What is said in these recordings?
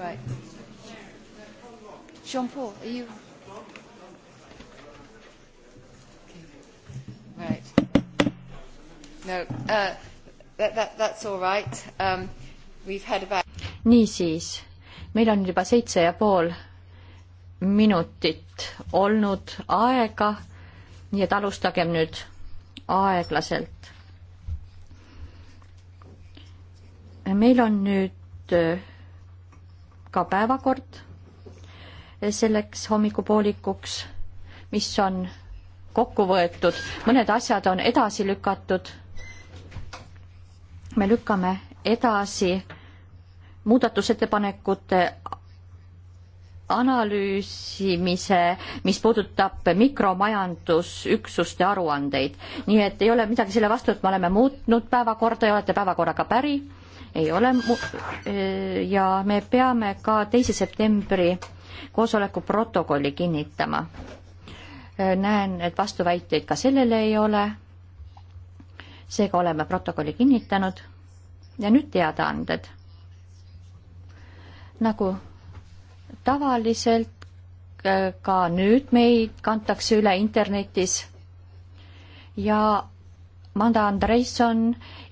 Right. Jean Paul, are you. Okay. Right. No, uh, that, that, that's all right. Um, we've had about. niisiis, meil on juba seitse ja pool minutit olnud aega, nii et alustagem nüüd aeglaselt. meil on nüüd äh, ka päevakord selleks hommikupoolikuks, mis on kokku võetud, mõned asjad on edasi lükatud. me lükkame edasi muudatusettepanekute analüüsimise, mis puudutab mikromajandusüksuste aruandeid. nii et ei ole midagi selle vastu, et me oleme muutnud päevakorda ja olete päevakorraga päri ei ole ja me peame ka teise septembri koosoleku protokolli kinnitama. näen, et vastuväiteid ka sellele ei ole. seega oleme protokolli kinnitanud. ja nüüd teadaanded. nagu tavaliselt ka nüüd meid kantakse üle internetis ja Manda Andreisson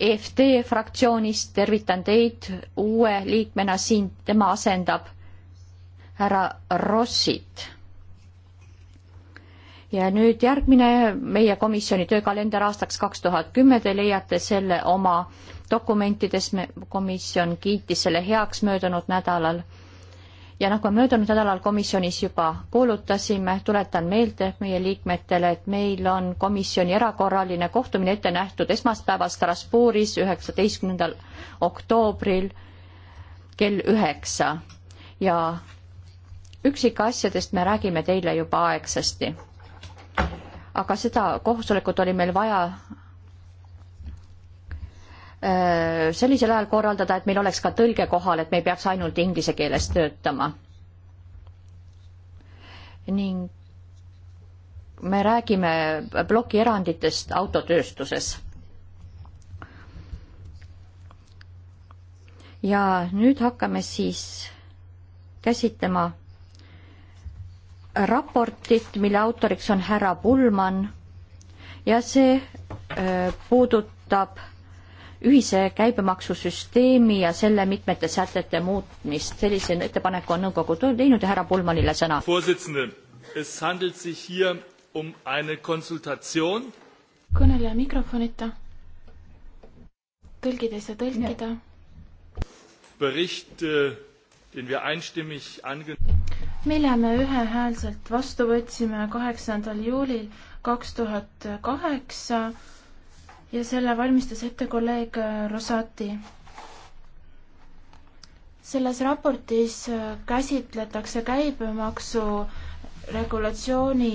EFD fraktsioonist, tervitan teid uue liikmena siin, tema asendab härra Rossit. ja nüüd järgmine meie komisjoni töökalender aastaks kaks tuhat kümme, te leiate selle oma dokumentides, me, komisjon kiitis selle heaks möödunud nädalal ja nagu möödunud nädalal komisjonis juba kuulutasime, tuletan meelde meie liikmetele, et meil on komisjoni erakorraline kohtumine ette nähtud esmaspäeval Strasbourgis, üheksateistkümnendal oktoobril kell üheksa ja üksikasjadest me räägime teile juba aegsasti. aga seda koosolekut oli meil vaja Äh, sellisel ajal korraldada, et meil oleks ka tõlge kohal, et me ei peaks ainult inglise keeles töötama. ning me räägime plokieranditest autotööstuses ja nüüd hakkame siis käsitlema raportit, mille autoriks on härra Pullmann ja see öö, äh, puudutab ühise käibemaksusüsteemi ja selle mitmete sätete muutmist. sellise ettepaneku on nõukogu teinud ja härra Pulmanile sõna. Um kõneleja mikrofonita. tõlgid ei saa tõlkida. Bericht, äh, den wir einstimmig angenommen mille me ühehäälselt vastu võtsime kaheksandal juulil kaks tuhat kaheksa ja selle valmistas ette kolleeg äh, Rosati. selles raportis äh, käsitletakse käibemaksu regulatsiooni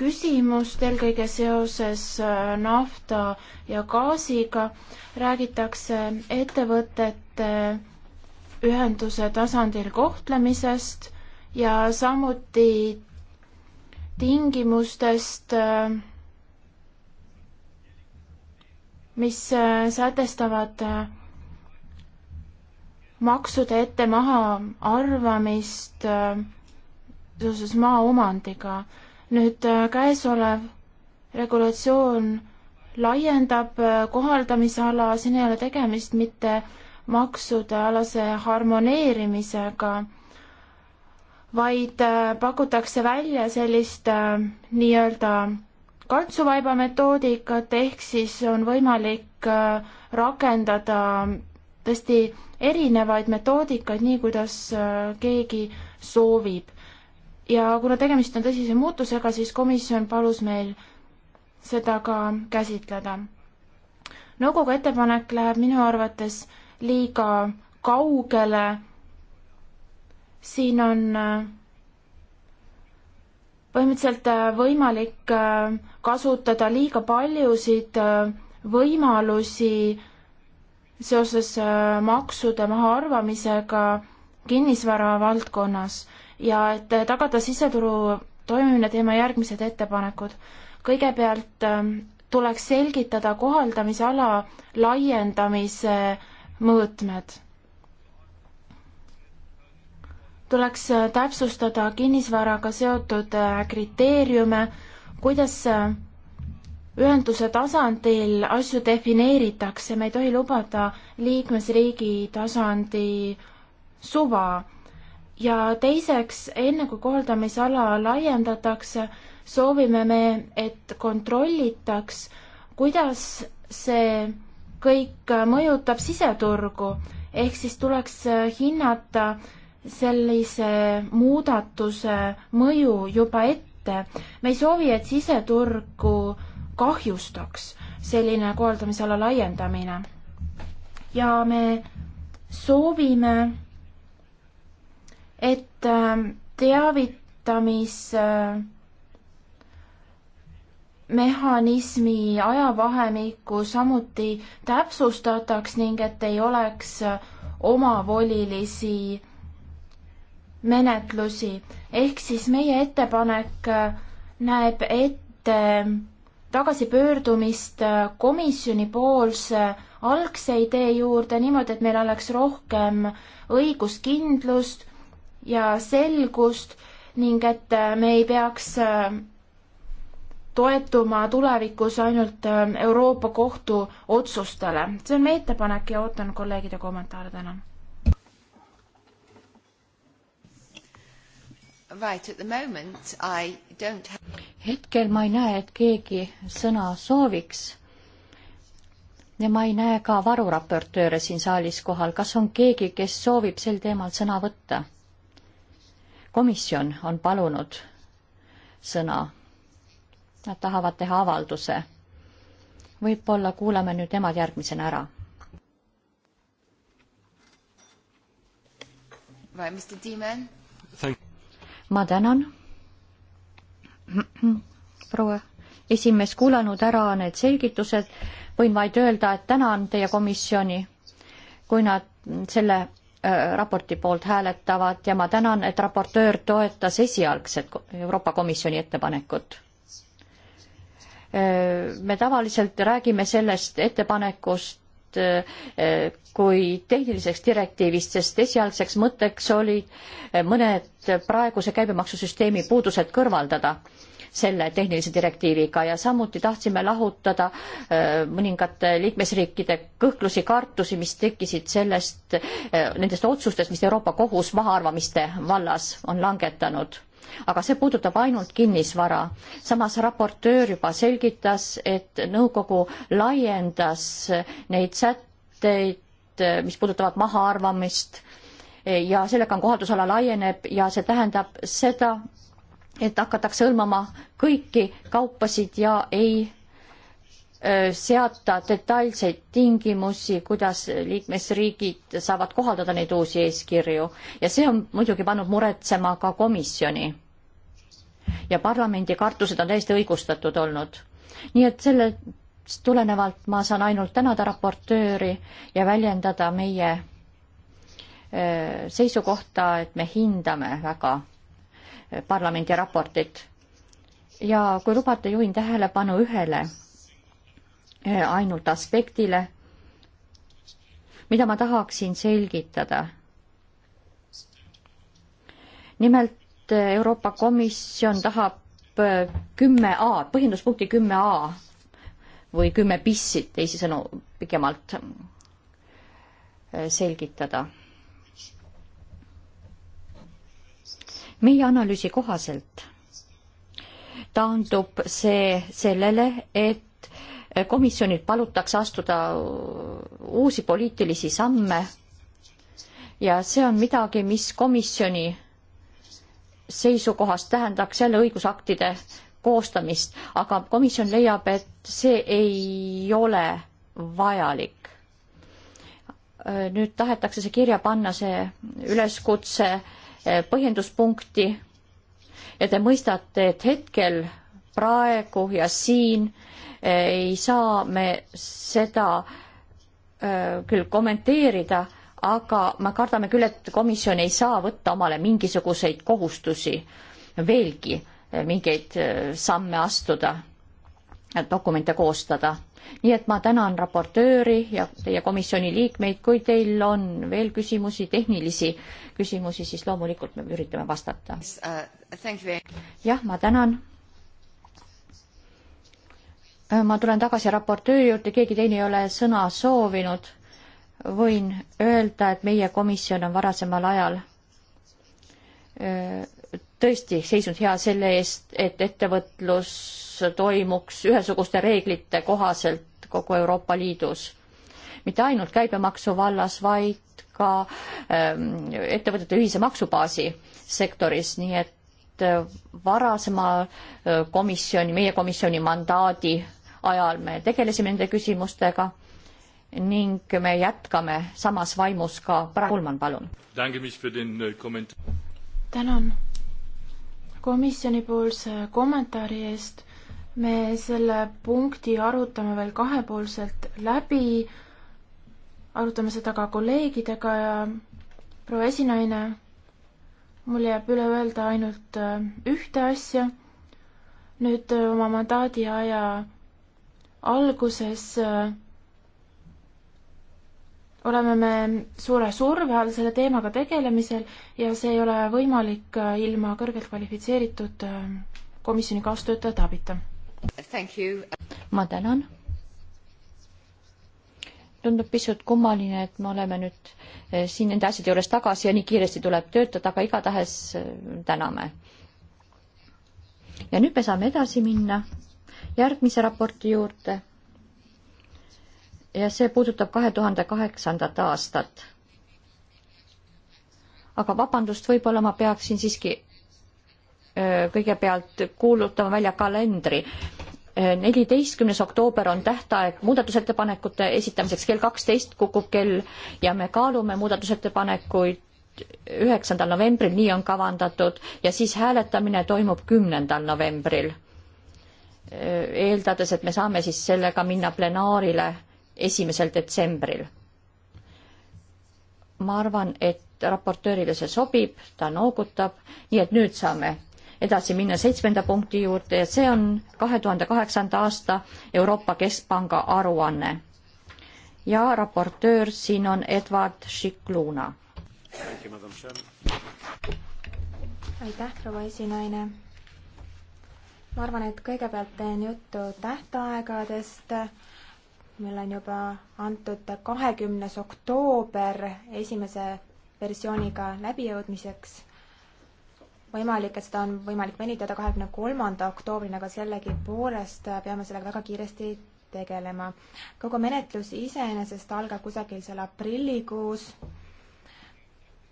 küsimust eelkõige seoses äh, nafta ja gaasiga. räägitakse ettevõtete ühenduse tasandil kohtlemisest ja samuti tingimustest äh, mis äh, sätestavad äh, maksude ette maha arvamist äh, seoses maaomandiga. nüüd käesolev regulatsioon laiendab kohaldamisala, siin ei ole tegemist mitte maksudealase harmoneerimisega, vaid pakutakse välja sellist nii-öelda kantsuvaiba metoodikat, ehk siis on võimalik äh, rakendada tõesti erinevaid metoodikaid, nii kuidas äh, keegi soovib. ja kuna tegemist on tõsise muutusega, siis komisjon palus meil seda ka käsitleda. nõukogu ettepanek läheb minu arvates liiga kaugele. siin on äh, põhimõtteliselt äh, võimalik äh, kasutada liiga paljusid äh, võimalusi seoses maksude mahaarvamisega kinnisvara valdkonnas ja et tagada siseturu toimimine, teeme järgmised ettepanekud. kõigepealt tuleks selgitada kohaldamisala laiendamise mõõtmed tuleks äh, täpsustada kinnisvaraga seotud äh, kriteeriume, kuidas äh, ühenduse tasandil asju defineeritakse, me ei tohi lubada liikmesriigi tasandi suva. ja teiseks, enne kui kohaldamisala laiendatakse, soovime me, et kontrollitaks, kuidas see kõik mõjutab siseturgu, ehk siis tuleks hinnata, sellise muudatuse mõju juba ette. me ei soovi, et siseturgu kahjustaks selline kohaldamisala laiendamine. ja me soovime, et ähm, teavitamismehhanismi ajavahemikku samuti täpsustataks ning et ei oleks äh, omavolilisi menetlusi, ehk siis meie ettepanek äh, näeb ette äh, tagasipöördumist äh, komisjonipoolse algse idee juurde niimoodi, et meil oleks rohkem õiguskindlust ja selgust ning et me ei peaks toetuma tulevikus ainult Euroopa Kohtu otsustele. see on meie ettepanek ja ootan kolleegide kommentaare, tänan Right, at the moment I don't have... hetkel ma ei näe, et keegi sõna sooviks. ja ma ei näe ka varuraportööre siin saalis kohal. kas on keegi, kes soovib sel teemal sõna võtta? komisjon on palunud sõna. Nad tahavad teha avalduse. võib-olla kuulame nüüd nemad järgmisena ära. Right, Mr Demon. Thank you ma tänan, proua esimees, kuulanud ära need selgitused, võin vaid öelda, et tänan teie komisjoni, kui nad selle äh, raporti poolt hääletavad ja ma tänan, et raportöör toetas esialgset Euroopa Komisjoni ettepanekut. Äh, me tavaliselt räägime sellest ettepanekust Eh, kui tehniliseks direktiivist, sest esialgseks mõtteks olid eh, mõned praeguse käibemaksusüsteemi puudused kõrvaldada selle tehnilise direktiiviga ja samuti tahtsime lahutada eh, mõningate liikmesriikide kõhklusi, kartusi, mis tekkisid sellest, nendest otsustest, mis Euroopa Kohus mahaarvamiste vallas on langetanud aga see puudutab ainult kinnisvara. samas raportöör juba selgitas, et nõukogu laiendas neid sätteid, mis puudutavad mahaarvamist ja sellega on kohaldusala laieneb ja see tähendab seda, et hakatakse hõlmama kõiki kaupasid ja ei seata detailseid tingimusi, kuidas liikmesriigid saavad kohaldada neid uusi eeskirju ja see on muidugi pannud muretsema ka komisjoni. ja parlamendi kartused on täiesti õigustatud olnud. nii et sellest tulenevalt ma saan ainult tänada raportööri ja väljendada meie seisukohta, et me hindame väga parlamendi raportit. ja kui lubate, juhin tähelepanu ühele Eh, ainult aspektile, mida ma tahaksin selgitada. nimelt eh, Euroopa Komisjon tahab eh, kümme A, põhjenduspunkti kümme A või kümme pissi, teisisõnu pikemalt selgitada. meie analüüsi kohaselt taandub see sellele, et komisjonilt palutakse astuda uusi poliitilisi samme ja see on midagi, mis komisjoni seisukohast tähendaks jälle õigusaktide koostamist, aga komisjon leiab, et see ei ole vajalik. nüüd tahetakse see kirja panna, see üleskutse põhjenduspunkti ja te mõistate, et hetkel praegu ja siin äh, ei saa me seda küll kommenteerida, aga me kardame küll, et komisjon ei saa võtta omale mingisuguseid kohustusi veelgi, mingeid samme astuda, dokumente koostada. nii et ma tänan raportööri ja teie komisjoni liikmeid, kui teil on veel küsimusi, tehnilisi küsimusi, siis loomulikult me üritame vastata. Uh, jah, ma tänan ma tulen tagasi raportööri juurde, keegi teine ei ole sõna soovinud. võin öelda, et meie komisjon on varasemal ajal tõesti seisnud hea selle eest, et ettevõtlus toimuks ühesuguste reeglite kohaselt kogu Euroopa Liidus. mitte ainult käibemaksu vallas, vaid ka ettevõtete ühise maksubaasi sektoris, nii et varasema komisjoni, meie komisjoni mandaadi ajal me tegelesime nende küsimustega ning me jätkame samas vaimus ka. Kulman, palun. Äh, tänan komisjonipoolse kommentaari eest. me selle punkti arutame veel kahepoolselt läbi, arutame seda ka kolleegidega ja proua esinaine, mul jääb üle öelda ainult äh, ühte asja. nüüd äh, oma mandaadi aja alguses äh, oleme me suure surve all selle teemaga tegelemisel ja see ei ole võimalik äh, ilma kõrgelt kvalifitseeritud äh, komisjoni kaastöötajate abita. ma tänan. tundub pisut kummaline, et me oleme nüüd siin nende asjade juures tagasi ja nii kiiresti tuleb töötada, aga igatahes täname. ja nüüd me saame edasi minna järgmise raporti juurde. ja see puudutab kahe tuhande kaheksandat aastat. aga vabandust, võib-olla ma peaksin siiski kõigepealt kuulutama välja kalendri. neliteistkümnes oktoober on tähtaeg muudatusettepanekute esitamiseks, kell kaksteist kukub kell ja me kaalume muudatusettepanekuid üheksandal novembril, nii on kavandatud, ja siis hääletamine toimub kümnendal novembril eeldades, et me saame siis sellega minna plenaarile esimesel detsembril. ma arvan, et raportöörile see sobib, ta noogutab, nii et nüüd saame edasi minna seitsmenda punkti juurde ja see on kahe tuhande kaheksanda aasta Euroopa Keskpanga aruanne. ja raportöör siin on Edward Šikluna. aitäh, proua esinaine ma arvan, et kõigepealt teen juttu tähtaegadest. meil on juba antud kahekümnes oktoober esimese versiooniga läbijõudmiseks. võimalik, et seda on võimalik venitada kahekümne kolmanda oktoobrini, aga sellegipoolest peame sellega väga kiiresti tegelema. kogu menetlus iseenesest algab kusagil seal aprillikuus.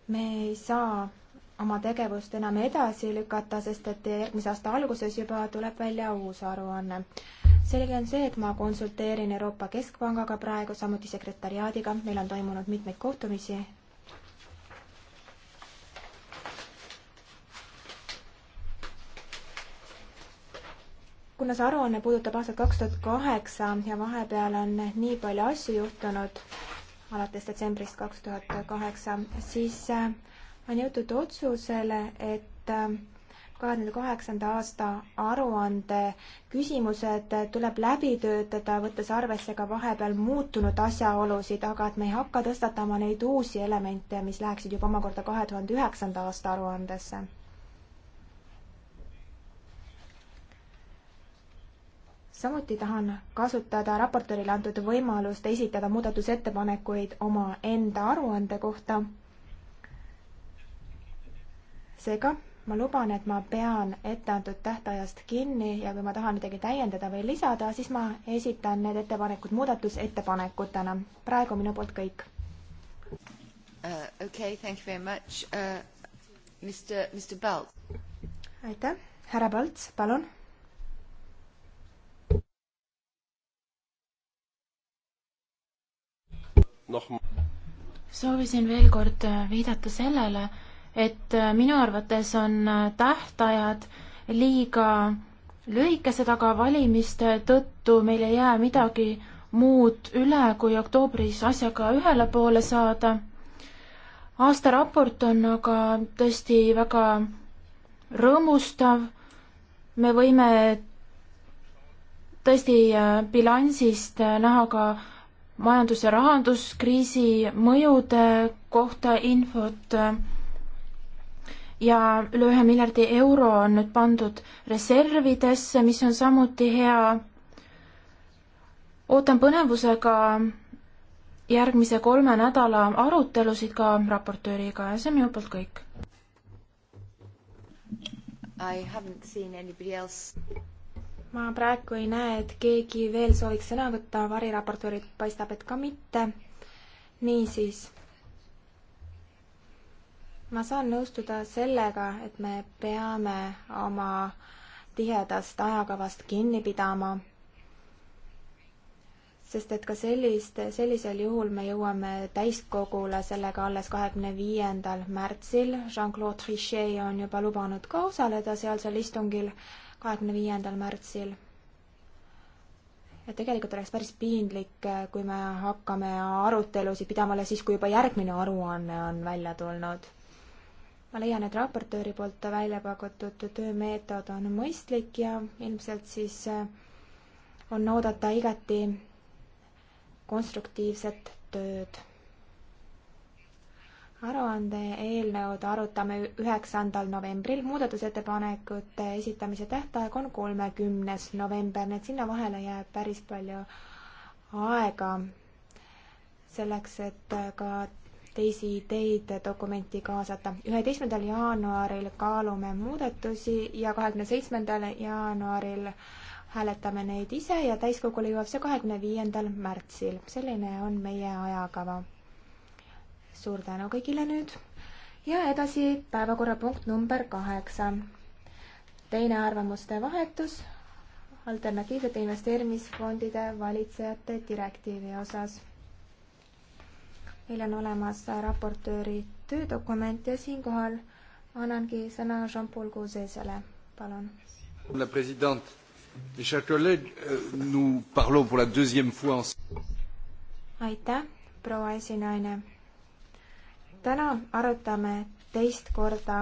me ei saa oma tegevust enam edasi lükata, sest et järgmise aasta alguses juba tuleb välja uus aruanne. selge on see, et ma konsulteerin Euroopa Keskpangaga praegu, samuti sekretariaadiga, meil on toimunud mitmeid kohtumisi. kuna see aruanne puudutab aastat kaks tuhat kaheksa ja vahepeal on nii palju asju juhtunud, alates detsembrist kaks tuhat kaheksa, siis äh, on jõutud otsusele, et kahe ähm, tuhande kaheksanda aasta aruande küsimused tuleb läbi töötada, võttes arvesse ka vahepeal muutunud asjaolusid, aga et me ei hakka tõstatama neid uusi elemente, mis läheksid juba omakorda kahe tuhande üheksanda aasta aruandesse samuti tahan kasutada raportöörile antud võimalust esitada muudatusettepanekuid omaenda aruande kohta seega ma luban, et ma pean etteantud tähtajast kinni ja kui ma tahan midagi täiendada või lisada, siis ma esitan need ettepanekud muudatusettepanekutena. praegu minu poolt kõik uh,. Okay, thank you very much uh,. Mr, Mr Balts. aitäh, härra Balts, palun soovisin veel kord äh, viidata sellele, et äh, minu arvates on äh, tähtajad liiga lühikesed, aga valimiste tõttu meil ei jää midagi muud üle, kui oktoobris asjaga ühele poole saada. aastaraport on aga tõesti väga rõõmustav. me võime tõesti äh, bilansist näha ka majandus- ja rahanduskriisi mõjude kohta infot ja üle ühe miljardi euro on nüüd pandud reservidesse, mis on samuti hea. ootan põnevusega järgmise kolme nädala arutelusid ka raportööriga ja see on minu poolt kõik. ma praegu ei näe, et keegi veel sooviks sõna võtta, variraportöörid paistab, et ka mitte. niisiis ma saan nõustuda sellega, et me peame oma tihedast ajakavast kinni pidama sest et ka sellist, sellisel juhul me jõuame täiskogule sellega alles kahekümne viiendal märtsil. Jean-Claude Trichet on juba lubanud ka osaleda sealsel istungil kahekümne viiendal märtsil. et tegelikult oleks päris piinlik, kui me hakkame arutelusid pidama alles siis, kui juba järgmine aruanne on välja tulnud ma leian, et raportööri poolt välja pakutud töömeetod on mõistlik ja ilmselt siis eh, on oodata igati konstruktiivset tööd. aruande eelnõud arutame üheksandal novembril, muudatusettepanekute esitamise tähtaeg on kolmekümnes november, nii et sinna vahele jääb päris palju aega selleks, et ka teisi ideid dokumenti kaasata. üheteistkümnendal jaanuaril kaalume muudatusi ja kahekümne seitsmendal jaanuaril hääletame neid ise ja täiskogule jõuab see kahekümne viiendal märtsil. selline on meie ajakava. suur tänu kõigile nüüd ja edasi päevakorrapunkt number kaheksa. teine arvamuste vahetus alternatiivsete investeerimisfondide valitsejate direktiivi osas meil on olemas raportööri töödokument ja siinkohal annangi sõna Jean-Paul Gauzesele, palun. Euh, aitäh, proua esinaine. täna arutame teist korda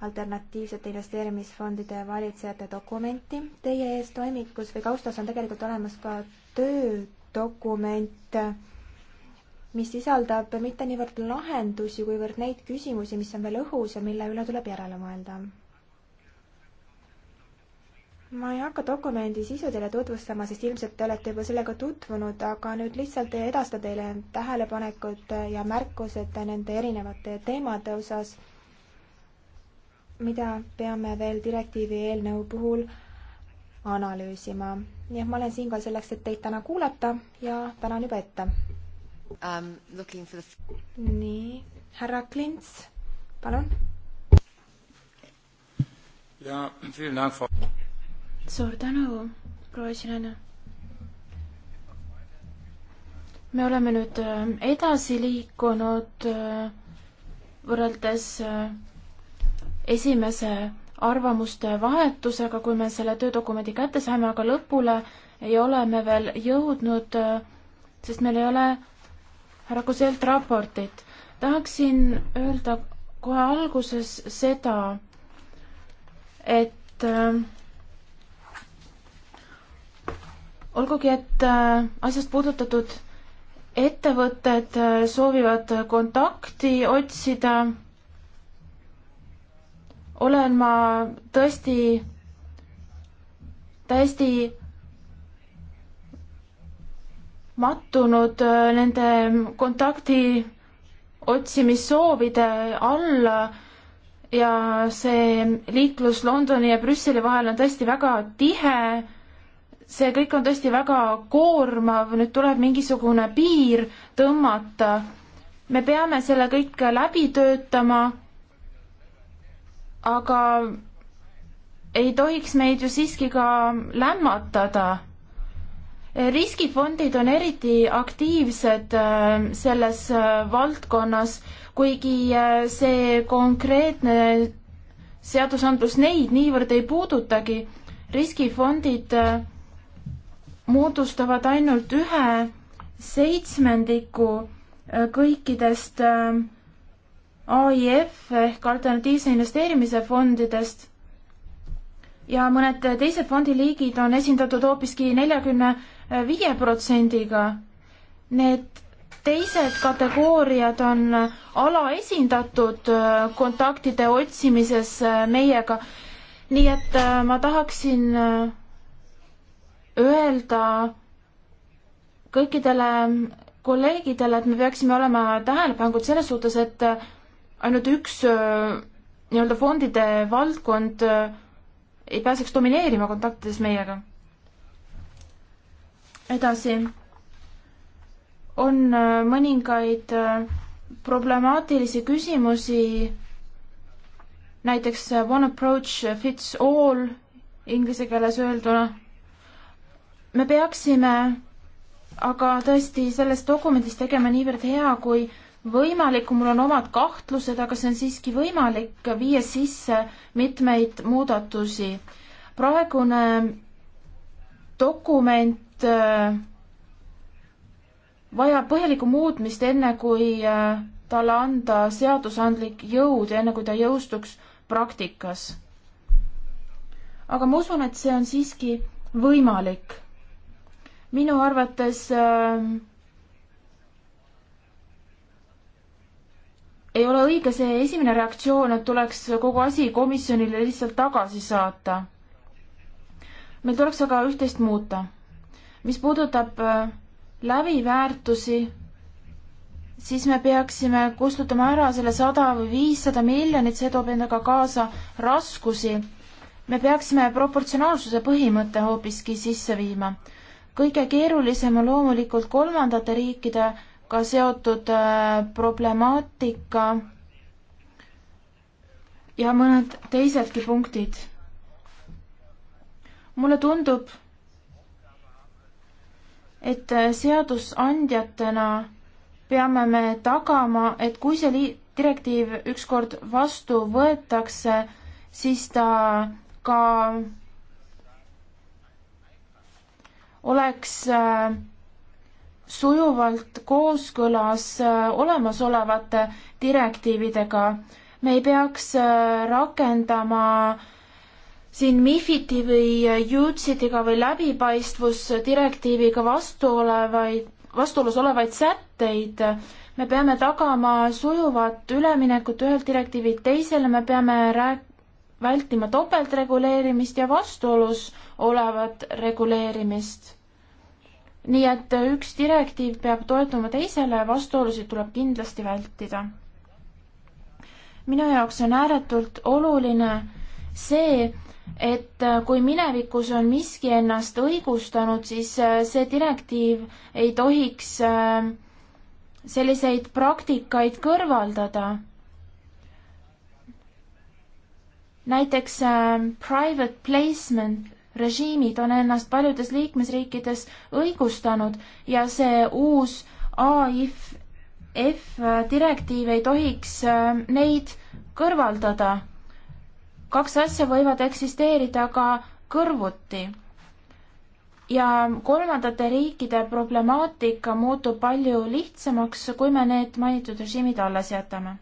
alternatiivsete investeerimisfondide valitsejate dokumenti. Teie ees toimikus või kaustas on tegelikult olemas ka töödokument mis sisaldab mitte niivõrd lahendusi, kuivõrd neid küsimusi, mis on veel õhus ja mille üle tuleb järele mõelda. ma ei hakka dokumendi sisu teile tutvustama, sest ilmselt te olete juba sellega tutvunud, aga nüüd lihtsalt edastan teile tähelepanekud ja märkused nende erinevate teemade osas, mida peame veel direktiivi eelnõu puhul analüüsima. nii et ma olen siinkohal selleks, et teid täna kuulata ja tänan juba ette um,. The... nii, härra Klints, palun. ja, for... suur tänu, proua esinaine. me oleme nüüd äh, edasi liikunud äh, võrreldes äh, esimese arvamuste vahetusega, kui me selle töödokumendi kätte saime, aga lõpule ei ole me veel jõudnud, sest meil ei ole härra Kuselt raportit. tahaksin öelda kohe alguses seda, et äh, olgugi, et äh, asjast puudutatud ettevõtted äh, soovivad kontakti otsida, olen ma tõesti täiesti mattunud äh, nende kontakti otsimissoovide alla ja see liiklus Londoni ja Brüsseli vahel on tõesti väga tihe. see kõik on tõesti väga koormav, nüüd tuleb mingisugune piir tõmmata. me peame selle kõik läbi töötama. aga ei tohiks meid ju siiski ka lämmatada riskifondid on eriti aktiivsed äh, selles äh, valdkonnas, kuigi äh, see konkreetne seadusandlus neid niivõrd ei puudutagi. riskifondid moodustavad ainult ühe seitsmendiku kõikidest AIF ehk alternatiivse investeerimise fondidest ja mõned teised fondiliigid on esindatud hoopiski neljakümne viie protsendiga. Need teised kategooriad on alaesindatud äh, kontaktide otsimises äh, meiega. nii et äh, ma tahaksin öelda kõikidele kolleegidele, et me peaksime olema tähelepanelikud selles suhtes, et ainult üks nii-öelda fondide valdkond ei pääseks domineerima kontaktides meiega edasi, on äh, mõningaid äh, problemaatilisi küsimusi, näiteks äh, one approach fits all inglise keeles öelduna. me peaksime aga tõesti sellest dokumendist tegema niivõrd hea kui võimalik, mul on omad kahtlused, aga see on siiski võimalik viia sisse mitmeid muudatusi. praegune dokument Äh, vajab põhjalikku muutmist, enne kui äh, talle anda seadusandlik jõud ja enne kui ta jõustuks praktikas. aga ma usun, et see on siiski võimalik. minu arvates äh, ei ole õige see esimene reaktsioon, et tuleks kogu asi komisjonile lihtsalt tagasi saata. meil tuleks aga üht-teist muuta mis puudutab äh, läviväärtusi, siis me peaksime kustutama ära selle sada või viissada miljonit, see toob endaga kaasa raskusi. me peaksime proportsionaalsuse põhimõtte hoopiski sisse viima. kõige keerulisem on loomulikult kolmandate riikidega seotud äh, problemaatika ja mõned teisedki punktid. mulle tundub, et seadusandjatena peame me tagama, et kui see direktiiv ükskord vastu võetakse, siis ta ka oleks äh, sujuvalt kooskõlas äh, olemasolevate direktiividega. me ei peaks äh, rakendama äh, siin MIFID-i või JUTSIDiga või läbipaistvusdirektiiviga vastu olevaid, vastuolus olevaid sätteid. me peame tagama sujuvat üleminekut ühelt direktiivilt teisele, me peame rääk-, vältima topeltreguleerimist ja vastuolus olevat reguleerimist. nii et üks direktiiv peab toetuma teisele, vastuolusid tuleb kindlasti vältida. minu jaoks on ääretult oluline see, et äh, kui minevikus on miski ennast õigustanud, siis äh, see direktiiv ei tohiks äh, selliseid praktikaid kõrvaldada. näiteks private placement režiimid on ennast paljudes liikmesriikides õigustanud ja see uus AIF F direktiiv ei tohiks neid kõrvaldada kaks asja võivad eksisteerida ka kõrvuti. ja kolmandate riikide problemaatika muutub palju lihtsamaks, kui me need mainitud režiimid alles jätame.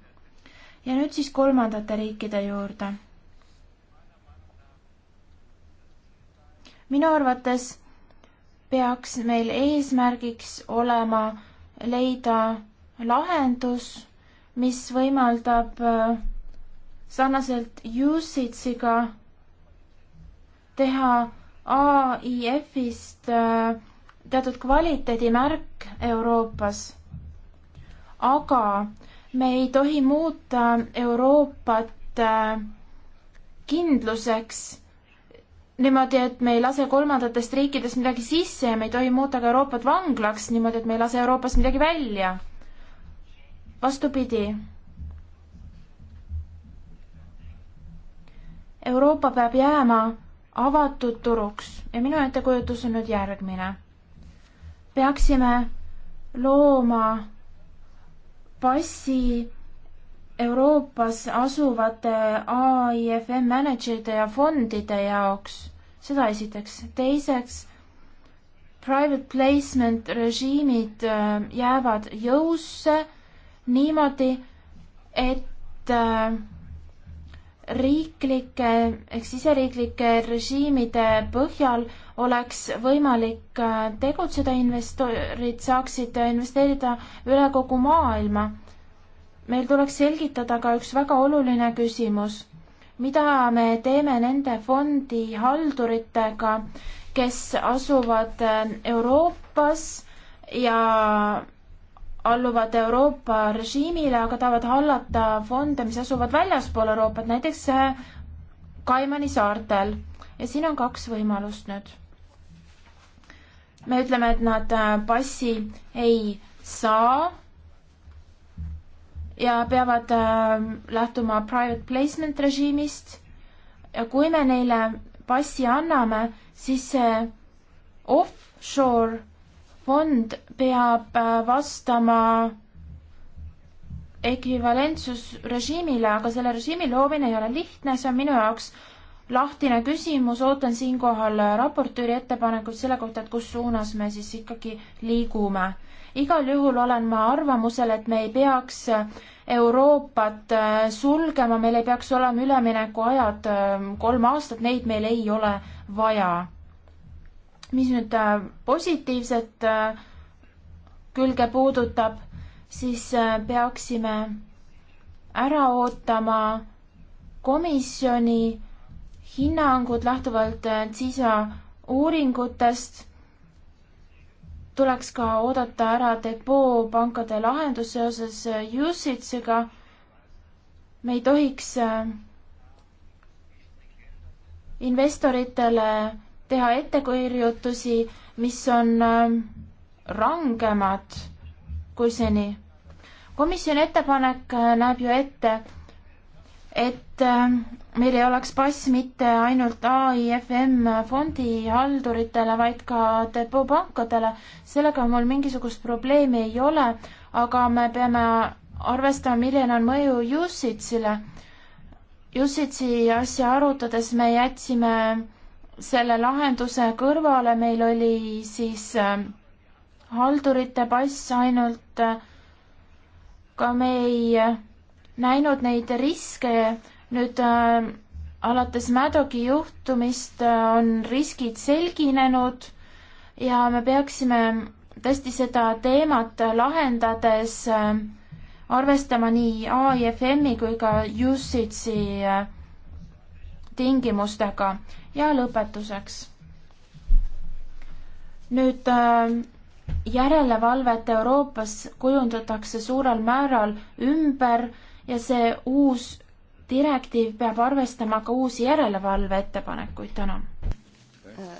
ja nüüd siis kolmandate riikide juurde. minu arvates peaks meil eesmärgiks olema leida lahendus, mis võimaldab äh, sarnaselt USITS-iga teha AIF-ist äh, teatud kvaliteedimärk Euroopas. aga me ei tohi muuta Euroopat äh, kindluseks niimoodi, et me ei lase kolmandatest riikidest midagi sisse ja me ei tohi muuta ka Euroopat vanglaks niimoodi, et me ei lase Euroopast midagi välja. vastupidi Euroopa peab jääma avatud turuks ja minu ettekujutus on nüüd järgmine. peaksime looma passi Euroopas asuvate AIFM mänedžerite ja fondide jaoks, seda esiteks. teiseks, private placement režiimid äh, jäävad jõusse niimoodi, et äh, riiklike ehk siseriiklike režiimide põhjal oleks võimalik äh, tegutseda, investorid saaksid investeerida üle kogu maailma. meil tuleks selgitada ka üks väga oluline küsimus. mida me teeme nende fondihalduritega, kes asuvad äh, Euroopas ja alluvad Euroopa režiimile, aga tahavad hallata fonde, mis asuvad väljaspool Euroopat, näiteks äh, Kaimani saartel. ja siin on kaks võimalust nüüd. me ütleme, et nad äh, passi ei saa ja peavad äh, lähtuma private placement režiimist ja kui me neile passi anname, siis see offshore fond peab äh, vastama ekvivalentsusrežiimile, aga selle režiimi loomine ei ole lihtne, see on minu jaoks lahtine küsimus, ootan siinkohal raportööri ettepanekuid selle kohta, et kus suunas me siis ikkagi liigume. igal juhul olen ma arvamusel, et me ei peaks Euroopat äh, sulgema, meil ei peaks olema üleminekuajad äh, kolm aastat, neid meil ei ole vaja mis nüüd äh, positiivset äh, külge puudutab, siis äh, peaksime ära ootama komisjoni hinnangud lähtuvalt CISA uuringutest. tuleks ka oodata ära depoo pankade lahendus seoses USITS-iga. me ei tohiks investoritele teha ettekirjutusi, mis on ähm, rangemad kui seni. komisjoni ettepanek äh, näeb ju ette, et ähm, meil ei oleks pass mitte ainult AIFM fondihalduritele, vaid ka depoopankadele. sellega mul mingisugust probleemi ei ole, aga me peame arvestama, milline on mõju Jussitsile. Jussitsi asja arutades me jätsime selle lahenduse kõrvale meil oli siis ähm, haldurite pass ainult, äh, ka me ei äh, näinud neid riske. nüüd ähm, alates Mädogi juhtumist äh, on riskid selginenud ja me peaksime tõesti seda teemat lahendades ähm, arvestama nii AIFM-i kui ka USITS-i tingimustega ja lõpetuseks. nüüd äh, järelevalvet Euroopas kujundatakse suurel määral ümber ja see uus direktiiv peab arvestama ka uusi järelevalve ettepanekuid, tänan uh,.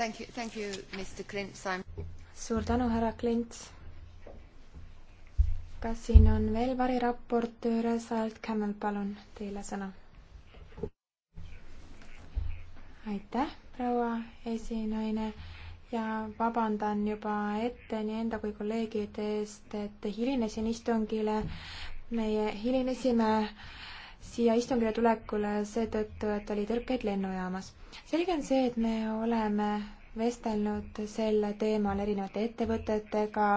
Thank you, thank you, Mr Klints, I m suur tänu, härra Klints. kas siin on veel variraportööre, Salt Camel, palun, teile sõna aitäh, proua esinaine ja vabandan juba ette nii enda kui kolleegide eest, et hilinesin istungile. meie hilinesime siia istungile tulekule seetõttu, et oli tõrkeid lennujaamas. selge on see, et me oleme vestelnud sel teemal erinevate ettevõtetega,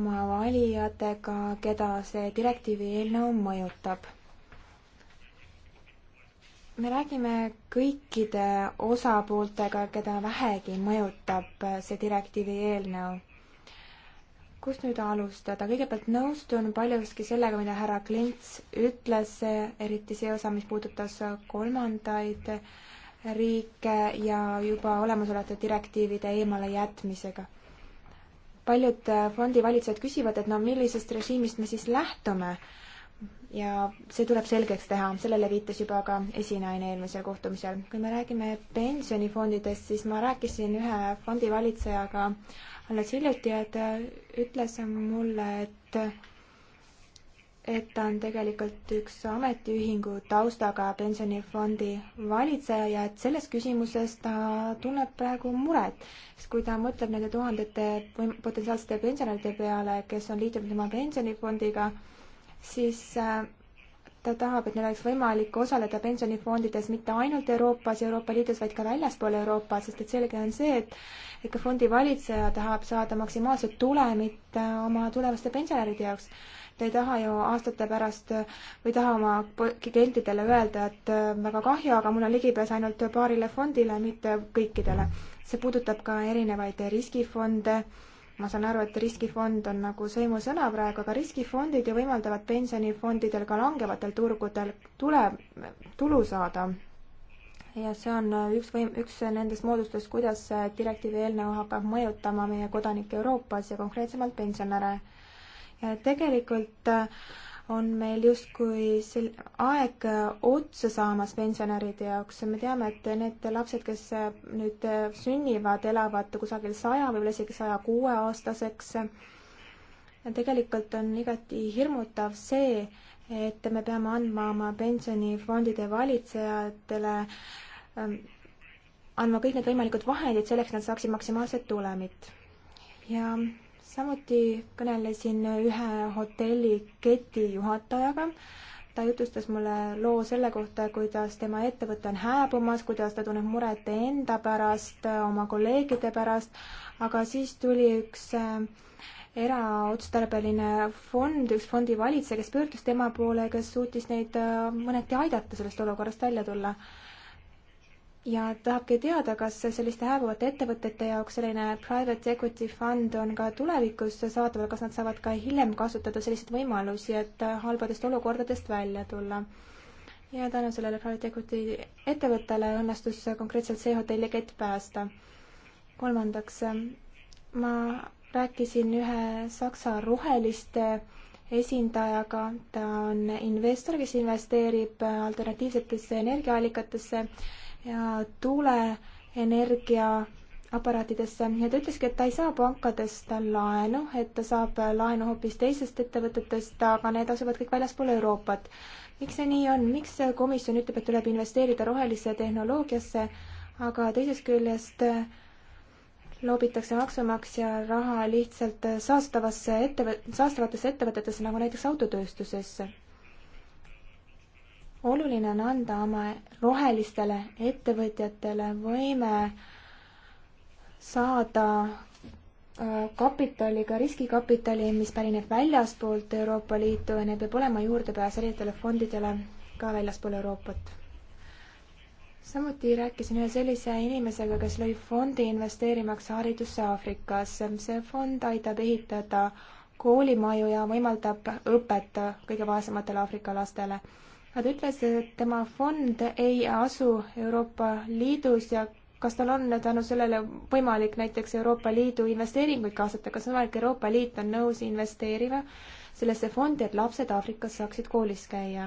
oma valijatega, keda see direktiivi eelnõu mõjutab me räägime kõikide osapooltega, keda vähegi mõjutab see direktiivi eelnõu. kust nüüd alustada? kõigepealt nõustun paljuski sellega, mida härra Klints ütles, eriti see osa, mis puudutas kolmandaid riike ja juba olemasolevate direktiivide eemalejätmisega. paljud fondivalitsejad küsivad, et no millisest režiimist me siis lähtume ja see tuleb selgeks teha, sellele viitas juba ka esinaine eelmisel kohtumisel. kui me räägime pensionifondidest, siis ma rääkisin ühe fondivalitsejaga alles hiljuti ja ta ütles mulle, et et ta on tegelikult üks ametiühingu taustaga pensionifondi valitseja ja et selles küsimuses ta tunneb praegu muret, sest kui ta mõtleb nende tuhandete potentsiaalsete pensionäride peale, kes on liitunud tema pensionifondiga, siis äh, ta tahab, et neil oleks võimalik osaleda pensionifondides mitte ainult Euroopas ja Euroopa Liidus, vaid ka väljaspool Euroopat, sest et selge on see, et et ka fondi valitseja tahab saada maksimaalset tulemit äh, oma tulevaste pensionäride jaoks. ta ei taha ju aastate pärast äh, või taha oma klientidele öelda, et väga kahju, aga mul on ligipääs ainult paarile fondile, mitte kõikidele. see puudutab ka erinevaid riskifonde ma saan aru, et riskifond on nagu sõimusõna praegu, aga riskifondid ju võimaldavad pensionifondidel ka langevatel turgudel tule, tulu saada. ja see on üks võim-, üks nendest moodustest, kuidas direktiivi eelnõu hakkab mõjutama meie kodanikke Euroopas ja konkreetsemalt pensionäre. tegelikult äh, on meil justkui sel-, aeg otsa saamas pensionäride jaoks. me teame, et need lapsed, kes nüüd sünnivad, elavad kusagil saja, võib-olla isegi saja kuue aastaseks. tegelikult on igati hirmutav see, et me peame andma oma pensionifondide valitsejatele ähm, andma kõik need võimalikud vahendid selleks, et nad saaksid maksimaalset tulemit. ja samuti kõnelesin ühe hotelliketi juhatajaga. ta jutustas mulle loo selle kohta, kuidas tema ettevõte on hääbumas, kuidas ta tunneb muret enda pärast, oma kolleegide pärast, aga siis tuli üks äh, eraotstarbeline fond, üks fondivalitseja, kes pöördus tema poole, kes suutis neid äh, mõneti aidata sellest olukorrast välja tulla ja tahabki teada, kas selliste hääbuvate ettevõtete jaoks selline private equity fund on ka tulevikus saadaval, kas nad saavad ka hiljem kasutada selliseid võimalusi, et halbadest olukordadest välja tulla. ja tänu sellele private equity ettevõttele õnnestus konkreetselt see hotellikett päästa. kolmandaks, ma rääkisin ühe Saksa roheliste esindajaga, ta on investor, kes investeerib alternatiivsetesse energiaallikatesse ja tuuleenergia aparaatidesse ja ta ütleski, et ta ei saa pankadest laenu, et ta saab laenu hoopis teisest ettevõtetest, aga need asuvad kõik väljaspool Euroopat. miks see nii on, miks komisjon ütleb, et tuleb investeerida rohelisse tehnoloogiasse, aga teisest küljest loobitakse maksumaksja raha lihtsalt saastavasse ettevõt-, saastavatesse ettevõtetesse, nagu näiteks autotööstusesse? oluline on anda oma rohelistele ettevõtjatele võime saada äh, kapitali, ka riskikapitali, mis pärineb väljaspoolt Euroopa Liitu ja neil peab olema juurdepääs erinevatele fondidele ka väljaspool Euroopat. samuti rääkisin ühe sellise inimesega, kes lõi fondi investeerimaks haridusse Aafrikas. see fond aitab ehitada koolimaju ja võimaldab õpet kõige vaesematele Aafrika lastele Nad ütlesid, et tema fond ei asu Euroopa Liidus ja kas tal on tänu sellele võimalik näiteks Euroopa Liidu investeeringuid kaasata, kas on võimalik, Euroopa Liit on nõus investeerima sellesse fondi, et lapsed Aafrikas saaksid koolis käia?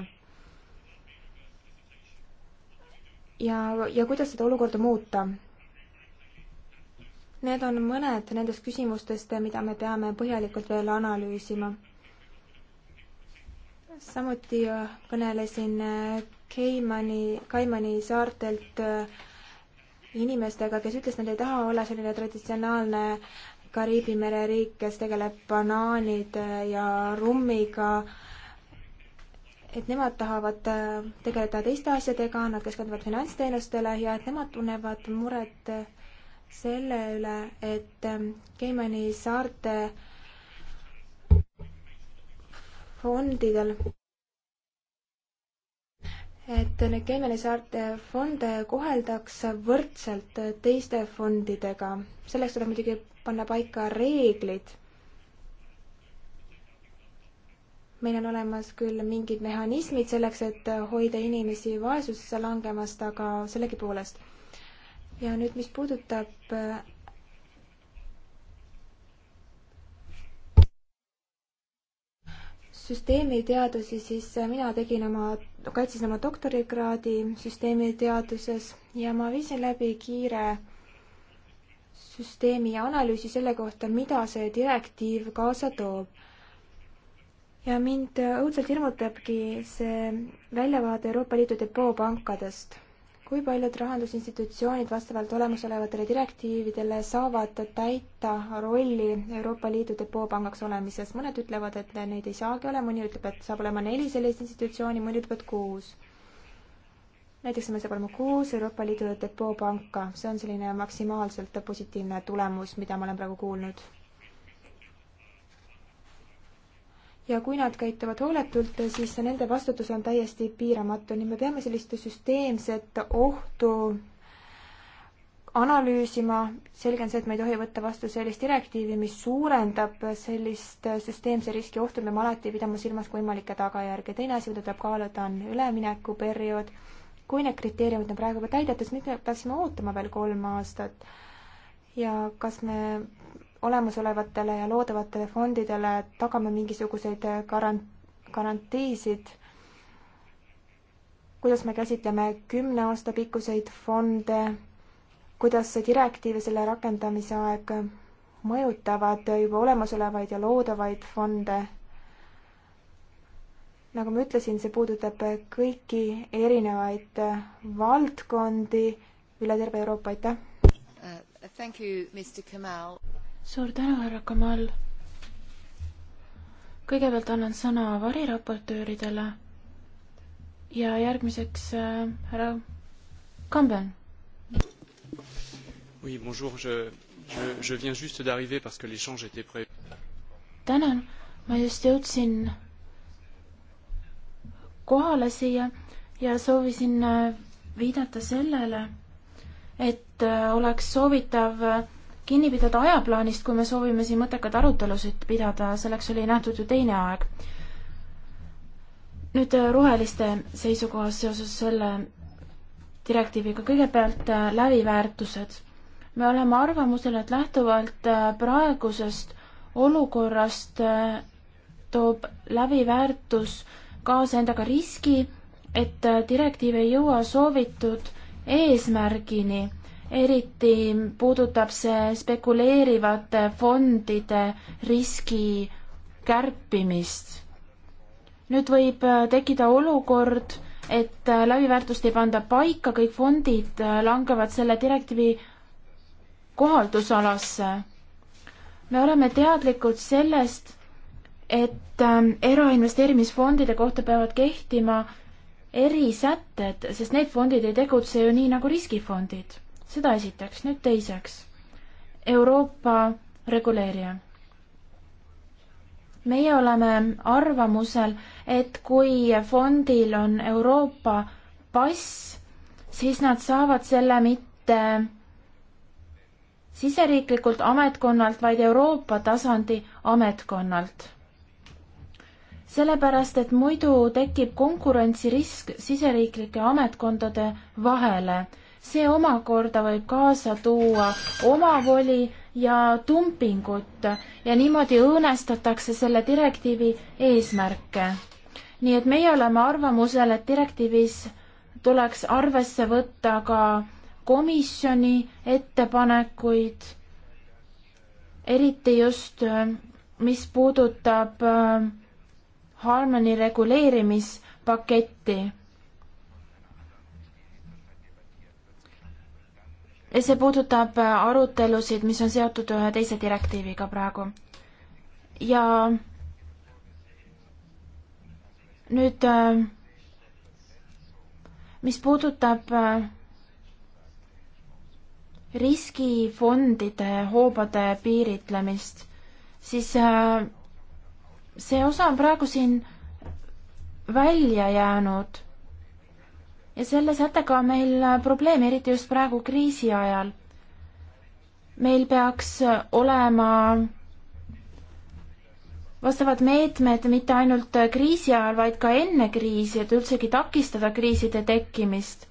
ja, ja kuidas seda olukorda muuta? Need on mõned nendest küsimustest, mida me peame põhjalikult veel analüüsima samuti äh, kõnelesin äh, Keimani, Kaimani saartelt äh, inimestega, kes ütles, nad ei taha olla selline traditsionaalne Kariibi mere riik, kes tegeleb banaanide ja rummiga et nemad tahavad tegeleda teiste asjadega, nad keskenduvad finantsteenustele ja et nemad tunnevad muret selle üle, et Keimani saarte fondidel et neid Keimani saarte fonde koheldakse võrdselt teiste fondidega. selleks tuleb muidugi panna paika reeglid. meil on olemas küll mingid mehhanismid selleks, et hoida inimesi vaesusesse langemast, aga sellegipoolest. ja nüüd, mis puudutab süsteemiteadusi, siis äh, mina tegin oma, kaitsesin oma doktorikraadi süsteemiteaduses ja ma viisin läbi kiire süsteemi analüüsi selle kohta, mida see direktiiv kaasa toob. ja mind õudselt hirmutabki see väljavaade Euroopa Liidu depoopankadest kui paljud rahandusinstitutsioonid vastavalt olemasolevatele direktiividele saavad täita rolli Euroopa Liidu depoopangaks olemises. mõned ütlevad, et neid ei saagi olema, mõni ütleb, et saab olema neli sellist institutsiooni, mõni ütleb, et kuus. näiteks meil saab olema kuus Euroopa Liidu depoopanka, see on selline maksimaalselt positiivne tulemus, mida ma olen praegu kuulnud ja kui nad käituvad hooletult, siis nende vastutus on täiesti piiramatu, nii me peame sellist süsteemset ohtu analüüsima, selge on see, et me ei tohi võtta vastu sellist direktiivi, mis suurendab sellist süsteemse riski ohtu, me peame alati pidama silmas võimalikke tagajärgi. teine asi, mida tuleb kaaluda, on üleminekuperiood. kui need kriteeriumid on praegu juba täidetud, siis me peaksime ootama veel kolm aastat. ja kas me olemasolevatele ja loodavatele fondidele tagame mingisuguseid garant-, garantiisid, kuidas me käsitleme kümne aasta pikkuseid fonde, kuidas see direktiiv ja selle rakendamise aeg mõjutavad juba olemasolevaid ja loodavaid fonde. nagu ma ütlesin, see puudutab kõiki erinevaid valdkondi üle terve Euroopa, aitäh! Uh, thank you, Mr Kamal suur tänu, härra Kamal. kõigepealt annan sõna variraportööridele ja järgmiseks äh, härra Kamben. Oui, bonjour, je, je, je viens juste d'arriver parce que l'échange était prêt. tänan, ma just jõudsin kohale siia ja soovisin äh, viidata sellele, et äh, oleks soovitav äh, kinni pidada ajaplaanist, kui me soovime siin mõttekaid arutelusid pidada, selleks oli nähtud ju teine aeg. nüüd äh, roheliste seisukohast seoses selle direktiiviga, kõigepealt äh, läviväärtused. me oleme arvamusel, et lähtuvalt äh, praegusest olukorrast toob läviväärtus kaasa endaga riski, et direktiiv ei jõua soovitud eesmärgini eriti puudutab see spekuleerivate fondide riski kärpimist. nüüd võib äh, tekkida olukord, et äh, läbiväärtust ei panda paika, kõik fondid äh, langevad selle direktiivi kohaldusalasse. me oleme teadlikud sellest, et ähm, erainvesteerimisfondide kohta peavad kehtima erisätted, sest need fondid ei tegutse ju nii nagu riskifondid seda esiteks, nüüd teiseks. Euroopa reguleerija. meie oleme arvamusel, et kui fondil on Euroopa pass, siis nad saavad selle mitte siseriiklikult ametkonnalt, vaid Euroopa tasandi ametkonnalt. sellepärast, et muidu tekib konkurentsirisk siseriiklike ametkondade vahele see omakorda võib kaasa tuua omavoli ja dumpingut ja niimoodi õõnestatakse selle direktiivi eesmärke. nii et meie oleme arvamusel, et direktiivis tuleks arvesse võtta ka komisjoni ettepanekuid, eriti just, mis puudutab äh, Harmoni reguleerimispaketti see puudutab arutelusid, mis on seotud ühe teise direktiiviga praegu. ja nüüd, äh, mis puudutab äh, riskifondide hoobade piiritlemist, siis äh, see osa on praegu siin välja jäänud ja selle sättega on meil äh, probleem, eriti just praegu kriisi ajal. meil peaks äh, olema vastavad meetmed mitte ainult äh, kriisi ajal, vaid ka enne kriisi, et üldsegi takistada kriiside tekkimist.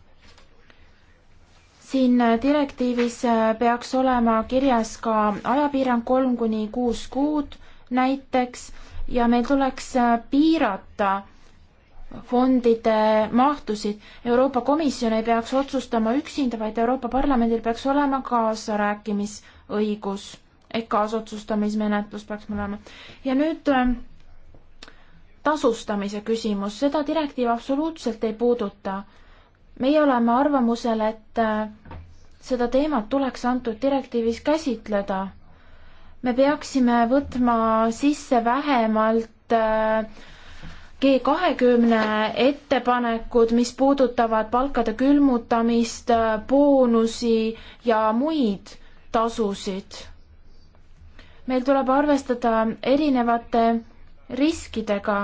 siin direktiivis peaks olema kirjas ka ajapiirang kolm kuni kuus kuud näiteks ja meil tuleks piirata fondide mahtusid. Euroopa Komisjon ei peaks otsustama üksinda, vaid Euroopa Parlamendil peaks olema kaasarääkimisõigus ehk kaasotsustamismenetlus peaks meil olema. ja nüüd ähm, tasustamise küsimus, seda direktiiv absoluutselt ei puuduta. meie oleme arvamusel, et äh, seda teemat tuleks antud direktiivis käsitleda. me peaksime võtma sisse vähemalt äh, G kahekümne ettepanekud, mis puudutavad palkade külmutamist, boonusi ja muid tasusid. meil tuleb arvestada erinevate riskidega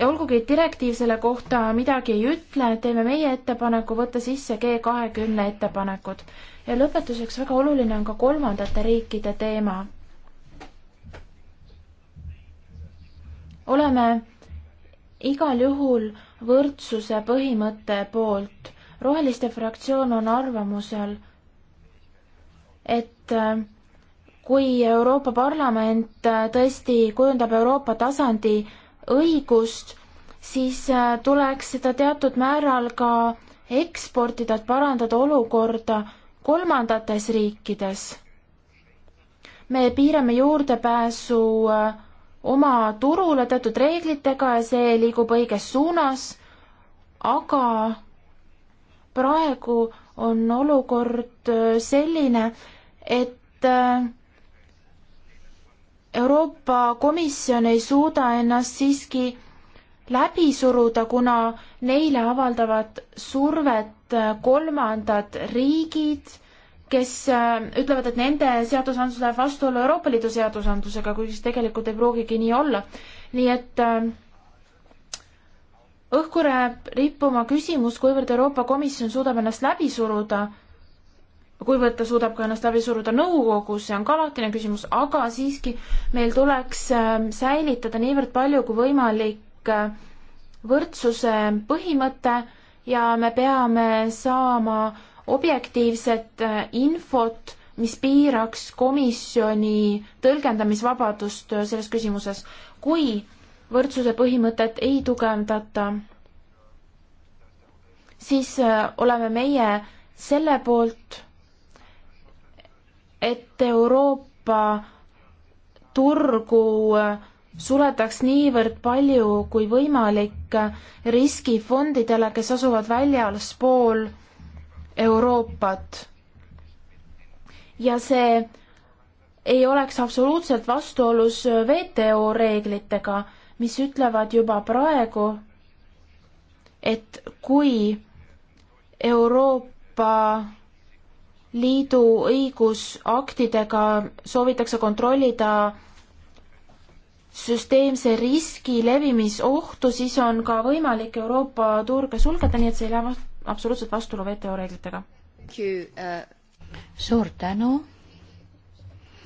ja olgugi, et direktiiv selle kohta midagi ei ütle, teeme meie ettepaneku võtta sisse G kahekümne ettepanekud. ja lõpetuseks väga oluline on ka kolmandate riikide teema. oleme igal juhul võrdsuse põhimõtte poolt. roheliste fraktsioon on arvamusel, et äh, kui Euroopa Parlament äh, tõesti kujundab Euroopa tasandi õigust, siis äh, tuleks seda teatud määral ka eksportida, et parandada olukorda kolmandates riikides. me piirame juurdepääsu äh, oma turule teatud reeglitega ja see liigub õiges suunas, aga praegu on olukord äh, selline, et äh, Euroopa Komisjon ei suuda ennast siiski läbi suruda, kuna neile avaldavad survet äh, kolmandad riigid kes äh, ütlevad, et nende seadusandlus läheb vastuollu Euroopa Liidu seadusandlusega, kuigi see tegelikult ei pruugigi nii olla. nii et äh, õhku jääb rippuma küsimus, kuivõrd Euroopa Komisjon suudab ennast läbi suruda, kuivõrd ta suudab ka ennast läbi suruda nõukogus, see on ka lahtine küsimus, aga siiski meil tuleks äh, säilitada niivõrd palju kui võimalik võrdsuse põhimõte ja me peame saama äh, objektiivset äh, infot, mis piiraks komisjoni tõlgendamisvabadust äh, selles küsimuses, kui võrdsuse põhimõtet ei tugevdata, siis äh, oleme meie selle poolt, et Euroopa turgu suletaks niivõrd palju kui võimalik riskifondidele, kes asuvad väljaspool Euroopat. ja see ei oleks absoluutselt vastuolus WTO reeglitega, mis ütlevad juba praegu, et kui Euroopa Liidu õigusaktidega soovitakse kontrollida süsteemse riski levimisohtu, siis on ka võimalik Euroopa turge sulgeda, nii et see ei lähe absoluutselt vastuolu WTO reeglitega. Uh, suur tänu,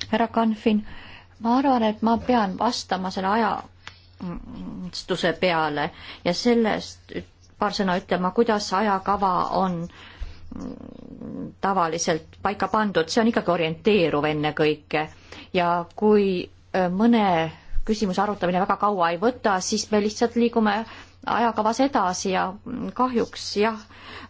härra Kanfin. ma arvan, et ma pean vastama selle ajastuse peale ja sellest paar sõna ütlema, kuidas ajakava on tavaliselt paika pandud, see on ikkagi orienteeruv ennekõike ja kui äh, mõne küsimuse arutamine väga kaua ei võta, siis me lihtsalt liigume ajakavas edasi ja kahjuks jah,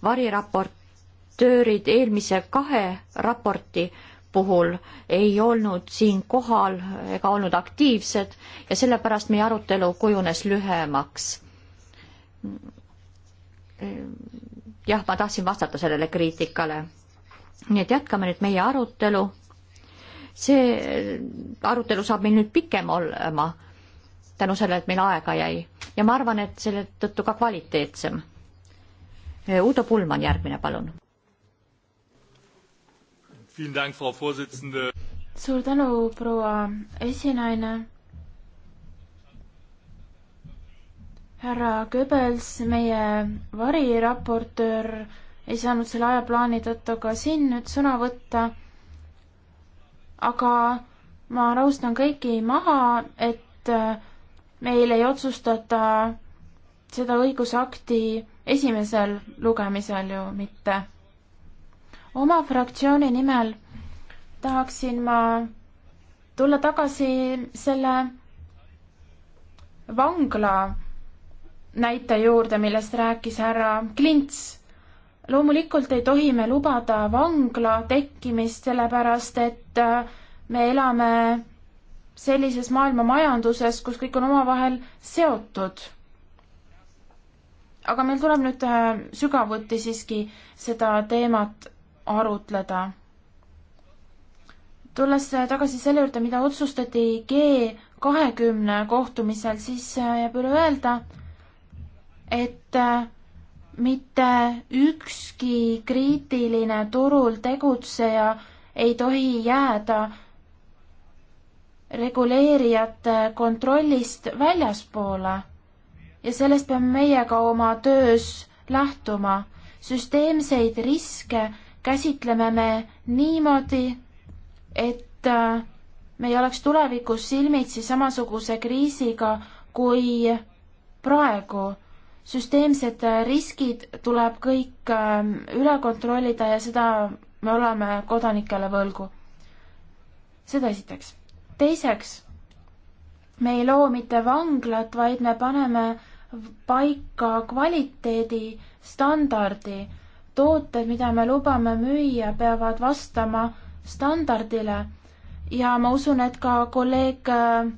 variraportöörid eelmise kahe raporti puhul ei olnud siin kohal ega olnud aktiivsed ja sellepärast meie arutelu kujunes lühemaks. jah, ma tahtsin vastata sellele kriitikale. nii et jätkame nüüd meie arutelu. see arutelu saab meil nüüd pikem olema tänu sellele, et meil aega jäi ja ma arvan, et selle tõttu ka kvaliteetsem Eh, Udo Pullmann järgmine, palun. suur tänu, proua esinaine. härra Goebbels, meie variraportöör ei saanud selle ajaplaani tõttu ka siin nüüd sõna võtta. aga ma rahustan kõiki maha, et meil ei otsustata seda õigusakti esimesel lugemisel ju mitte. oma fraktsiooni nimel tahaksin ma tulla tagasi selle vangla näite juurde, millest rääkis härra Klints. loomulikult ei tohi me lubada vangla tekkimist, sellepärast et äh, me elame sellises maailma majanduses, kus kõik on omavahel seotud aga meil tuleb nüüd äh, sügavuti siiski seda teemat arutleda. tulles äh, tagasi selle juurde, mida otsustati G kahekümne kohtumisel, siis äh, jääb üle öelda, et mitte ükski kriitiline turul tegutseja ei tohi jääda reguleerijate kontrollist väljaspoole ja sellest peame meie ka oma töös lähtuma. süsteemseid riske käsitleme me niimoodi, et äh, me ei oleks tulevikus silmitsi samasuguse kriisiga kui praegu. süsteemsed äh, riskid tuleb kõik ähm, üle kontrollida ja seda me oleme kodanikele võlgu. seda esiteks. teiseks, me ei loo mitte vanglat, vaid me paneme paika kvaliteedistandardi. tooted, mida me lubame müüa, peavad vastama standardile ja ma usun, et ka kolleeg äh,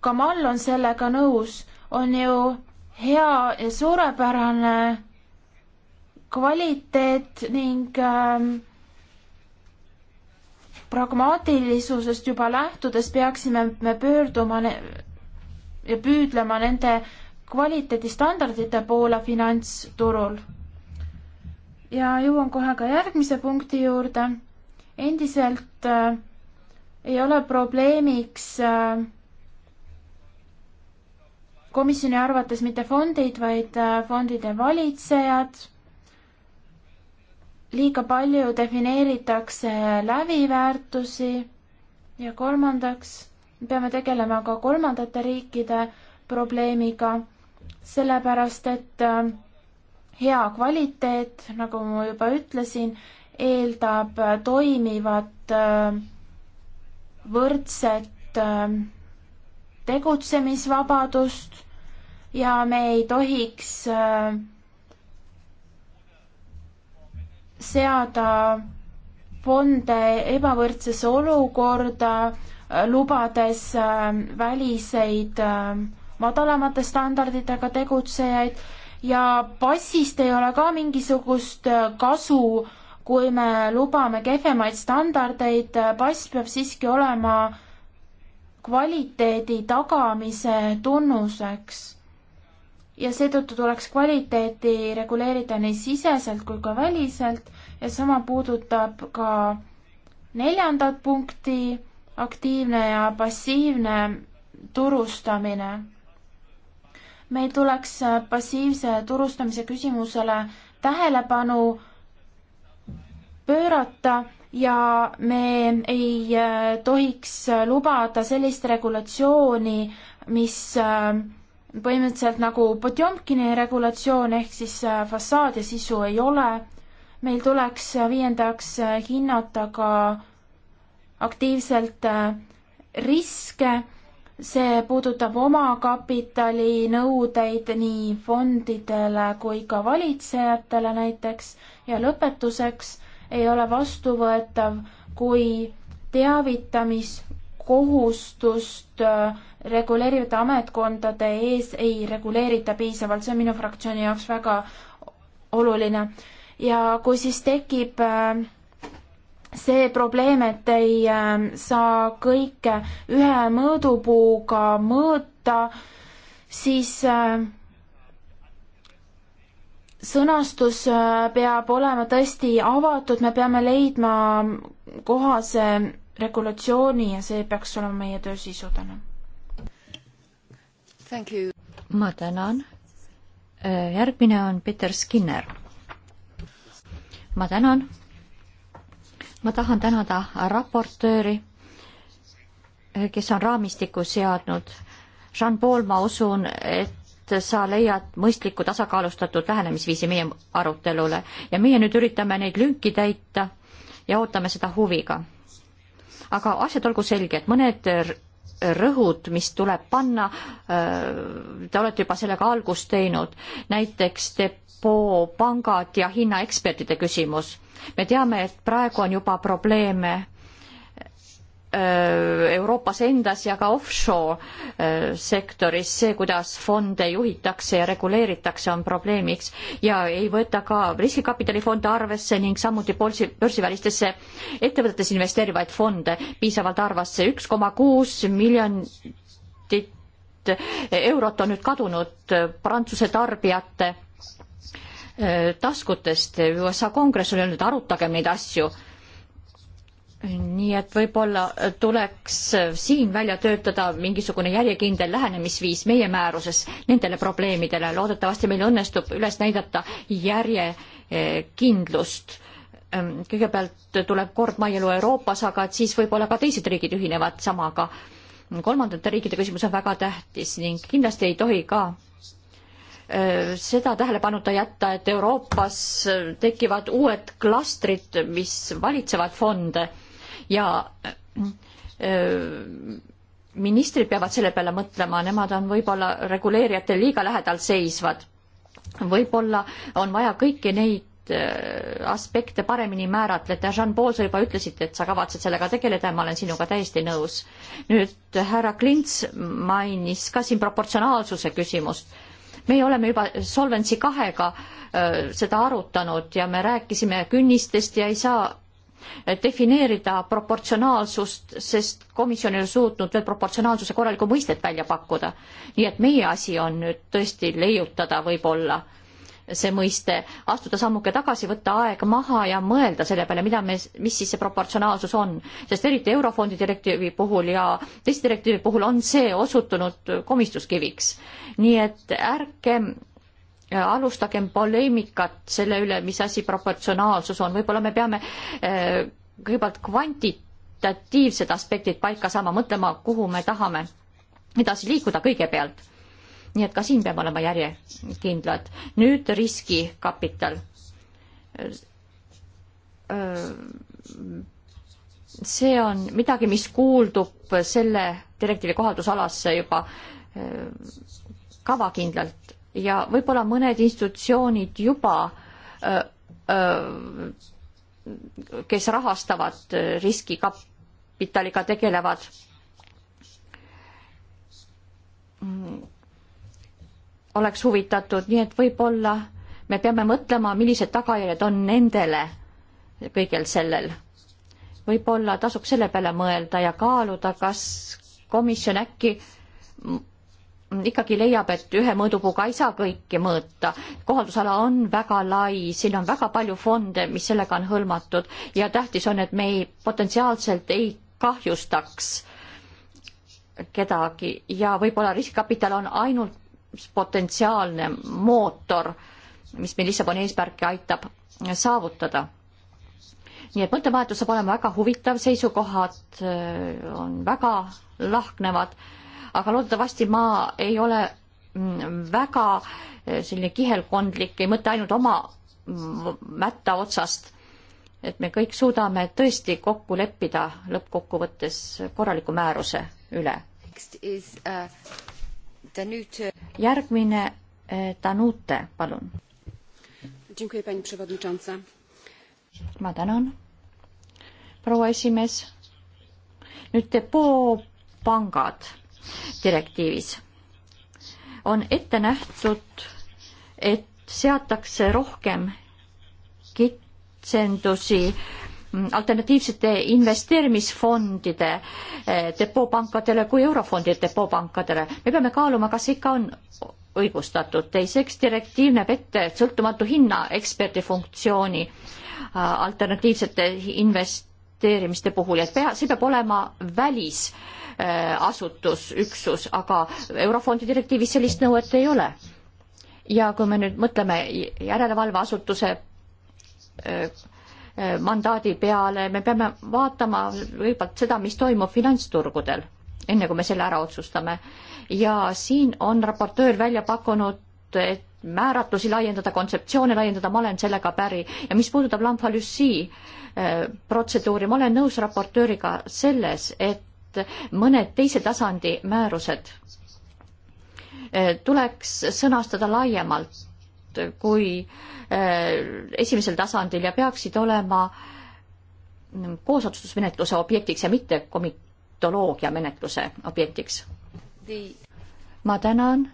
Kamal on sellega nõus, on ju hea ja suurepärane kvaliteet ning ähm, pragmaatilisusest juba lähtudes peaksime me pöörduma ja püüdlema nende kvaliteedistandardite poole finantsturul. ja jõuan kohe ka järgmise punkti juurde. endiselt äh, ei ole probleemiks äh, komisjoni arvates mitte fondid, vaid äh, fondide valitsejad. liiga palju defineeritakse läviväärtusi ja kolmandaks, me peame tegelema ka kolmandate riikide probleemiga sellepärast et äh, hea kvaliteet, nagu ma juba ütlesin, eeldab äh, toimivat äh, võrdset tegutsemisvabadust ja me ei tohiks seada fonde ebavõrdsesse olukorda, lubades väliseid äh, madalamate standarditega tegutsejaid ja passist ei ole ka mingisugust äh, kasu, kui me lubame kehvemaid standardeid, pass äh, peab siiski olema kvaliteedi tagamise tunnuseks. ja seetõttu tuleks kvaliteeti reguleerida nii siseselt kui ka väliselt ja sama puudutab ka neljandat punkti, aktiivne ja passiivne turustamine meil tuleks äh, passiivse turustamise küsimusele tähelepanu pöörata ja me ei äh, tohiks lubada sellist regulatsiooni, mis äh, põhimõtteliselt nagu Potjomkini regulatsioon ehk siis fassaad ja sisu ei ole. meil tuleks viiendaks hinnata ka aktiivselt riske see puudutab omakapitali nõudeid nii fondidele kui ka valitsejatele näiteks ja lõpetuseks ei ole vastuvõetav, kui teavitamiskohustust äh, reguleerivate ametkondade ees ei reguleerita piisavalt, see on minu fraktsiooni jaoks väga oluline. ja kui siis tekib äh, see probleem, et ei ähm, saa kõike ühe mõõdupuuga mõõta, siis ähm, sõnastus äh, peab olema tõesti avatud, me peame leidma kohase regulatsiooni ja see peaks olema meie töö sisu täna. ma tänan. Äh, järgmine on Peter Skinner. ma tänan ma tahan tänada raportööri, kes on raamistiku seadnud. Jean-Paul, ma usun, et sa leiad mõistliku tasakaalustatud lähenemisviisi meie arutelule ja meie nüüd üritame neid lünki täita ja ootame seda huviga. aga asjad olgu selged, mõned rõhud, mis tuleb panna, äh, te olete juba sellega algust teinud, näiteks depoo, pangad ja hinnaeksperdide küsimus. me teame, et praegu on juba probleeme Äh, Euroopas endas ja ka offshore äh, sektoris see, kuidas fonde juhitakse ja reguleeritakse, on probleemiks ja ei võeta ka riskikapitalifonde arvesse ning samuti börsi, börsivälistesse ettevõtetesse investeerivaid fonde piisavalt arvasse. üks koma kuus miljonit eurot on nüüd kadunud äh, Prantsuse tarbijate taskutest. USA kongress on öelnud, arutagem neid asju nii et võib-olla äh, tuleks äh, siin välja töötada mingisugune järjekindel lähenemisviis meie määruses nendele probleemidele. loodetavasti meil õnnestub üles näidata järjekindlust. Ähm, kõigepealt tuleb kord maielu Euroopas, aga et siis võib-olla ka teised riigid ühinevad samaga. kolmandate riikide küsimus on väga tähtis ning kindlasti ei tohi ka äh, seda tähelepanuta jätta, et Euroopas tekivad uued klastrid, mis valitsevad fonde ja äh, äh, ministrid peavad selle peale mõtlema, nemad on võib-olla reguleerijatel liiga lähedal seisvad. võib-olla on vaja kõiki neid äh, aspekte paremini määratleda, Jean-Paul, sa juba ütlesid, et sa kavatsed sellega tegeleda ja ma olen sinuga täiesti nõus. nüüd härra Klints mainis ka siin proportsionaalsuse küsimust. meie oleme juba Solvency kahega seda arutanud ja me rääkisime künnistest ja ei saa defineerida proportsionaalsust, sest komisjon ei ole suutnud veel proportsionaalsuse korralikku mõistet välja pakkuda. nii et meie asi on nüüd tõesti leiutada võib-olla see mõiste, astuda sammuke tagasi, võtta aeg maha ja mõelda selle peale, mida me, mis siis see proportsionaalsus on. sest eriti Eurofondi direktiivi puhul ja teiste direktiivi puhul on see osutunud komistuskiviks. nii et ärgem alustagem poleemikat selle üle, mis asi proportsionaalsus on, võib-olla me peame eh, kõigepealt kvantitatiivsed aspektid paika saama, mõtlema, kuhu me tahame edasi liikuda kõigepealt. nii et ka siin peame olema järjekindlad. nüüd riskikapital. Eh, see on midagi, mis kuuldub selle direktiivi kohaldusalasse juba eh, kavakindlalt ja võib-olla mõned institutsioonid juba, kes rahastavad riskikapitaliga tegelevad, oleks huvitatud, nii et võib-olla me peame mõtlema, millised tagajärjed on nendele kõigel sellel. võib-olla tasub selle peale mõelda ja kaaluda, kas komisjon äkki ikkagi leiab, et ühe mõõdupuuga ei saa kõike mõõta. kohaldusala on väga lai, siin on väga palju fonde, mis sellega on hõlmatud ja tähtis on, et me ei, potentsiaalselt ei kahjustaks kedagi ja võib-olla riskikapital on ainult potentsiaalne mootor, mis meil Lissaboni eesmärke aitab saavutada nii et mõttevahetus saab olema väga huvitav, seisukohad äh, on väga lahknevad aga loodetavasti ma ei ole mm, väga eh, selline kihelkondlik, ei mõtle ainult oma mm, mätta otsast. et me kõik suudame tõesti kokku leppida lõppkokkuvõttes korraliku määruse üle. Uh, järgmine eh, Danute, palun. ma tänan, proua esimees. nüüd depoo pangad direktiivis on ette nähtud, et seatakse rohkem kitsendusi alternatiivsete investeerimisfondide eh, depoopankadele kui eurofondide depoopankadele. me peame kaaluma, kas ikka on õigustatud. teiseks, direktiiv näeb ette sõltumatu hinna eksperdi funktsiooni eh, alternatiivsete investeerimiste puhul ja see peab olema välis äh, Äh, asutus, üksus, aga Eurofondi direktiivis sellist nõuet ei ole. ja kui me nüüd mõtleme järelevalveasutuse äh, äh, mandaadi peale, me peame vaatama kõigepealt seda, mis toimub finantsturgudel, enne kui me selle ära otsustame. ja siin on raportöör välja pakkunud, et määratlusi laiendada, kontseptsioone laiendada, ma olen sellega päri ja mis puudutab Lamfalussi protseduuri, ma olen nõus raportööriga selles, et et mõned teise tasandi määrused eh, tuleks sõnastada laiemalt kui eh, esimesel tasandil ja peaksid olema mm, koosotsustusmenetluse objektiks ja mitte komitoloogia menetluse objektiks. ma tänan.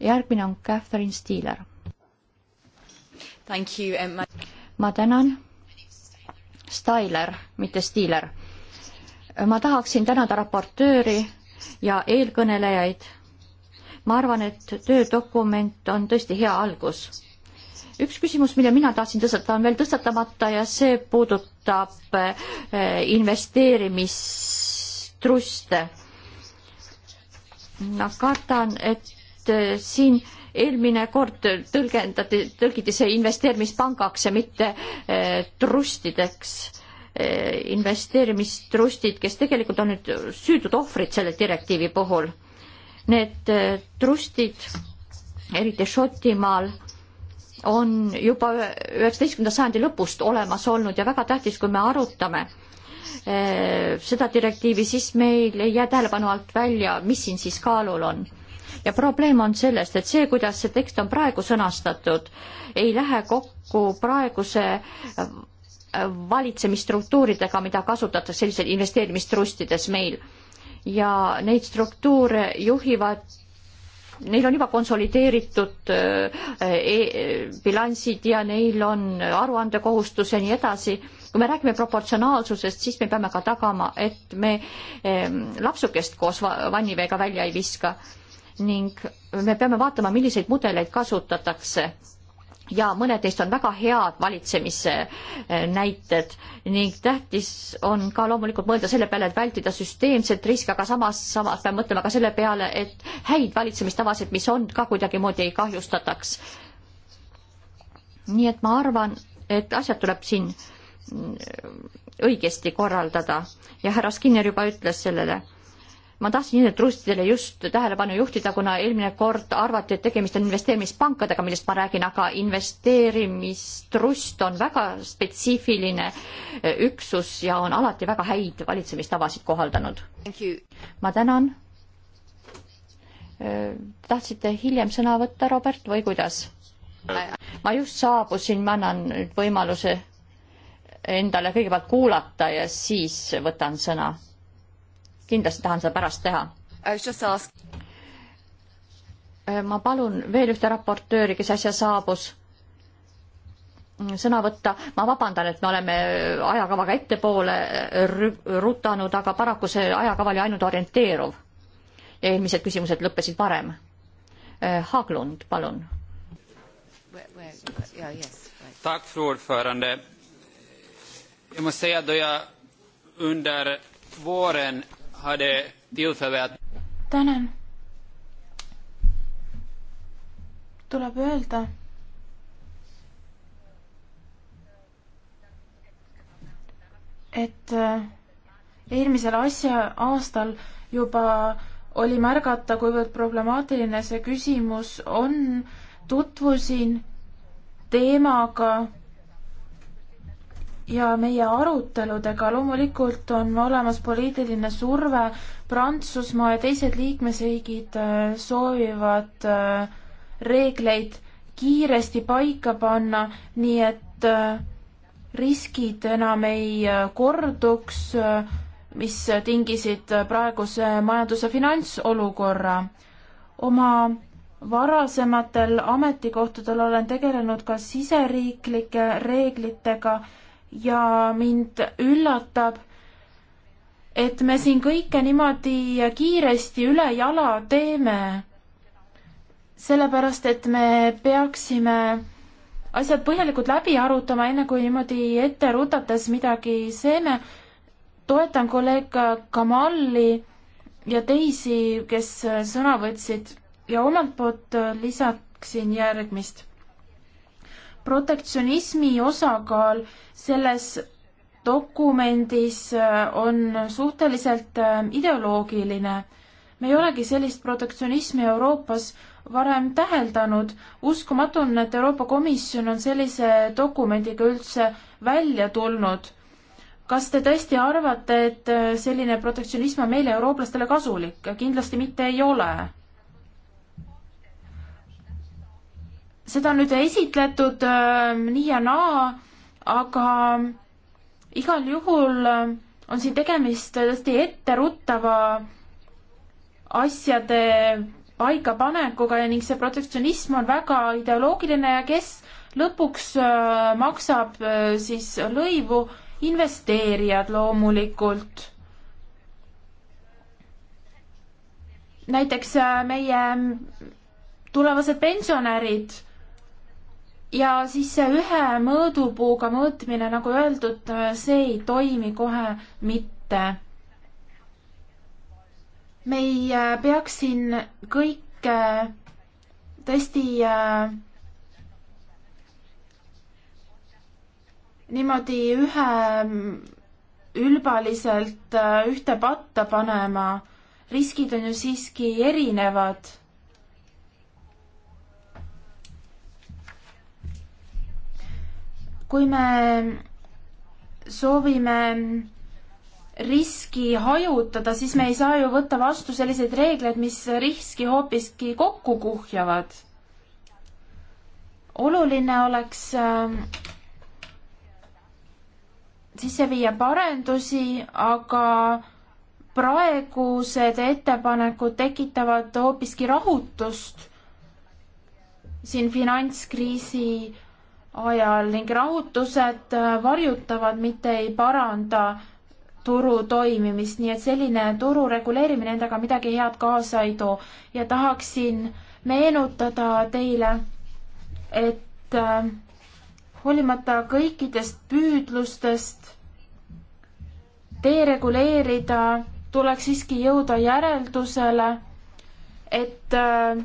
järgmine on Catherine Steeler. ma tänan. Styler, mitte Steeler ma tahaksin tänada raportööri ja eelkõnelejaid. ma arvan, et töödokument on tõesti hea algus. üks küsimus, mille mina tahtsin tõstatada, on veel tõstatamata ja see puudutab eh, investeerimistruste. ma kardan, et eh, siin eelmine kord tõlgendati, tõlgiti see investeerimispangaks ja mitte eh, trustideks Eh, investeerimistrustid, kes tegelikult on nüüd süütud ohvrid selle direktiivi puhul. Need eh, trustid, eriti Šotimaal, on juba üheksateistkümnenda sajandi lõpust olemas olnud ja väga tähtis, kui me arutame eh, seda direktiivi, siis meil ei jää tähelepanu alt välja, mis siin siis kaalul on. ja probleem on sellest, et see, kuidas see tekst on praegu sõnastatud, ei lähe kokku praeguse valitsemisstruktuuridega, mida kasutatakse sellisel investeerimistrustides meil. ja neid struktuure juhivad, neil on juba konsolideeritud äh, e bilansid ja neil on aruandekohustus ja nii edasi. kui me räägime proportsionaalsusest, siis me peame ka tagama, et me ähm, lapsukest koos vanniveega välja ei viska ning me peame vaatama, milliseid mudeleid kasutatakse ja mõned neist on väga head valitsemise eh, näited ning tähtis on ka loomulikult mõelda selle peale, et vältida süsteemset riski, aga samas, samas peab mõtlema ka selle peale, et häid valitsemistavasid, mis on, ka kuidagimoodi ei kahjustataks. nii et ma arvan, et asjad tuleb siin mm, õigesti korraldada ja härra Skinner juba ütles sellele ma tahtsin trustidele just tähelepanu juhtida, kuna eelmine kord arvati, et tegemist on investeerimispankadega, millest ma räägin, aga investeerimistrust on väga spetsiifiline eh, üksus ja on alati väga häid valitsemistavasid kohaldanud. ma tänan. Eh, tahtsite hiljem sõna võtta, Robert, või kuidas? ma just saabusin, ma annan nüüd võimaluse endale kõigepealt kuulata ja siis võtan sõna kindlasti tahan seda pärast teha. Äh, ma palun veel ühte raportööri, kes äsja saabus, mm, sõna võtta. ma vabandan, et me oleme äh, ajakavaga ettepoole äh, rutanud, aga paraku see ajakava oli ainult orienteeruv. ja eelmised küsimused lõppesid varem. Haaglund, palun. Tack fru ordförande. Jag måste säga då jag under våren tänan. tuleb öelda, et äh, eelmisel asja aastal juba oli märgata, kuivõrd problemaatiline see küsimus on, tutvusin teemaga ja meie aruteludega. loomulikult on olemas poliitiline surve, Prantsusmaa ja teised liikmesriigid äh, soovivad äh, reegleid kiiresti paika panna, nii et äh, riskid enam ei korduks, mis tingisid praeguse majanduse finantsolukorra. oma varasematel ametikohtadel olen tegelenud ka siseriiklike reeglitega ja mind üllatab, et me siin kõike niimoodi kiiresti ülejala teeme. sellepärast, et me peaksime asjad põhjalikult läbi arutama, enne kui niimoodi ette rutates midagi seeme. toetan kolleeg Kamali ja teisi, kes sõna võtsid ja omalt poolt lisaksin järgmist protektsionismi osakaal selles dokumendis äh, on suhteliselt äh, ideoloogiline. me ei olegi sellist protektsionismi Euroopas varem täheldanud. uskumatu on, et Euroopa Komisjon on sellise dokumendiga üldse välja tulnud. kas te tõesti arvate, et äh, selline protektsionism on meile, eurooplastele kasulik? kindlasti mitte ei ole seda on nüüd esitletud äh, nii ja naa, aga igal juhul ähm, on siin tegemist tõesti etteruttava asjade paikapanekuga ning see protektsionism on väga ideoloogiline ja kes lõpuks äh, maksab äh, siis lõivu, investeerijad loomulikult. näiteks äh, meie tulevased pensionärid ja siis see ühe mõõdupuuga mõõtmine, nagu öeldud, see ei toimi kohe mitte. me ei äh, peaks siin kõike äh, tõesti äh, niimoodi ühe mm, ülbaliselt ühte patta panema. riskid on ju siiski erinevad kui me soovime riski hajutada, siis me ei saa ju võtta vastu selliseid reegleid, mis riski hoopiski kokku kuhjavad. oluline oleks äh, sisse viia parendusi, aga praegused ettepanekud tekitavad hoopiski rahutust siin finantskriisi ajal ning rahutused äh, varjutavad, mitte ei paranda turu toimimist, nii et selline turu reguleerimine endaga midagi head kaasa ei too. ja tahaksin meenutada teile, et äh, hoolimata kõikidest püüdlustest dereguleerida, tuleks siiski jõuda järeldusele, et äh,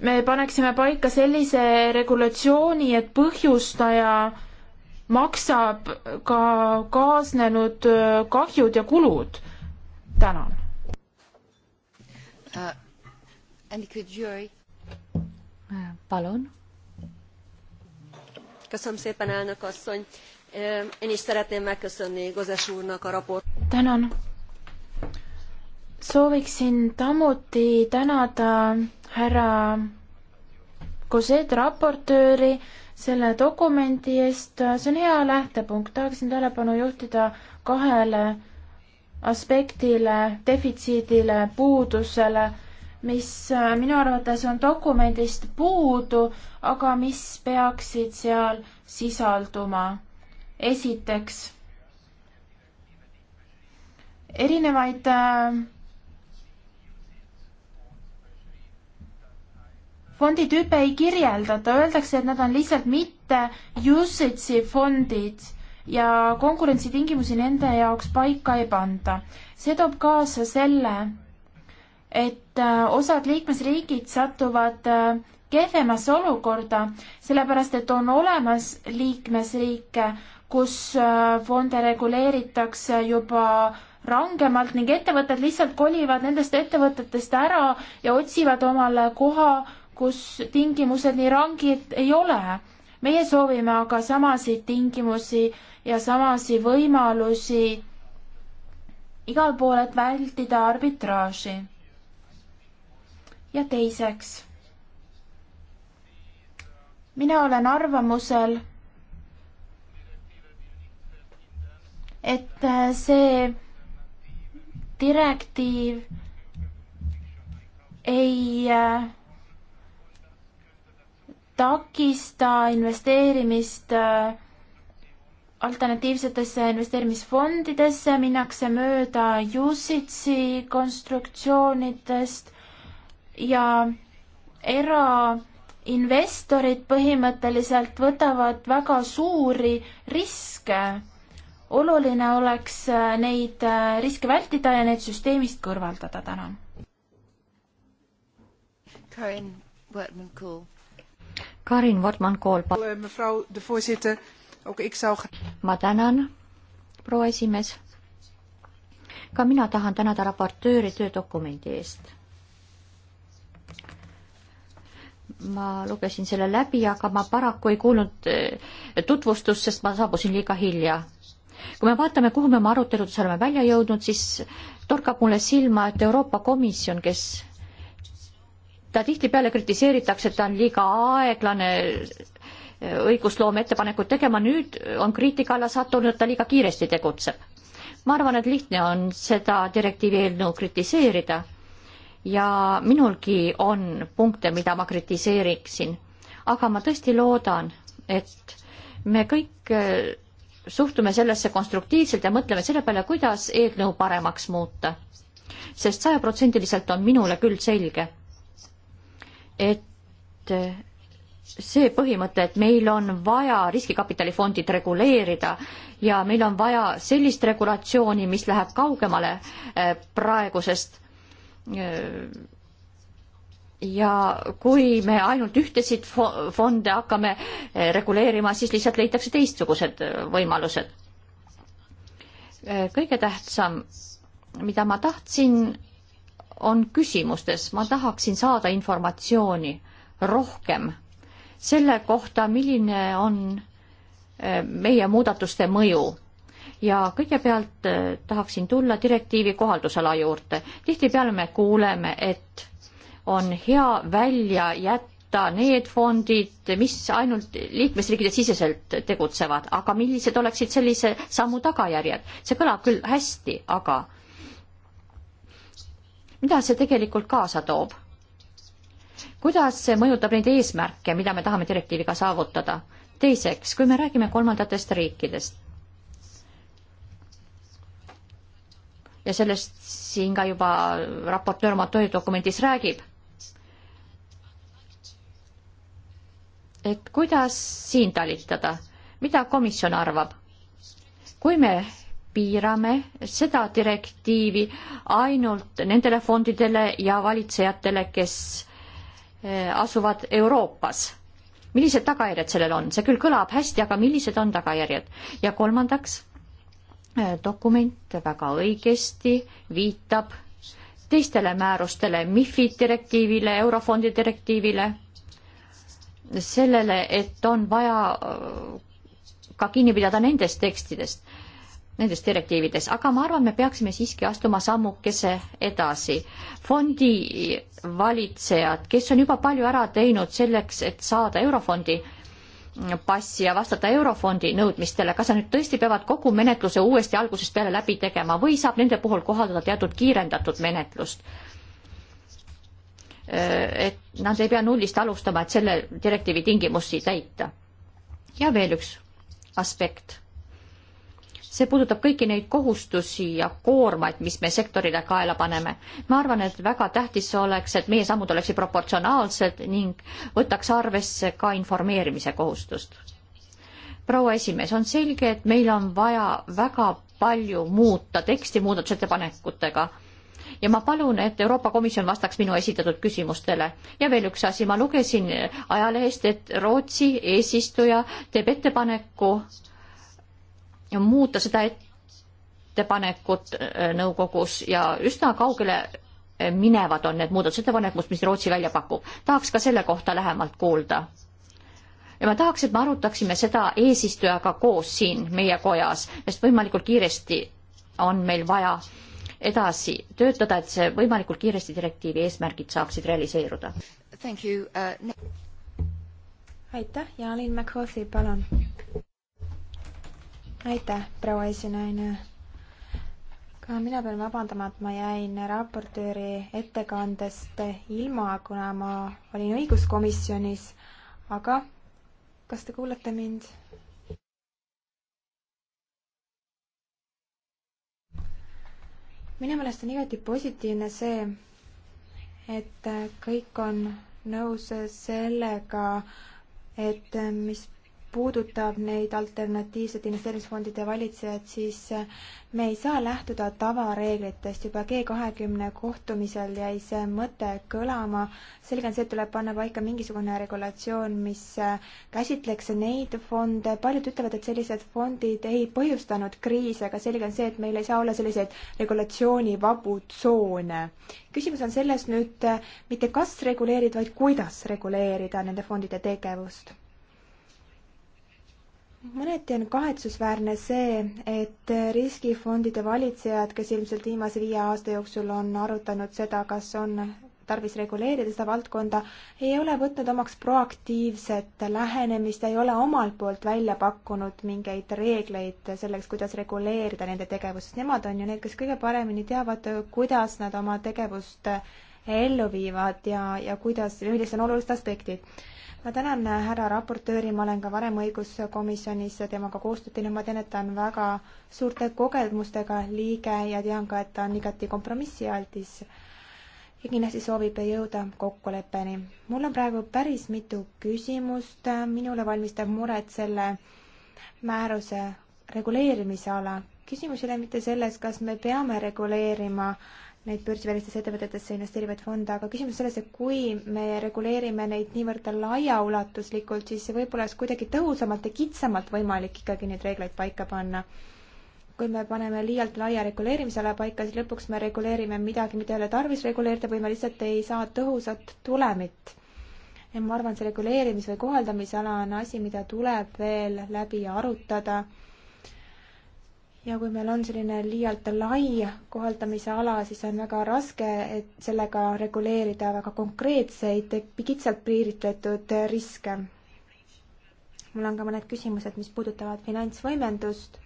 me paneksime paika sellise regulatsiooni, et põhjustaja maksab ka kaasnenud äh, kahjud ja kulud. tänan uh, uh,. palun. köszönöm szépen, elnök asszony. Én is szeretném megköszönni Gozes úrnak a raport. tänan. sooviksin samuti tänada härra Koset raportööri selle dokumendi eest, see on hea lähtepunkt, tahaksin tähelepanu juhtida kahele aspektile, defitsiidile, puudusele, mis äh, minu arvates on dokumendist puudu, aga mis peaksid seal sisalduma. esiteks, erinevaid äh, fonditüüpe ei kirjeldata, öeldakse, et nad on lihtsalt mitte usage'i fondid ja konkurentsitingimusi nende jaoks paika ei panda. see toob kaasa selle, et äh, osad liikmesriigid satuvad äh, kehvemasse olukorda, sellepärast et on olemas liikmesriike, kus äh, fonde reguleeritakse juba rangemalt ning ettevõtted lihtsalt kolivad nendest ettevõtetest ära ja otsivad omale koha kus tingimused nii rangid ei ole. meie soovime aga samasid tingimusi ja samasi võimalusi igal pool, et vältida arbitraaži. ja teiseks, mina olen arvamusel, et see direktiiv ei äh, takista investeerimist äh, alternatiivsetesse investeerimisfondidesse, minnakse mööda USITS-i konstruktsioonidest ja erainvestorid põhimõtteliselt võtavad väga suuri riske. oluline oleks äh, neid äh, riske vältida ja need süsteemist kõrvaldada, tänan. Karin Wortmann-Kool. Karin Wortmann-Kool. Eh, ma tänan, proua esimees. ka mina tahan tänada raportööri töödokumendi eest ma lugesin selle läbi, aga ma paraku ei kuulnud eh, tutvustust, sest ma saabusin liiga hilja. kui me vaatame, kuhu me oma aruteludes oleme välja jõudnud, siis torkab mulle silma, et Euroopa Komisjon, kes ta tihtipeale kritiseeritakse, et ta on liiga aeglane äh, õigusloome ettepanekut tegema, nüüd on kriitika alla sattunud, ta liiga kiiresti tegutseb. ma arvan, et lihtne on seda direktiivi eelnõu kritiseerida ja minulgi on punkte, mida ma kritiseeriksin, aga ma tõesti loodan, et me kõik äh, suhtume sellesse konstruktiivselt ja mõtleme selle peale, kuidas eelnõu paremaks muuta sest. sest sajaprotsendiliselt on minule küll selge, et see põhimõte, et meil on vaja riskikapitalifondid reguleerida ja meil on vaja sellist regulatsiooni, mis läheb kaugemale eh, praegusest. Eh, ja kui me ainult ühtesid fonde hakkame eh, reguleerima, siis lihtsalt leitakse teistsugused võimalused. kõige tähtsam, mida ma tahtsin on küsimustes, ma tahaksin saada informatsiooni rohkem selle kohta, milline on eh, meie muudatuste mõju. ja kõigepealt eh, tahaksin tulla direktiivi kohaldusala juurde. tihtipeale me kuuleme, et on hea välja jätta need fondid, mis ainult liikmesriikide siseselt tegutsevad, aga millised oleksid sellise sammu tagajärjed. see kõlab küll hästi, aga mida see tegelikult kaasa toob? kuidas see mõjutab neid eesmärke, mida me tahame direktiiviga saavutada? teiseks, kui me räägime kolmandatest riikidest ja sellest siin ka juba raportöör oma töödokumendis räägib, et kuidas siin talitada, mida komisjon arvab? kui me piirame seda direktiivi ainult nendele fondidele ja valitsejatele, kes eh, asuvad Euroopas. millised tagajärjed sellel on, see küll kõlab hästi, aga millised on tagajärjed? ja kolmandaks, eh, dokument väga õigesti viitab teistele määrustele, MIFID direktiivile, Eurofondi direktiivile, sellele, et on vaja eh, ka kinni pidada nendest tekstidest, nendes direktiivides, aga ma arvan, me peaksime siiski astuma sammukese edasi. fondi valitsejad, kes on juba palju ära teinud selleks, et saada Eurofondi passi ja vastata Eurofondi nõudmistele, kas nad nüüd tõesti peavad kogu menetluse uuesti algusest peale läbi tegema või saab nende puhul kohaldada teatud kiirendatud menetlust? et nad ei pea nullist alustama, et selle direktiivi tingimusi täita. ja veel üks aspekt see puudutab kõiki neid kohustusi ja koormaid, mis me sektorile kaela paneme. ma arvan, et väga tähtis oleks, et meie sammud oleksid proportsionaalsed ning võtaks arvesse ka informeerimise kohustust. proua esimees, on selge, et meil on vaja väga palju muuta teksti muudatusettepanekutega ja ma palun, et Euroopa Komisjon vastaks minu esitatud küsimustele. ja veel üks asi, ma lugesin ajalehest, et Rootsi eesistuja teeb ettepaneku äh, muuta seda ettepanekut äh, nõukogus ja üsna kaugele äh, minevad on need muudatusettepanekud, mis Rootsi välja pakub. tahaks ka selle kohta lähemalt kuulda. ja ma tahaks, et me arutaksime seda eesistujaga koos siin meie kojas, sest võimalikult kiiresti on meil vaja edasi töötada, et see võimalikult kiiresti direktiivi eesmärgid saaksid realiseeruda. Uh, aitäh ja Alin McCarthy, palun aitäh, proua esinaine. ka mina pean vabandama, et ma jäin raportööri ettekandest ilma, kuna ma olin õiguskomisjonis, aga kas te kuulete mind? minu meelest on igati positiivne see, et kõik on nõus sellega, et mis puudutab neid alternatiivsete investeerimisfondide valitsejaid, siis äh, me ei saa lähtuda tavareeglitest, juba G kahekümne kohtumisel jäi see mõte kõlama, selge on see, et tuleb panna paika mingisugune regulatsioon, mis äh, käsitleks neid fonde, paljud ütlevad, et sellised fondid ei põhjustanud kriise, aga selge on see, et meil ei saa olla selliseid regulatsioonivabu tsoone. küsimus on selles nüüd äh, mitte kas reguleerida, vaid kuidas reguleerida nende fondide tegevust mõneti on kahetsusväärne see, et riskifondide valitsejad, kes ilmselt viimase viie aasta jooksul on arutanud seda, kas on tarvis reguleerida seda valdkonda, ei ole võtnud omaks proaktiivset lähenemist, ei ole omalt poolt välja pakkunud mingeid reegleid selleks, kuidas reguleerida nende tegevust. Nemad on ju need, kes kõige paremini teavad, kuidas nad oma tegevust ellu viivad ja, ja kuidas, millised on olulised aspektid ma tänan äh, härra raportööri, ma olen ka varem õiguskomisjonis temaga koostööd teinud, ma tean, et ta on väga suurte kogemustega liige ja tean ka, et ta on igati kompromissialdis ja kindlasti soovib jõuda kokkuleppeni. mul on praegu päris mitu küsimust, minule valmistab muret selle määruse reguleerimise ala. küsimus ei ole mitte selles, kas me peame reguleerima äh, neid börsivälistesse ettevõtetesse investeerivaid fonde, aga küsimus selles, et kui me reguleerime neid niivõrd laiaulatuslikult, siis võib-olla oleks kuidagi tõhusamalt ja kitsamalt võimalik ikkagi neid reegleid paika panna. kui me paneme liialt laia reguleerimisala paika, siis lõpuks me reguleerime midagi, mida ei ole tarvis reguleerida või me lihtsalt ei saa tõhusat tulemit. ja ma arvan, see reguleerimis- või kohaldamise ala on asi, mida tuleb veel läbi arutada ja kui meil on selline liialt lai kohaldamise ala, siis on väga raske sellega reguleerida väga konkreetseid, kitsalt piiritletud riske. mul on ka mõned küsimused, mis puudutavad finantsvõimendust.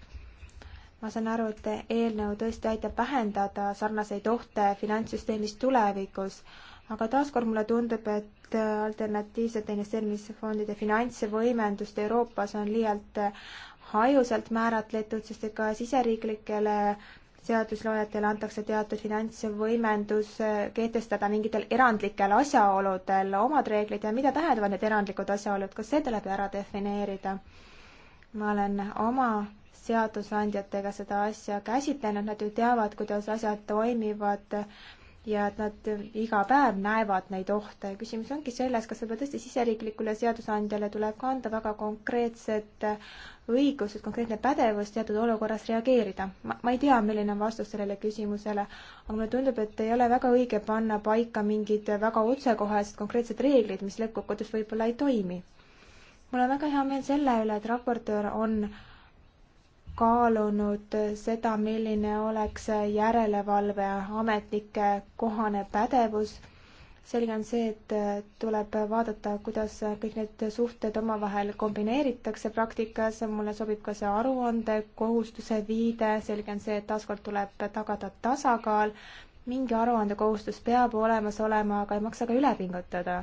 ma saan aru, et eelnõu tõesti aitab vähendada sarnaseid ohte finantssüsteemis tulevikus, aga taaskord mulle tundub, et alternatiivsete investeerimisfondide finantsvõimendust Euroopas on liialt hajusalt määratletud, sest et ka siseriiklikele seadusloojatele antakse teatud finantsvõimendus eh, kehtestada mingitel erandlikel asjaoludel omad reeglid ja mida tähendavad need erandlikud asjaolud, kas see tuleb ära defineerida? ma olen oma seadusandjatega seda asja käsitlenud, nad ju teavad, kuidas asjad toimivad, ja et nad iga päev näevad neid ohte. küsimus ongi selles, kas võib-olla tõesti siseriiklikule seadusandjale tuleb ka anda väga konkreetsed õigused, konkreetne pädevus teatud olukorras reageerida. ma, ma ei tea, milline on vastus sellele küsimusele, aga mulle tundub, et ei ole väga õige panna paika mingid väga otsekohesed konkreetsed reeglid, mis lõppkokkuvõttes võib-olla ei toimi. mul on väga hea meel selle üle, et raportöör on äh, kaalunud seda, milline oleks järelevalveametnike kohane pädevus. selge on see, et tuleb vaadata, kuidas kõik need suhted omavahel kombineeritakse praktikas, mulle sobib ka see aruandekohustuse viide, selge on see, et taaskord tuleb tagada tasakaal, mingi aruandekohustus peab olemas olema, aga ei maksa ka üle pingutada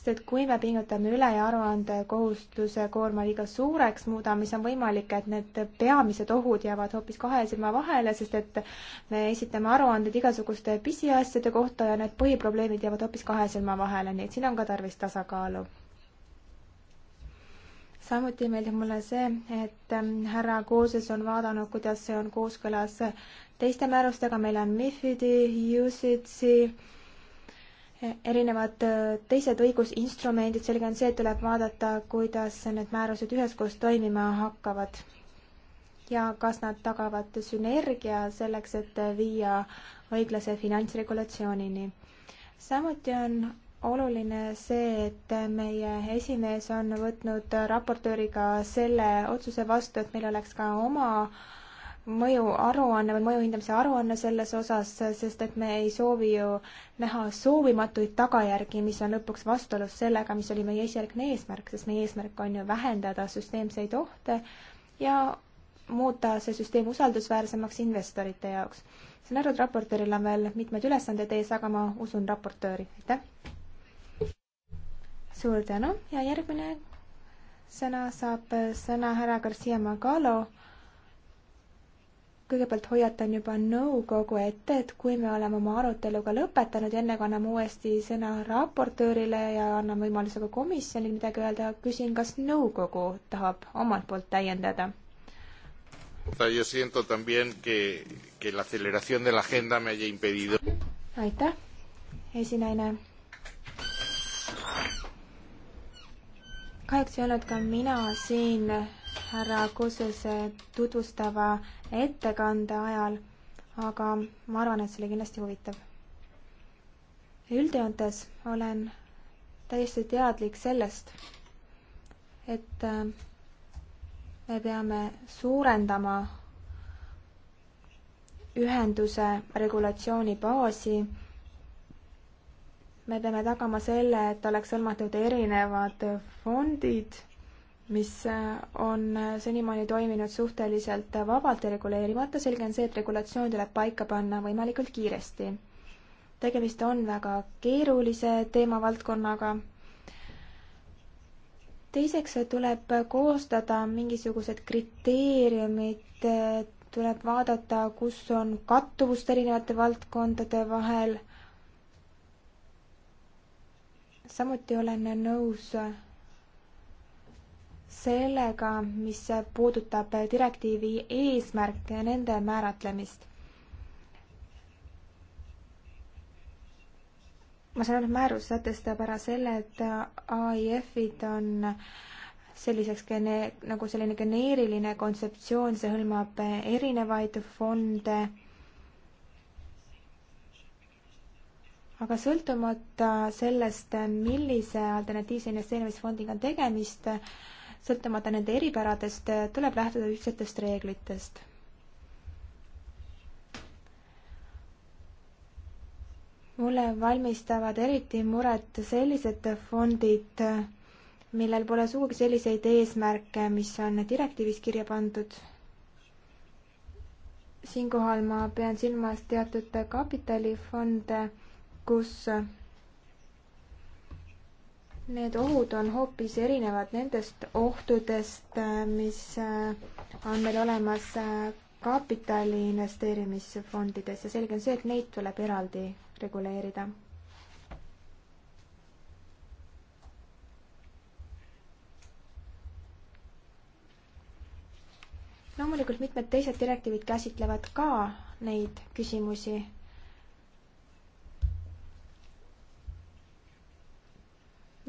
sest et kui me pingutame üle ja aruandekohustuse koorma liiga suureks muudame, siis on võimalik, et need peamised ohud jäävad hoopis kahe silma vahele, sest et me esitame aruanded igasuguste pisiasjade kohta ja need põhiprobleemid jäävad hoopis kahe silma vahele, nii et siin on ka tarvis tasakaalu samuti meeldib mulle see, et ähm, härra Kooses on vaadanud, kuidas see on kooskõlas teiste määrustega, meil on MIFID-i, UCITS-i erinevad äh, teised õigusinstrumendid, selge on see, et tuleb vaadata, kuidas need määrused üheskoos toimima hakkavad. ja kas nad tagavad sünergia selleks, et viia õiglase finantsregulatsioonini. samuti on oluline see, et meie esimees on võtnud raportööriga selle otsuse vastu, et meil oleks ka oma äh, mõjuaruanne või mõju hindamise aruanne selles osas, sest et me ei soovi ju näha soovimatuid tagajärgi, mis on lõpuks vastuolus sellega, mis oli meie esialgne eesmärk, sest meie eesmärk on ju vähendada süsteemseid ohte ja muuta see süsteem usaldusväärsemaks investorite jaoks. saan aru, et raportööril on veel mitmed ülesanded ees, aga ma usun raportööri, aitäh! suur tänu ja järgmine sõna saab sõna härra Garcia Magalo kõigepealt hoiatan juba nõukogu ette, et kui me oleme oma aruteluga lõpetanud, enne kui anname uuesti sõna raportöörile ja anname võimaluse ka komisjonil midagi öelda, küsin, kas nõukogu tahab omalt poolt täiendada? aitäh, esinaine. kahjuks ei olnud ka mina siin härra Kosuse tutvustava ettekande ajal, aga ma arvan, et see oli kindlasti huvitav. üldjoontes olen täiesti teadlik sellest, et äh, me peame suurendama ühenduse regulatsiooni baasi. me peame tagama selle, et oleks hõlmatud erinevad fondid mis äh, on äh, senimaani toiminud suhteliselt äh, vabalt ja reguleerimata, selge on see, et regulatsioon tuleb paika panna võimalikult kiiresti. tegemist on väga keerulise teemavaldkonnaga teiseks tuleb koostada mingisugused kriteeriumid, tuleb vaadata, kus on kattuvust erinevate valdkondade vahel. samuti olen nõus sellega, mis puudutab direktiivi eesmärke ja nende määratlemist. ma saan aru, et määrus sätestab ära selle, et AIF-id on selliseks gene-, nagu selline geneeriline kontseptsioon, see hõlmab erinevaid fonde, aga sõltumata sellest, millise alternatiivse investeerimisfondiga on tegemist, sõltumata nende eripäradest, äh, tuleb lähtuda ühtsetest reeglitest. mulle valmistavad eriti muret sellised fondid, millel pole sugugi selliseid eesmärke, mis on direktiivis kirja pandud. siinkohal ma pean silmas teatud kapitalifonde, kus need ohud on hoopis erinevad nendest ohtudest, mis äh, on meil olemas äh, kapitali investeerimisfondides ja selge on see, et neid tuleb eraldi reguleerida loomulikult mitmed teised direktiivid käsitlevad ka neid küsimusi,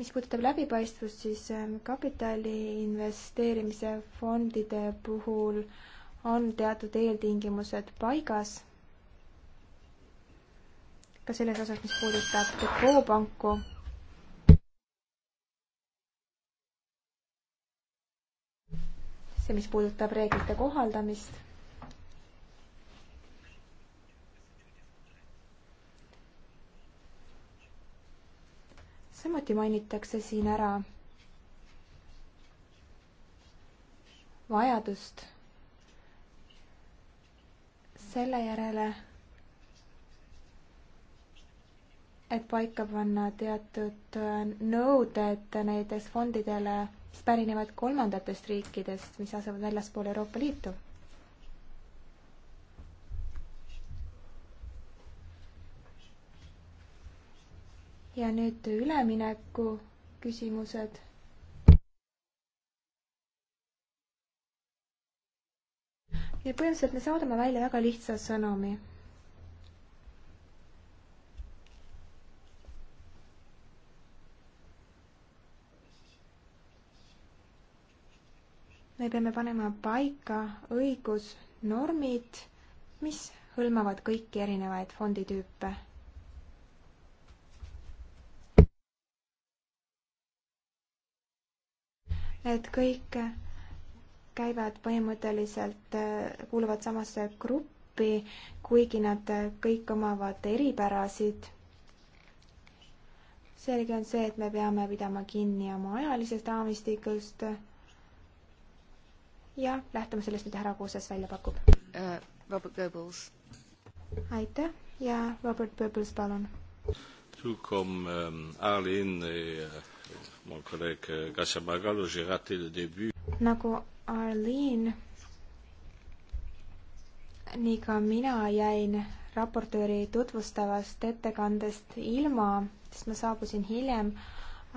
mis puudutab läbipaistvust, siis ähm, kapitali investeerimise fondide puhul on teatud eeltingimused paigas. ka selles osas, mis puudutab depoopanku see, mis puudutab reeglite kohaldamist. samuti mainitakse siin ära vajadust selle järele, et paika panna teatud nõuded näiteks fondidele, mis pärinevad kolmandatest riikidest, mis asuvad väljaspool Euroopa Liitu ja nüüd ülemineku küsimused. ja põhimõtteliselt me saadame välja väga lihtsa sõnumi me peame panema paika õigusnormid, mis hõlmavad kõiki erinevaid fonditüüpe Need kõik käivad põhimõtteliselt, äh, kuuluvad samasse gruppi, kuigi nad äh, kõik omavad eripärasid. selge on see, et me peame pidama kinni oma ajalisest raamistikust ja lähtuma sellest, mida härra Kuuses välja pakub uh,. Robert Goebbels. aitäh ja Robert Goebbels, palun. Toen kwam um, ehm, Aline uh, mon collègue euh, Gassamagalo, j'ai raté le début. nagu Arlene, nii ka mina jäin raportööri tutvustavast ettekandest ilma, sest ma saabusin hiljem,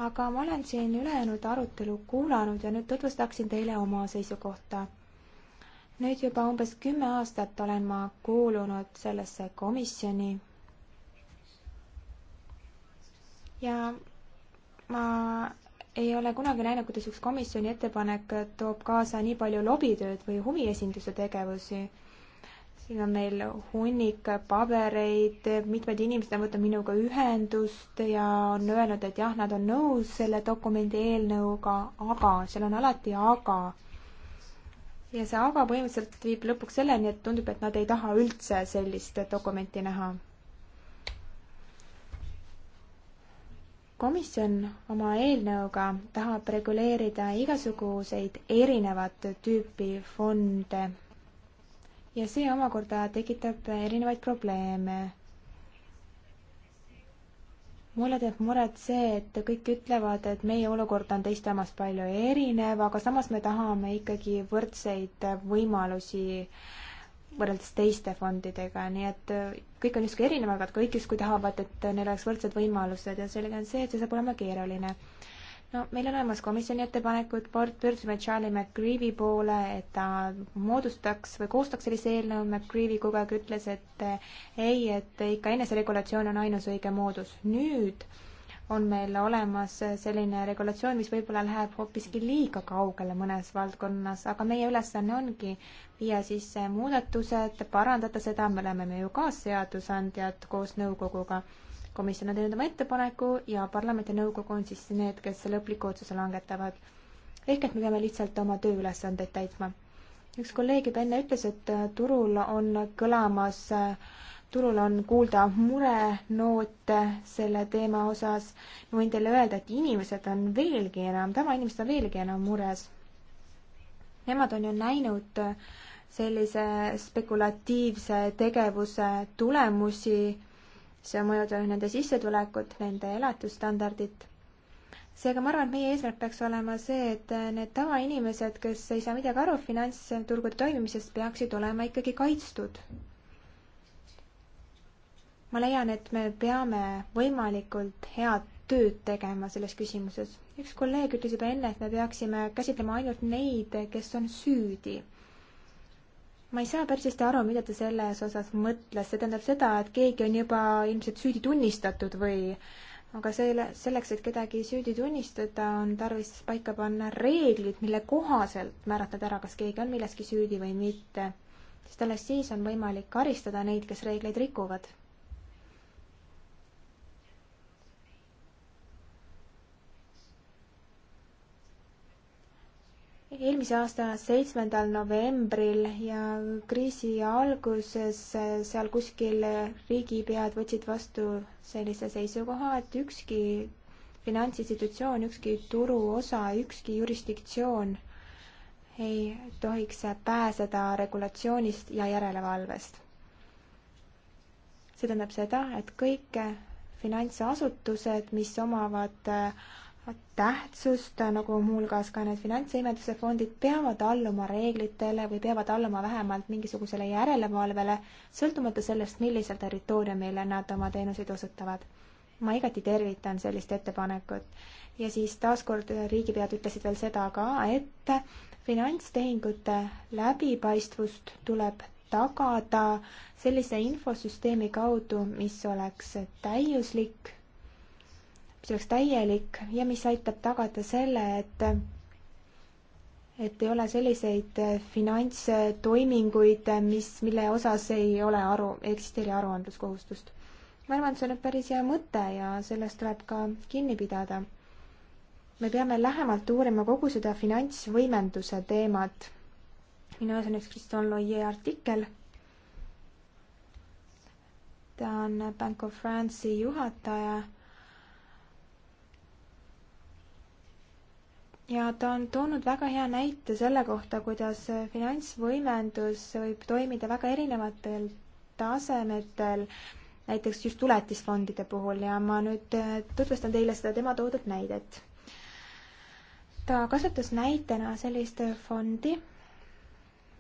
aga ma olen siin ülejäänud arutelu kuulanud ja nüüd tutvustaksin teile oma seisukohta. nüüd juba umbes kümme aastat olen ma kuulunud sellesse komisjoni ja ma ei ole kunagi näinud, kuidas üks komisjoni ettepanek toob kaasa nii palju lobitööd või huviesinduse tegevusi. siin on meil hunnik pabereid, mitmed inimesed on võtnud minuga ühendust ja on öelnud, et jah, nad on nõus selle dokumendi eelnõuga, aga seal on alati aga. ja see aga põhimõtteliselt viib lõpuks selleni, et tundub, et nad ei taha üldse sellist dokumenti näha komisjon oma eelnõuga tahab reguleerida igasuguseid erinevat tüüpi fonde ja see omakorda tekitab erinevaid probleeme. mulle teeb muret see, et kõik ütlevad, et meie olukord on teiste omast palju erinev, aga samas me tahame ikkagi võrdseid võimalusi võrreldes teiste fondidega, nii et kõik on justkui erinevad kõigis, kui tahavad, et neil oleks võrdsed võimalused ja selge on see, et see saab olema keeruline. no meil on olemas komisjoni ettepanekud, pöördusime Charlie McGreevy poole, et ta moodustaks või koostaks sellise eelnõu, McGreevy kogu aeg ütles, et ei, et ikka eneseregulatsioon on ainus õige moodus. nüüd äh, on meil olemas selline regulatsioon, mis võib-olla läheb hoopiski liiga kaugele mõnes valdkonnas, aga meie ülesanne ongi viia sisse muudatused, parandada seda, me oleme me ju ka seadusandjad koos nõukoguga. komisjon on teinud oma ettepaneku ja parlament ja nõukogu on siis need, kes lõpliku otsuse langetavad. ehk et me peame lihtsalt oma tööülesandeid täitma. üks kolleeg juba enne ütles, et turul on kõlamas äh, turul on kuulda murenoote selle teema osas. ma võin teile öelda, et inimesed on veelgi enam, tavainimesed on veelgi enam mures. Nemad on ju näinud sellise spekulatiivse tegevuse tulemusi, see on mõjutanud nende sissetulekut, nende elatusstandardit seega ma arvan, et meie eesmärk peaks olema see, et need tavainimesed, kes ei saa midagi aru finantsturgude toimimisest, peaksid olema ikkagi kaitstud ma leian, et me peame võimalikult head tööd tegema selles küsimuses. üks kolleeg ütles juba enne, et me peaksime käsitlema ainult neid, kes on süüdi. ma ei saa päris hästi aru, mida ta selles osas mõtles, see tähendab seda, et keegi on juba ilmselt süüdi tunnistatud või aga selle, selleks, et kedagi süüdi tunnistada, on tarvis paika panna reeglid, mille kohaselt määratled ära, kas keegi on milleski süüdi või mitte. sest alles siis on võimalik karistada neid, kes reegleid rikuvad. eelmise aasta seitsmendal novembril ja kriisi alguses seal kuskil riigipead võtsid vastu sellise seisukoha, et ükski finantsinstitutsioon, ükski turuosa, ükski jurisdiktsioon ei tohiks pääseda regulatsioonist ja järelevalvest. see tähendab seda, et kõik finantsasutused, mis omavad äh, tähtsust, nagu muuhulgas ka need finantsvõimenduse fondid peavad alluma reeglitele või peavad alluma vähemalt mingisugusele järelevalvele, sõltumata sellest, millisel territooriumil nad oma teenuseid osutavad. ma igati tervitan sellist ettepanekut. ja siis taaskord riigipead ütlesid veel seda ka, et finantstehingute läbipaistvust tuleb tagada sellise infosüsteemi kaudu, mis oleks täiuslik see oleks täielik ja mis aitab tagada selle, et et ei ole selliseid finantstoiminguid, mis, mille osas ei ole aru, ei eksisteeri aruandluskohustust. ma arvan, et see on päris hea mõte ja sellest tuleb ka kinni pidada. me peame lähemalt uurima kogu seda finantsvõimenduse teemat. minu ees on üks Christian Loier artikkel ta on Bank of France'i juhataja ja ta on toonud väga hea näite selle kohta, kuidas finantsvõimendus võib toimida väga erinevatel tasemetel, näiteks just tuletisfondide puhul ja ma nüüd äh, tutvustan teile seda tema toodud näidet. ta kasutas näitena sellist fondi,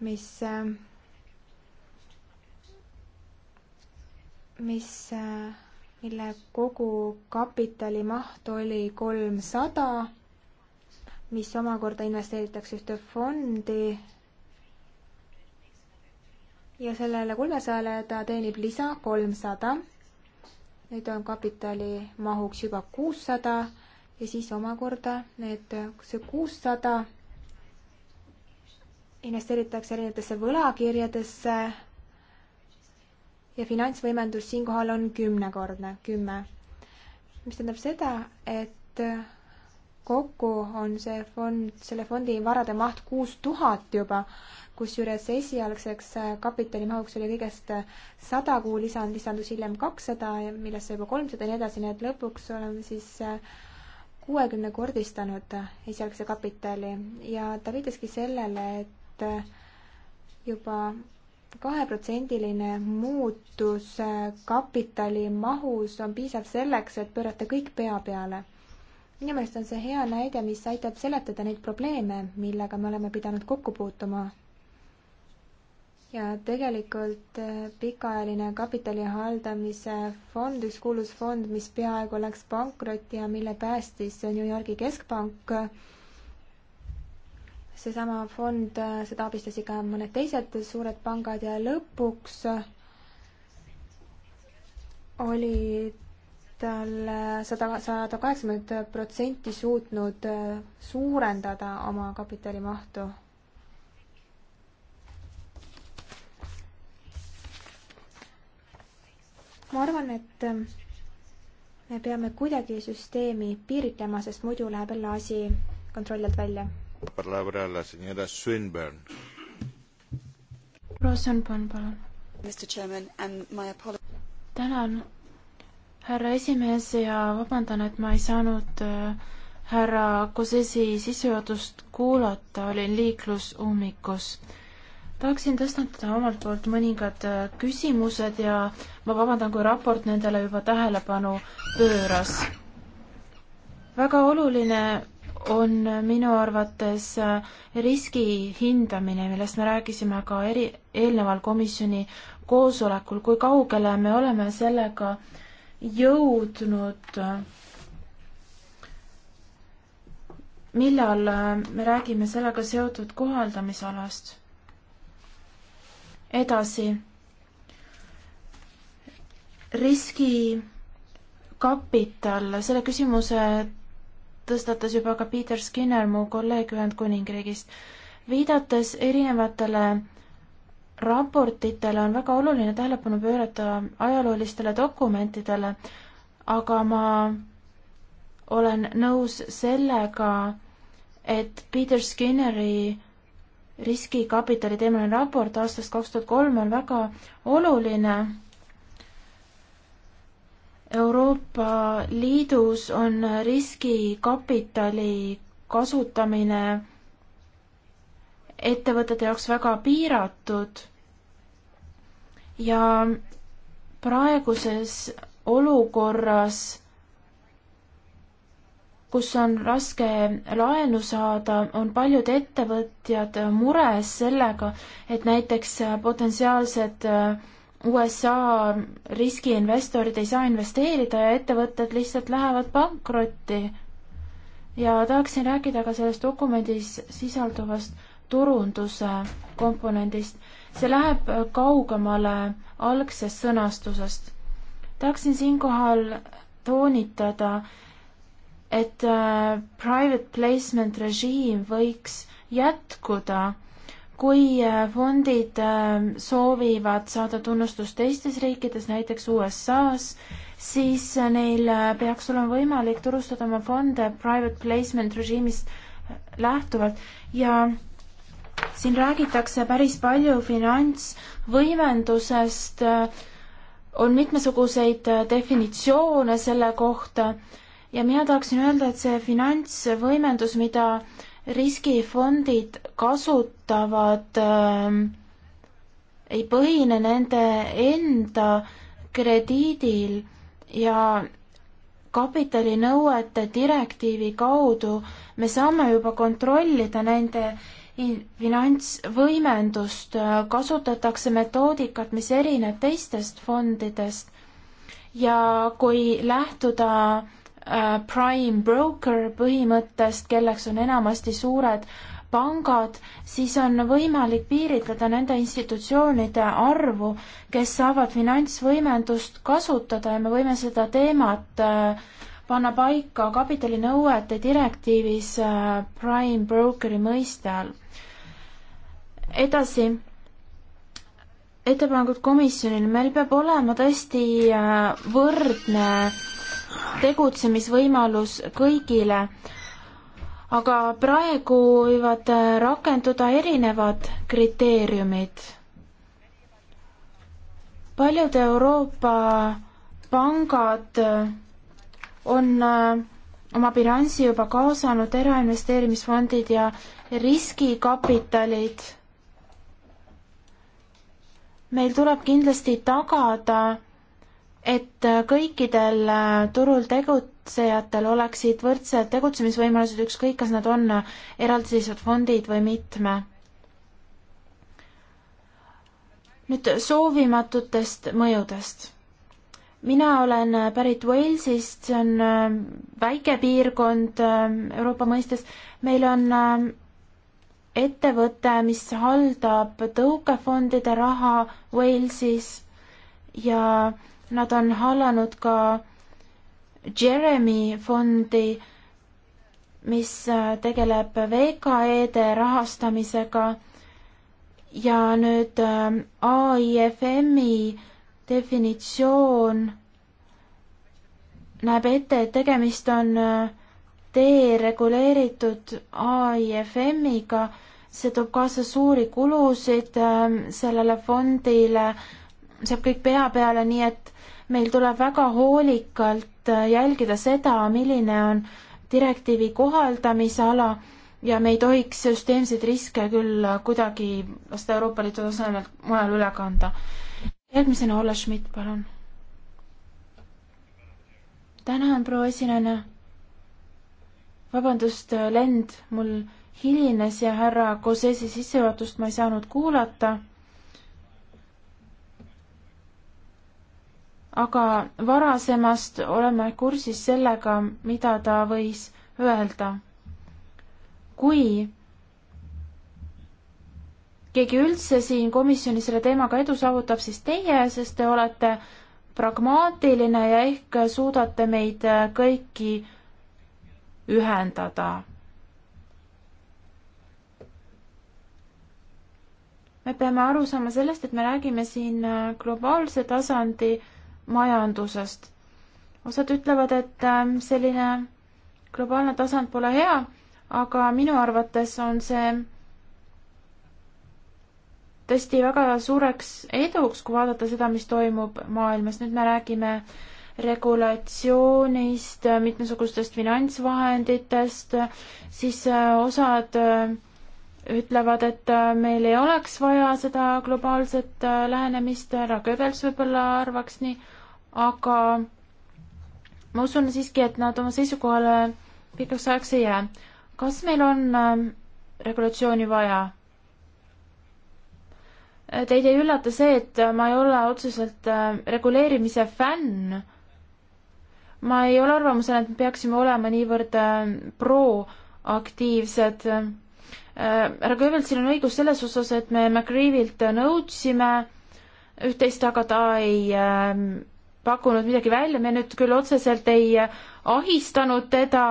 mis, äh, mis, äh, mille kogu kapitalimaht oli kolmsada mis omakorda investeeritakse ühte fondi. ja sellele kolmesajale ta teenib lisa kolmsada. nüüd on kapitali mahuks juba kuussada ja siis omakorda need, see kuussada investeeritakse erinevatesse võlakirjadesse ja finantsvõimendus siinkohal on kümnekordne, kümme. mis tähendab seda, et kokku on see fond, selle fondi varade maht kuus tuhat juba, kusjuures esialgseks äh, kapitalimahuks oli kõigest äh, sada kuu lisand, lisandus hiljem kakssada, millesse juba kolmsada ja nii edasi, nii et lõpuks oleme siis äh, kuuekümnekordistanud esialgse kapitali ja ta viitaski sellele, et juba kaheprotsendiline muutus kapitali mahus on piisav selleks, et pöörata kõik pea peale minu meelest on see hea näide, mis aitab seletada neid probleeme, millega me oleme pidanud kokku puutuma. ja tegelikult äh, pikaajaline kapitali haldamise fond, üks kuulus fond, mis peaaegu läks pankrotti ja mille päästis New Yorgi keskpank, seesama fond, äh, seda abistasid ka mõned teised suured pangad ja lõpuks oli aastal äh, sada, sada kaheksakümmend protsenti suutnud äh, suurendada oma kapitalimahtu. ma arvan, et äh, me peame kuidagi süsteemi piiritlema, sest muidu läheb jälle asi kontrolli alt välja. proua Sönborn, palun. tänan härra esimees ja vabandan, et ma ei saanud äh, härra Kosesi sissejuhatust kuulata, olin liiklusummikus. tahaksin tõstatada omalt poolt mõningad äh, küsimused ja ma vabandan, kui raport nendele juba tähelepanu pööras. väga oluline on minu arvates äh, riski hindamine, millest me rääkisime ka eri, eelneval komisjoni koosolekul, kui kaugele me oleme sellega äh, jõudnud? millal me räägime sellega seotud kohaldamisalast? edasi. riskikapital, selle küsimuse tõstatas juba ka Peter Skinner, mu kolleeg Ühendkuningriigist. viidates erinevatele raportitele on väga oluline tähelepanu pöörata ajaloolistele dokumentidele, aga ma olen nõus sellega, et Peter Skinneri riskikapitali teemaline raport aastast kaks tuhat kolm on väga oluline. Euroopa Liidus on riskikapitali kasutamine ettevõtete jaoks väga piiratud ja praeguses olukorras, kus on raske laenu saada, on paljud ettevõtjad mures sellega, et näiteks potentsiaalsed äh, USA riskiinvestorid ei saa investeerida ja ettevõtted lihtsalt lähevad pankrotti. ja tahaksin rääkida ka selles dokumendis sisalduvast turunduse komponendist. see läheb kaugemale algsest sõnastusest. tahaksin siinkohal toonitada, et äh, private placement režiim võiks jätkuda, kui äh, fondid äh, soovivad saada tunnustust teistes riikides, näiteks USA-s, siis neil peaks olema võimalik turustada oma fonde private placement režiimist lähtuvalt ja siin räägitakse päris palju finantsvõimendusest, on mitmesuguseid definitsioone selle kohta ja mina tahaksin öelda, et see finantsvõimendus, mida riskifondid kasutavad äh,, ei põhine nende enda krediidil ja kapitalinõuete direktiivi kaudu me saame juba kontrollida nende finantsvõimendust, äh, kasutatakse metoodikat, mis erineb teistest fondidest ja kui lähtuda äh, prime broker põhimõttest, kelleks on enamasti suured pangad, siis on võimalik piiritleda nende institutsioonide arvu, kes saavad finantsvõimendust kasutada ja me võime seda teemat äh, panna paika kapitalinõuete direktiivis prime brokeri mõiste all edasi, ettepanekud komisjonile, meil peab olema tõesti äh, võrdne tegutsemisvõimalus kõigile, aga praegu võivad äh, rakenduda erinevad kriteeriumid. paljud Euroopa pangad äh, on oma bilanssi juba kaasanud erainvesteerimisfondid ja riskikapitalid meil tuleb kindlasti tagada, et kõikidel äh, turul tegutsejatel oleksid võrdsed tegutsemisvõimalused, ükskõik kas nad on eraldiseisvad fondid või mitme. nüüd soovimatutest mõjudest. mina olen pärit Walesist, see on äh, väike piirkond äh, Euroopa mõistes, meil on ettevõte, mis haldab tõukefondide raha Walesis ja nad on hallanud ka Jeremy fondi, mis äh, tegeleb VKE-de rahastamisega ja nüüd äh, AIFM-i definitsioon näeb ette, et tegemist on äh, dereguleeritud AIFM-iga, see toob kaasa suuri kulusid ähm, sellele fondile, saab kõik pea peale, nii et meil tuleb väga hoolikalt äh, jälgida seda, milline on direktiivi kohaldamise ala ja me ei tohiks süsteemseid riske küll kuidagi lasta Euroopa Liidu tasemel mujal üle kanda. järgmisena Olle Schmidt, palun. tänan, proua esinejana vabandust, äh, lend mul hilines ja härra Kosesi sissejuhatust ma ei saanud kuulata. aga varasemast oleme kursis sellega, mida ta võis öelda. kui keegi üldse siin komisjonis selle teemaga edu saavutab, siis teie, sest te olete pragmaatiline ja ehk suudate meid äh, kõiki ühendada. me peame aru saama sellest, et me räägime siin äh, globaalse tasandi majandusest. osad ütlevad, et äh, selline globaalne tasand pole hea, aga minu arvates on see tõesti väga suureks eduks, kui vaadata seda, mis toimub maailmas. nüüd me räägime äh, regulatsioonist, mitmesugustest finantsvahenditest, siis äh, osad äh, ütlevad, et äh, meil ei oleks vaja seda globaalset lähenemist, härra Goebbels võib-olla arvaks nii, aga ma usun siiski, et nad oma seisukohale pikaks ajaks ei jää. kas meil on ähm, regulatsiooni vaja? Teid ei üllata see, et ma ei ole otseselt reguleerimise fänn ma ei ole arvamusel, et me peaksime olema niivõrd äh, proaktiivsed. Äh, härra Kõiveltsil on õigus selles osas, et me McRivilt nõudsime üht-teist, aga ta ei ähm, pakkunud midagi välja, me nüüd küll otseselt ei ahistanud teda,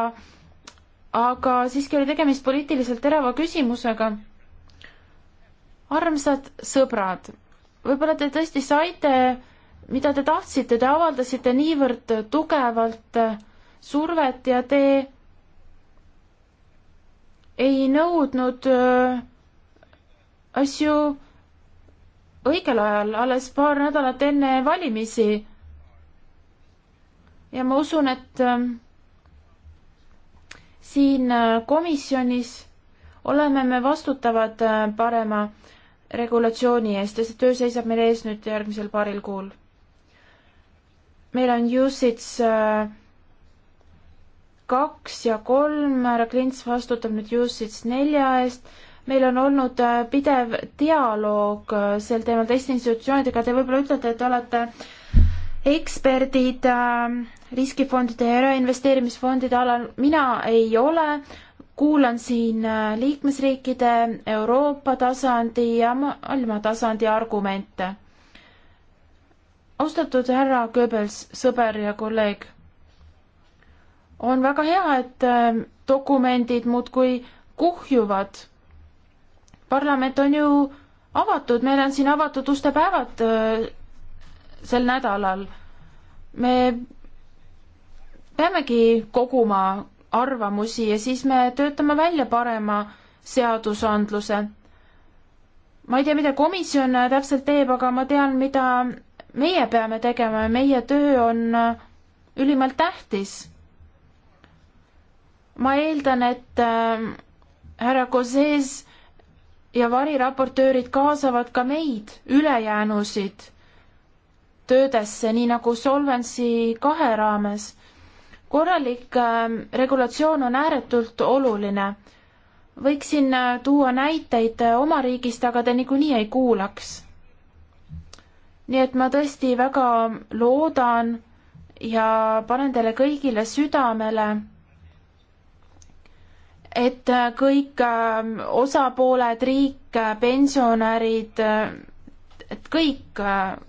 aga siiski oli tegemist poliitiliselt terava küsimusega. armsad sõbrad, võib-olla te tõesti saite mida te tahtsite, te avaldasite niivõrd tugevalt äh, survet ja te ei nõudnud äh, asju õigel ajal, alles paar nädalat enne valimisi. ja ma usun, et äh, siin komisjonis oleme me vastutavad parema regulatsiooni eest ja see töö seisab meil ees nüüd järgmisel paaril kuul meil on Jusits äh, kaks ja kolm, härra Klints vastutab nüüd Jusits nelja eest. meil on olnud äh, pidev dialoog äh, sel teemal teiste institutsioonidega, te võib-olla ütlete, et olete eksperdid riskifondide ja erainvesteerimisfondide alal, mina ei ole, kuulan siin liikmesriikide, Euroopa tasandi ja maailma tasandi argumente austatud härra Goebbels, sõber ja kolleeg, on väga hea, et ähm, dokumendid muudkui kuhjuvad. parlament on ju avatud, meil on siin avatud uste päevad äh, sel nädalal. me peamegi koguma arvamusi ja siis me töötame välja parema seadusandluse. ma ei tea, mida komisjon äh, täpselt teeb, aga ma tean, mida meie peame tegema ja meie töö on äh, ülimalt tähtis. ma eeldan, et äh, härra Koses ja variraportöörid kaasavad ka meid, ülejäänusid, töödesse, nii nagu Solvency kahe raames. korralik äh, regulatsioon on ääretult oluline. võiksin tuua näiteid oma riigist, aga te niikuinii ei kuulaks nii et ma tõesti väga loodan ja panen teile kõigile südamele, et kõik ähm, osapooled, riik, pensionärid, et kõik äh,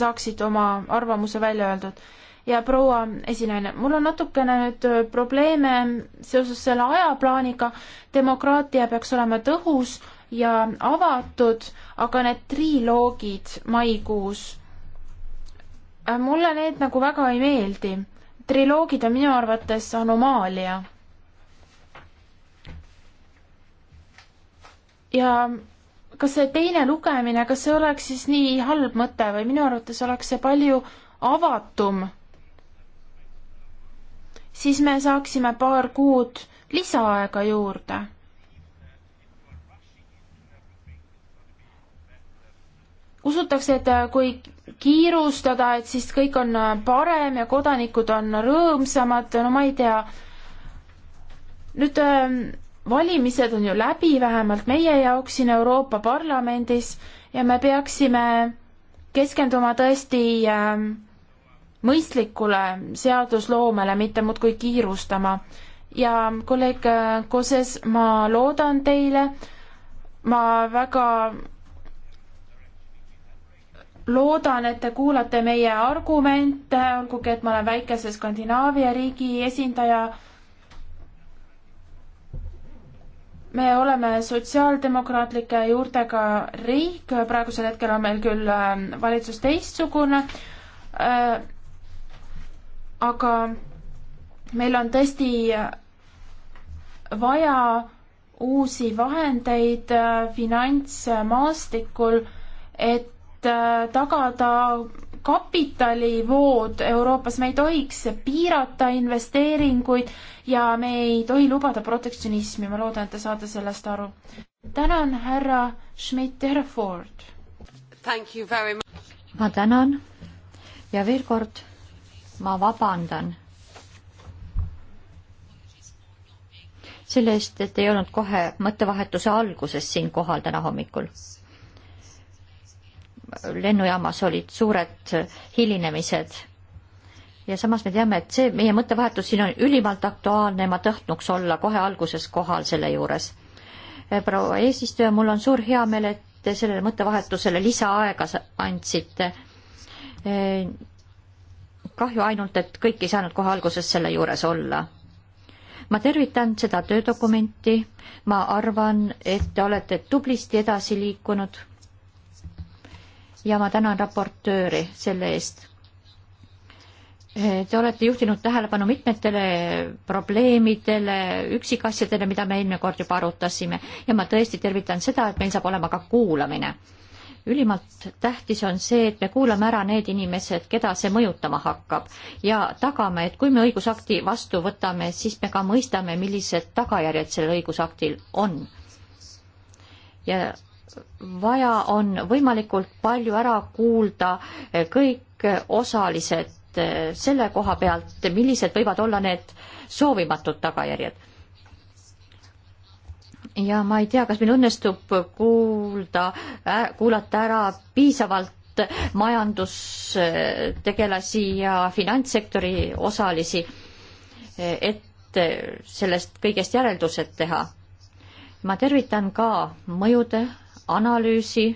saaksid oma arvamuse välja öeldud. ja proua esinaine, mul on natukene nüüd äh, probleeme seoses selle ajaplaaniga, demokraatia peaks olema tõhus ja avatud, aga need triloogid maikuus, äh, mulle need nagu väga ei meeldi. triloogid on minu arvates anomaalia. ja kas see teine lugemine, kas see oleks siis nii halb mõte või minu arvates oleks see palju avatum? siis me saaksime paar kuud lisaaega juurde usutakse, et äh, kui kiirustada, et siis kõik on äh, parem ja kodanikud on rõõmsamad, no ma ei tea. nüüd ähm, valimised on ju läbi, vähemalt meie jaoks siin Euroopa Parlamendis ja me peaksime keskenduma tõesti ähm, mõistlikule seadusloomele, mitte muudkui kiirustama. ja kolleeg äh, Koses, ma loodan teile, ma väga loodan, et te kuulate meie argumente, olgugi et ma olen väikese Skandinaavia riigi esindaja. me oleme sotsiaaldemokraatlike juurtega riik, praegusel hetkel on meil küll ähm, valitsus teistsugune. Äh, aga meil on tõesti äh, vaja uusi vahendeid äh, finantsmaastikul, et Äh, tagada kapitalivood Euroopas, me ei tohiks piirata investeeringuid ja me ei tohi lubada protektsionismi, ma loodan, et te saate sellest aru. tänan, härra Schmidt, härra Ford. ma tänan ja veel kord ma vabandan selle eest, et ei olnud kohe mõttevahetuse alguses siin kohal täna hommikul lennujaamas olid suured hilinemised. ja samas me teame, et see meie mõttevahetus siin on ülimalt aktuaalne, ma tahtnuks olla kohe alguses kohal selle juures. proua eesistuja, mul on suur heameel, et te sellele mõttevahetusele lisaaega andsite. kahju ainult, et kõik ei saanud kohe alguses selle juures olla ma tervitan seda töödokumenti, ma arvan, et te olete tublisti edasi liikunud ja ma tänan raportööri selle eest. Te olete juhtinud tähelepanu mitmetele probleemidele, üksikasjadele, mida me eelmine kord juba arutasime ja ma tõesti tervitan seda, et meil saab olema ka kuulamine. ülimalt tähtis on see, et me kuulame ära need inimesed, keda see mõjutama hakkab ja tagame, et kui me õigusakti vastu võtame, siis me ka mõistame, millised tagajärjed sellel õigusaktil on. ja vaja on võimalikult palju ära kuulda kõik osalised eh, selle koha pealt, millised võivad olla need soovimatud tagajärjed. ja ma ei tea, kas meil õnnestub kuulda, kuulata ära piisavalt majandustegelasi ja finantssektori osalisi, eh, et eh, sellest kõigest järeldused teha. ma tervitan ka mõjude analüüsi.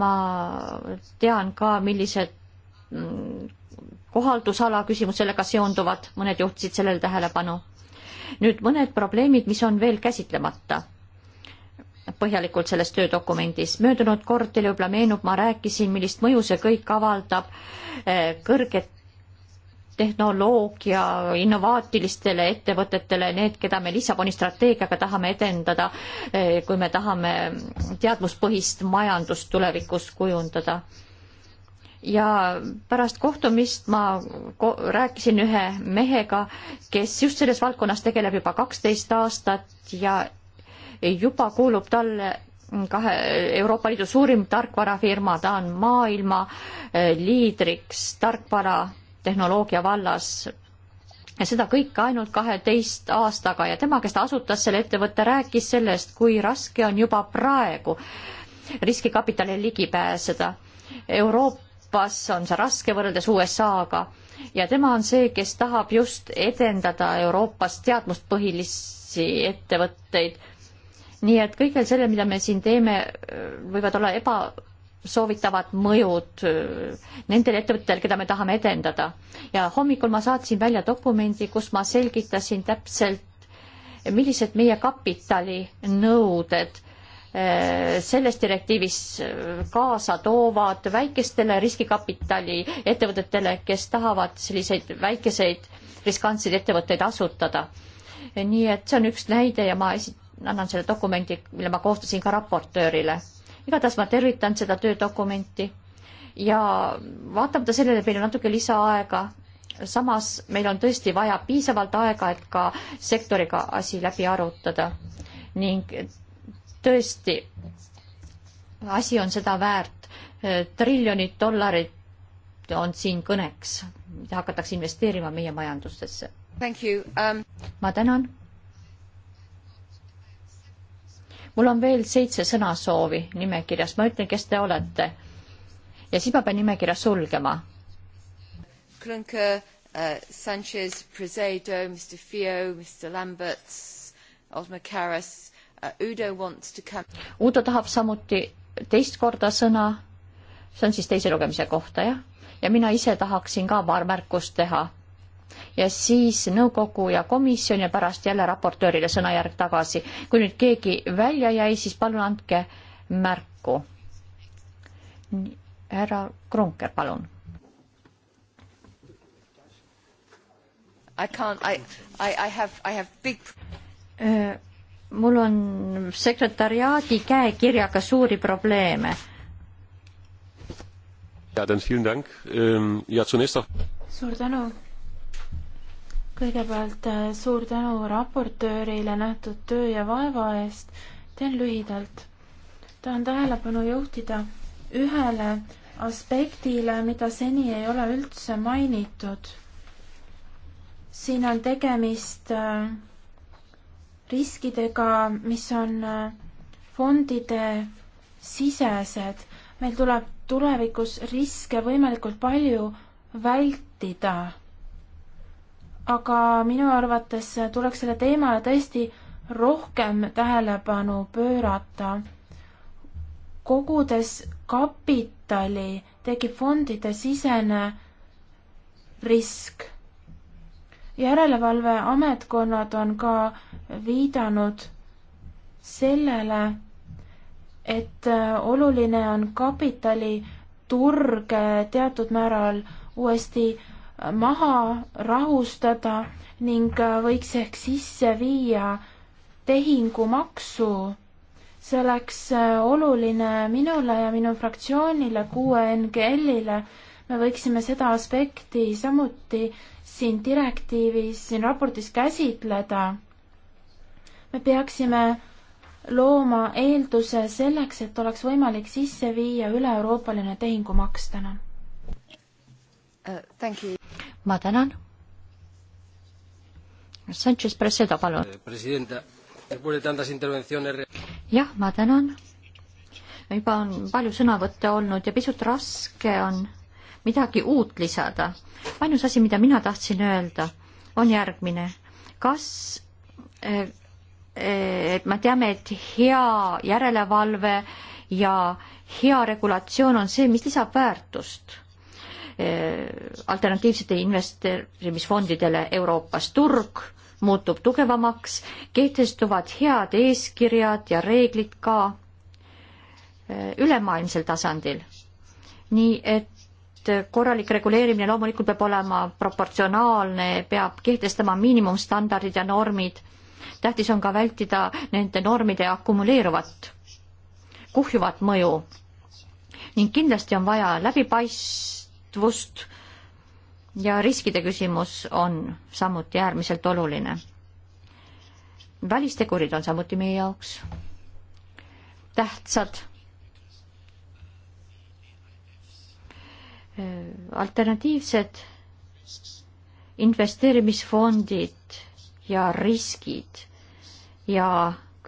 ma tean ka, millised mm, kohaldusala küsimus sellega seonduvad, mõned juhtisid sellele tähelepanu. nüüd mõned probleemid, mis on veel käsitlemata põhjalikult selles töödokumendis. möödunud kord teile võib-olla meenub, ma rääkisin, millist mõju see kõik avaldab eh, kõrget tehnoloogia innovaatilistele ettevõtetele, need, keda me Lissaboni strateegiaga tahame edendada, eh, kui me tahame teadmuspõhist majandust tulevikus kujundada. ja pärast kohtumist ma ko rääkisin ühe mehega, kes just selles valdkonnas tegeleb juba kaksteist aastat ja juba kuulub talle kahe Euroopa Liidu suurim tarkvarafirma, ta on maailma eh, liidriks tarkvara tehnoloogia vallas ja seda kõike ainult kaheteist aastaga ja tema, kes ta asutas selle ettevõtte, rääkis sellest, kui raske on juba praegu riskikapitalile ligi pääseda. Euroopas on see raske võrreldes USA-ga ja tema on see, kes tahab just edendada Euroopas teadmuspõhilisi ettevõtteid. nii et kõigel sellel, mida me siin teeme, võivad olla eba soovitavad mõjud äh, nendele ettevõtetele, keda me tahame edendada. ja hommikul ma saatsin välja dokumendi, kus ma selgitasin täpselt, millised meie kapitalinõuded äh, selles direktiivis äh, kaasa toovad väikestele riskikapitali ettevõtetele, kes tahavad selliseid väikeseid riskantseid ettevõtteid asutada. nii et see on üks näide ja ma esi-, annan selle dokumendi, mille ma koostasin ka raportöörile igatahes ma tervitan seda töödokumenti ja vaatamata sellele meil on natuke lisaaega, samas meil on tõesti vaja piisavalt aega, et ka sektoriga asi läbi arutada ning tõesti, asi on seda väärt. triljonid dollarit on siin kõneks, mida hakatakse investeerima meie majandustesse. Um... ma tänan mul on veel seitse sõnasoovi nimekirjas, ma ütlen, kes te olete. ja siis ma pean nimekirja sulgema. Klõnke uh,, äh, Sanchez, Presedo, Mr Fio, Mr Lamberts, Osmo Karas uh,, Udo wants to come. Udo tahab samuti teist korda sõna, see on siis teise lugemise kohta, jah? ja mina ise tahaksin ka paar märkust teha ja siis nõukogu ja komisjon ja pärast jälle raportöörile sõnajärg tagasi. kui nüüd keegi välja jäi, siis palun andke märku. härra Krunker, palun. I can't, I, I, I have, I have big äh, mul on sekretariaadi käekirjaga suuri probleeme. ja, dann vielen Dank ähm, ja zunächst auch. suur tänu kõigepealt äh, suur tänu raportöörile nähtud töö ja vaeva eest. teen lühidalt. tahan tähelepanu juhtida ühele aspektile, mida seni ei ole üldse mainitud. siin on tegemist äh, riskidega, mis on äh, fondide sisesed. meil tuleb tulevikus riske võimalikult palju vältida aga minu arvates tuleks selle teemale tõesti rohkem tähelepanu pöörata. kogudes kapitali, tekib fondide sisene risk. järelevalveametkonnad on ka viidanud sellele, et oluline on kapitaliturge teatud määral uuesti maha rahustada ning äh, võiks ehk sisse viia tehingumaksu. see oleks äh, oluline minule ja minu fraktsioonile, QNGL-ile. me võiksime seda aspekti samuti siin direktiivis, siin raportis käsitleda. me peaksime looma eelduse selleks, et oleks võimalik sisse viia üle-euroopaline tehingumaks täna ma tänan. Sanchez Presedo, palun. Eh, jah, ma tänan. juba on palju sõnavõtte olnud ja pisut raske on midagi uut lisada. ainus asi, mida mina tahtsin öelda, on järgmine. kas eh, eh, et me teame, et hea järelevalve ja hea regulatsioon on see, mis lisab väärtust Äh, alternatiivsete investeerimisfondidele Euroopas turg muutub tugevamaks, kehtestuvad head eeskirjad ja reeglid ka äh, ülemaailmsel tasandil. nii et korralik reguleerimine loomulikult peab olema proportsionaalne, peab kehtestama miinimumstandardid ja normid. tähtis on ka vältida nende normide akumuleeruvat, kuhjuvat mõju. ning kindlasti on vaja läbipaist-, ettevõtlust ja riskide küsimus on samuti äärmiselt oluline. välistegurid on samuti meie jaoks tähtsad. alternatiivsed investeerimisfondid ja riskid ja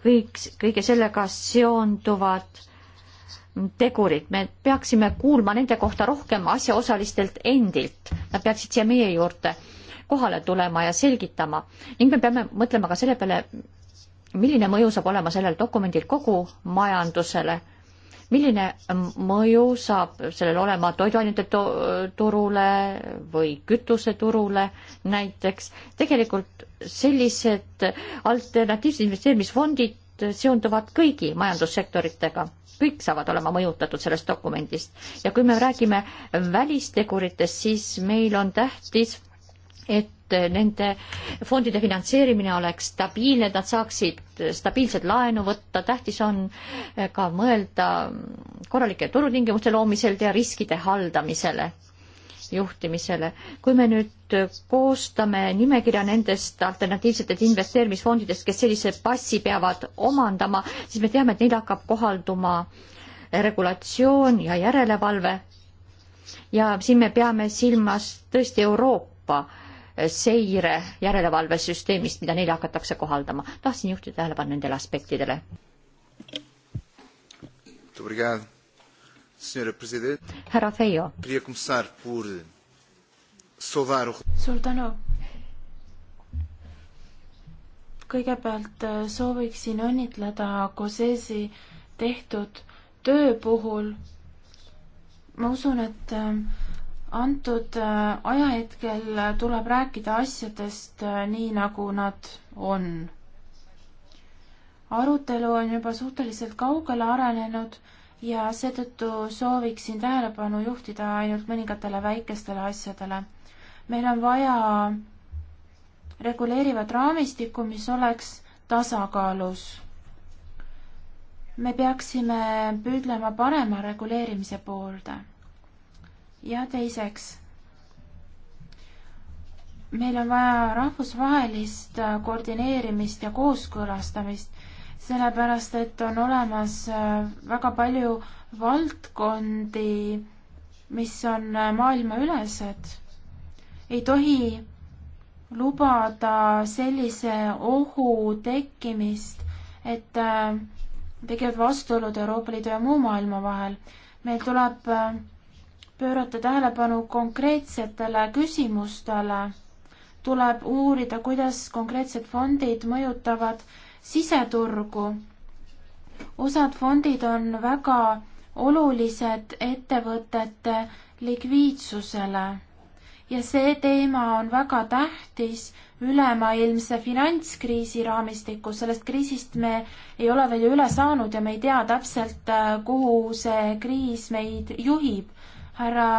kõik, kõige sellega seonduvad tegurid, me peaksime kuulma nende kohta rohkem asjaosalistelt endilt, nad peaksid siia meie juurde kohale tulema ja selgitama ning me peame mõtlema ka selle peale, milline mõju saab olema sellel dokumendil kogu majandusele, milline mõju saab sellel olema toiduainete to turule või kütuseturule näiteks. tegelikult sellised alternatiivsed investeerimisfondid seonduvad kõigi majandussektoritega, kõik saavad olema mõjutatud sellest dokumendist. ja kui me räägime välisteguritest, siis meil on tähtis, et nende fondide finantseerimine oleks stabiilne, et nad saaksid stabiilset laenu võtta, tähtis on ka mõelda korralike turutingimuste loomisel ja riskide haldamisele juhtimisele. kui me nüüd koostame nimekirja nendest alternatiivsetest investeerimisfondidest, kes sellise passi peavad omandama, siis me teame, et neil hakkab kohalduma regulatsioon ja järelevalve. ja siin me peame silmas tõesti Euroopa seire järelevalvesüsteemist, mida neile hakatakse kohaldama. tahtsin juhtida tähelepanu nendele aspektidele. Muito obrigado härra Feio. suur tänu. kõigepealt äh, sooviksin õnnitleda Kosesi tehtud töö puhul. ma usun, et äh, antud äh, ajahetkel tuleb rääkida asjadest nii, nagu nad on. arutelu on juba suhteliselt kaugele arenenud ja seetõttu sooviksin tähelepanu juhtida ainult mõningatele väikestele asjadele. meil on vaja reguleerivat raamistikku, mis oleks tasakaalus. me peaksime püüdlema parema reguleerimise poolde. ja teiseks, meil on vaja rahvusvahelist koordineerimist ja kooskõlastamist sellepärast et on olemas äh, väga palju valdkondi, mis on äh, maailmaülesed. ei tohi lubada sellise ohu tekkimist, et äh, tekivad vastuolud Euroopa Liidu ja muu maailma vahel. meil tuleb pöörata tähelepanu konkreetsetele küsimustele, tuleb uurida, kuidas konkreetsed fondid mõjutavad siseturgu. osad fondid on väga olulised ettevõtete likviidsusele ja see teema on väga tähtis ülemaailmse finantskriisi raamistikus, sellest kriisist me ei ole veel ju üle saanud ja me ei tea täpselt, kuhu see kriis meid juhib. härra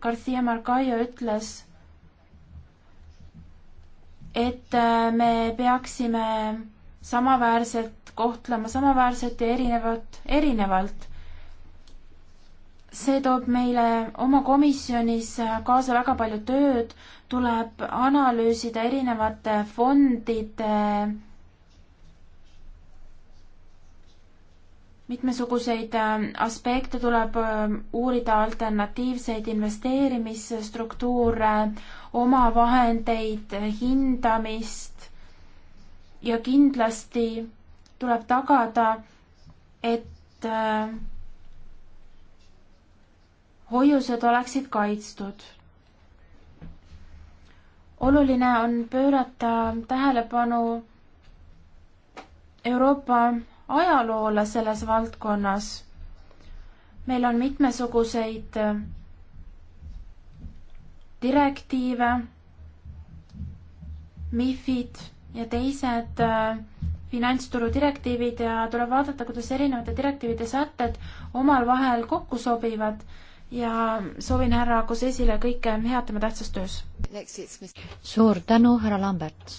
Garcia Marcaio ütles, et me peaksime samaväärselt kohtlema samaväärselt ja erinevat, erinevalt. see toob meile oma komisjonis kaasa väga palju tööd, tuleb analüüsida erinevate fondide mitmesuguseid aspekte, tuleb uurida alternatiivseid investeerimisstruktuure, omavahendeid, hindamist, ja kindlasti tuleb tagada, et äh, hoiused oleksid kaitstud. oluline on pöörata tähelepanu Euroopa ajaloole selles valdkonnas. meil on mitmesuguseid äh, direktiive, MIFID ja teised äh, finantsturu direktiivid ja tuleb vaadata, kuidas erinevate direktiivide sätted omavahel kokku sobivad ja soovin härra Kosesile kõike head tema tähtsas töös. suur tänu, härra Lambert.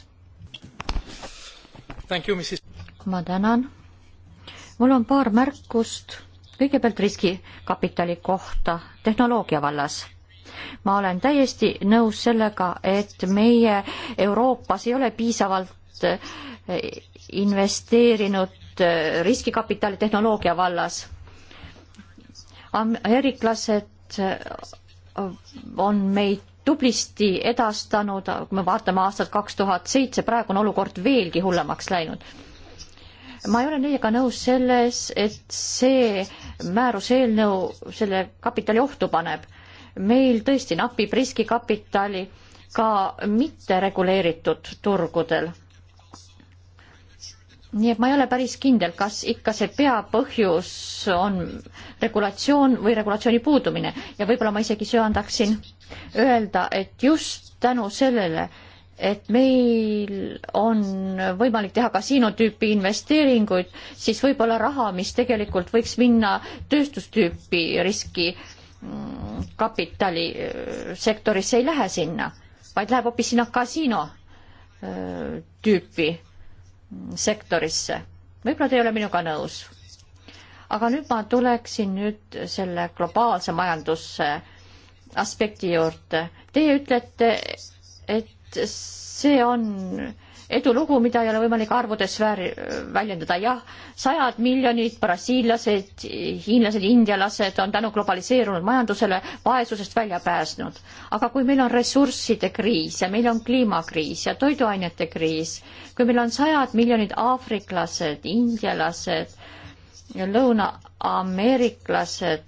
ma tänan. mul on paar märkust, kõigepealt riskikapitali kohta tehnoloogia vallas ma olen täiesti nõus sellega, et meie Euroopas ei ole piisavalt äh, investeerinud äh, riskikapitali tehnoloogia vallas. ameeriklased äh, on meid tublisti edastanud, kui me vaatame aastat kaks tuhat seitse, praegu on olukord veelgi hullemaks läinud. ma ei ole neiega nõus selles, et see määruse eelnõu selle kapitali ohtu paneb meil tõesti napib riskikapitali ka mittereguleeritud turgudel. nii et ma ei ole päris kindel, kas ikka see peapõhjus on regulatsioon või regulatsiooni puudumine ja võib-olla ma isegi söandaksin öelda, et just tänu sellele, et meil on võimalik teha kasiinotüüpi investeeringuid, siis võib-olla raha, mis tegelikult võiks minna tööstustüüpi riski äh, kapitalisektorisse äh, ei lähe sinna, vaid läheb hoopis sinna kasiino äh, tüüpi mm, sektorisse. võib-olla te ei ole minuga nõus. aga nüüd ma tuleksin nüüd selle globaalse majanduse aspekti juurde. Teie ütlete, et see on edulugu, mida ei ole võimalik arvudes vääri, väljendada. jah, sajad miljonid brasiillased, hiinlased, indialased on tänu globaliseerunud majandusele vaesusest välja pääsnud. aga kui meil on ressursside kriis ja meil on kliimakriis ja toiduainete kriis, kui meil on sajad miljonid aafriklased, indialased, lõunaameeriklased,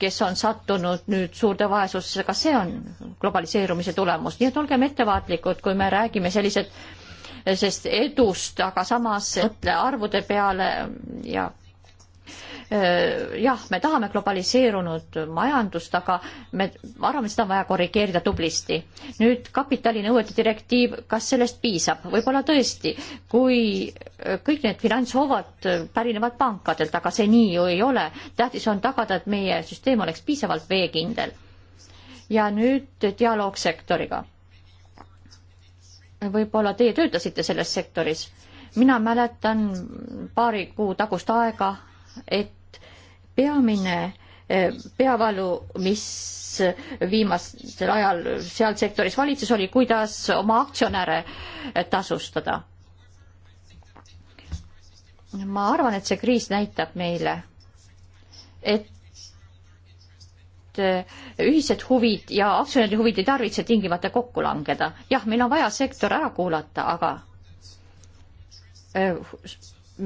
kes on sattunud nüüd suurde vaesusesse, kas see on globaliseerumise tulemus, nii et olgem ettevaatlikud, kui me räägime sellised sest edust, aga samas mõtle arvude peale ja jah, me tahame globaliseerunud majandust, aga me arvame, seda on vaja korrigeerida tublisti. nüüd kapitalinõuete direktiiv, kas sellest piisab? võib-olla tõesti, kui kõik need finantshoovad pärinevad pankadelt, aga see nii ju ei ole. tähtis on tagada, et meie süsteem oleks piisavalt veekindel. ja nüüd dialoog sektoriga võib-olla teie töötasite selles sektoris. mina mäletan paari kuu tagust aega, et peamine eh, peavalu, mis viimasel ajal seal sektoris valitses, oli, kuidas oma aktsionäre tasustada. ma arvan, et see kriis näitab meile, et Äh, ühised huvid ja aktsionäride huvid ei tarvitse tingimata kokku langeda. jah, meil on vaja sektor ära kuulata, aga äh,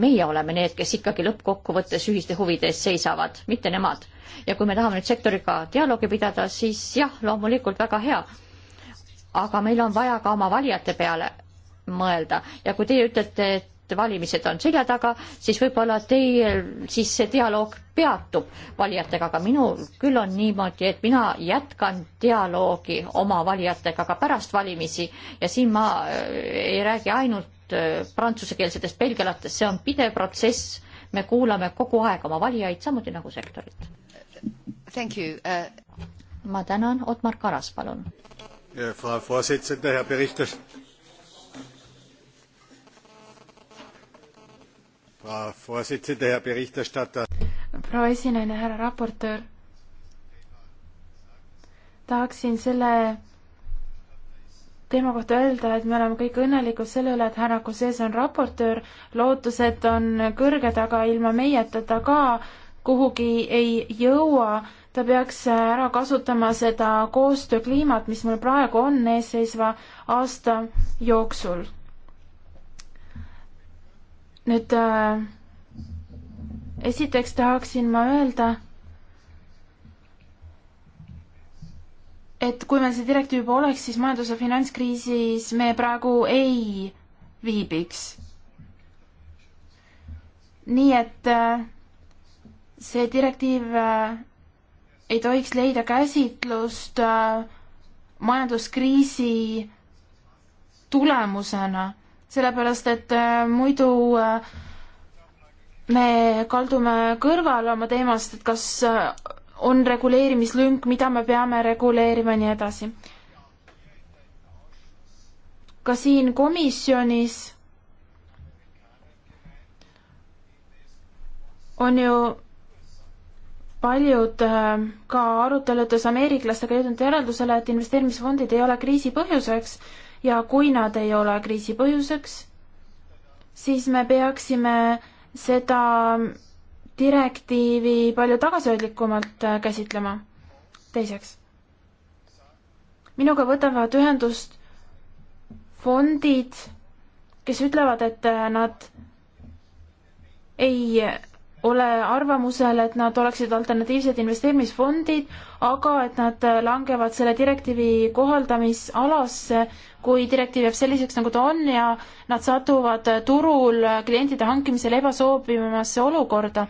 meie oleme need, kes ikkagi lõppkokkuvõttes ühiste huvide eest seisavad, mitte nemad. ja kui me tahame nüüd sektoriga dialoogi pidada, siis jah, loomulikult väga hea. aga meil on vaja ka oma valijate peale mõelda ja kui teie ütlete, et valimised on selja taga, siis võib-olla teil siis see dialoog peatub valijatega, aga minul küll on niimoodi, et mina jätkan dialoogi oma valijatega ka pärast valimisi ja siin ma äh, ei räägi ainult äh, prantsusekeelsetest belgialatest, see on pidev protsess, me kuulame kogu aeg oma valijaid, samuti nagu sektorit. Thank you uh.... ma tänan, Otmar Karas, palun. Äh, proua esinaine, härra raportöör, tahaksin selle teema kohta öelda, et me oleme kõik õnnelikud selle üle, et härra Kusees on raportöör, lootused on kõrged, aga ilma meieta ta ka kuhugi ei jõua. ta peaks ära kasutama seda koostöökliimat, mis meil praegu on eesseisva aasta jooksul nüüd äh, esiteks tahaksin ma öelda, et kui meil see direktiiv juba oleks, siis majandus- ja finantskriisis me praegu ei viibiks. nii et äh, see direktiiv äh, ei tohiks leida käsitlust äh, majanduskriisi tulemusena sellepärast et äh, muidu äh, me kaldume kõrvale oma teemast, et kas äh, on reguleerimislünk, mida me peame reguleerima ja nii edasi. ka siin komisjonis on ju paljud ka aruteludes ameeriklastega jõudnud järeldusele, et investeerimisfondid ei ole kriisi põhjuseks ja kui nad ei ole kriisi põhjuseks, siis me peaksime seda direktiivi palju tagasihoidlikumalt äh, käsitlema. teiseks, minuga võtavad ühendust fondid, kes ütlevad, et äh, nad ei ole arvamusel, et nad oleksid alternatiivsed investeerimisfondid, aga et nad langevad selle direktiivi kohaldamisalasse, kui direktiiv jääb selliseks, nagu ta on ja nad satuvad turul klientide hankimisel ebasobivasse olukorda.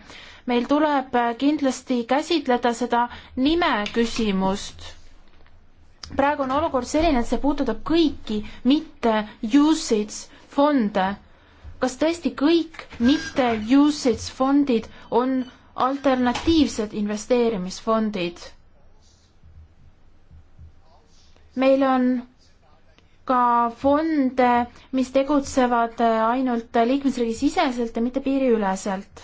meil tuleb kindlasti käsitleda seda nime küsimust. praegu on olukord selline, et see puudutab kõiki, mitte usage fonde kas tõesti kõik mitte usage fondid on alternatiivsed investeerimisfondid? meil on ka fonde, mis tegutsevad ainult liikmesriigi siseselt ja mitte piiriüleselt.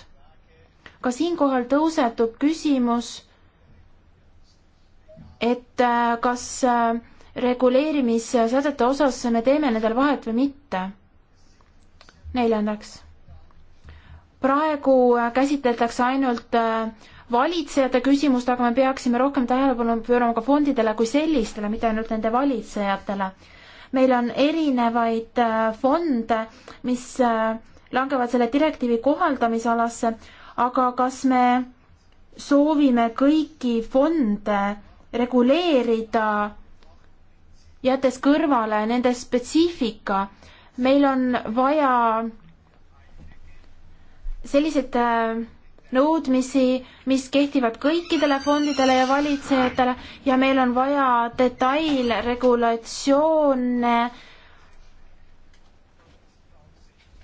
ka siinkohal tõusetub küsimus, et äh, kas äh, reguleerimissädete osas me teeme nendel vahet või mitte neljandaks, praegu äh, käsitletakse ainult äh, valitsejate küsimust, aga me peaksime rohkem tähelepanu pöörama ka fondidele kui sellistele, mitte ainult nende valitsejatele. meil on erinevaid äh, fonde, mis langevad selle direktiivi kohaldamisalasse, aga kas me soovime kõiki fonde reguleerida, jättes kõrvale nende spetsiifika meil on vaja selliseid äh, nõudmisi, mis kehtivad kõikidele fondidele ja valitsejatele ja meil on vaja detailregulatsioone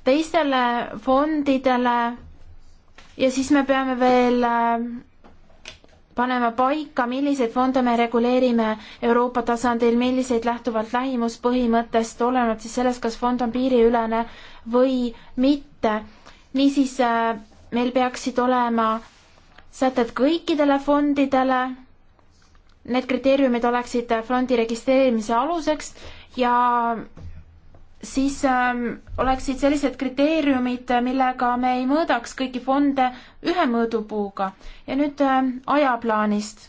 teistele fondidele ja siis me peame veel äh, panema paika, milliseid fonde me reguleerime Euroopa tasandil, milliseid lähtuvalt lähimuspõhimõttest, olenevalt siis sellest, kas fond on piiriülene või mitte. niisiis äh, meil peaksid olema sätted kõikidele fondidele, need kriteeriumid oleksid fondi registreerimise aluseks ja siis äh, oleksid sellised kriteeriumid, millega me ei mõõdaks kõiki fonde ühe mõõdupuuga. ja nüüd äh, ajaplaanist.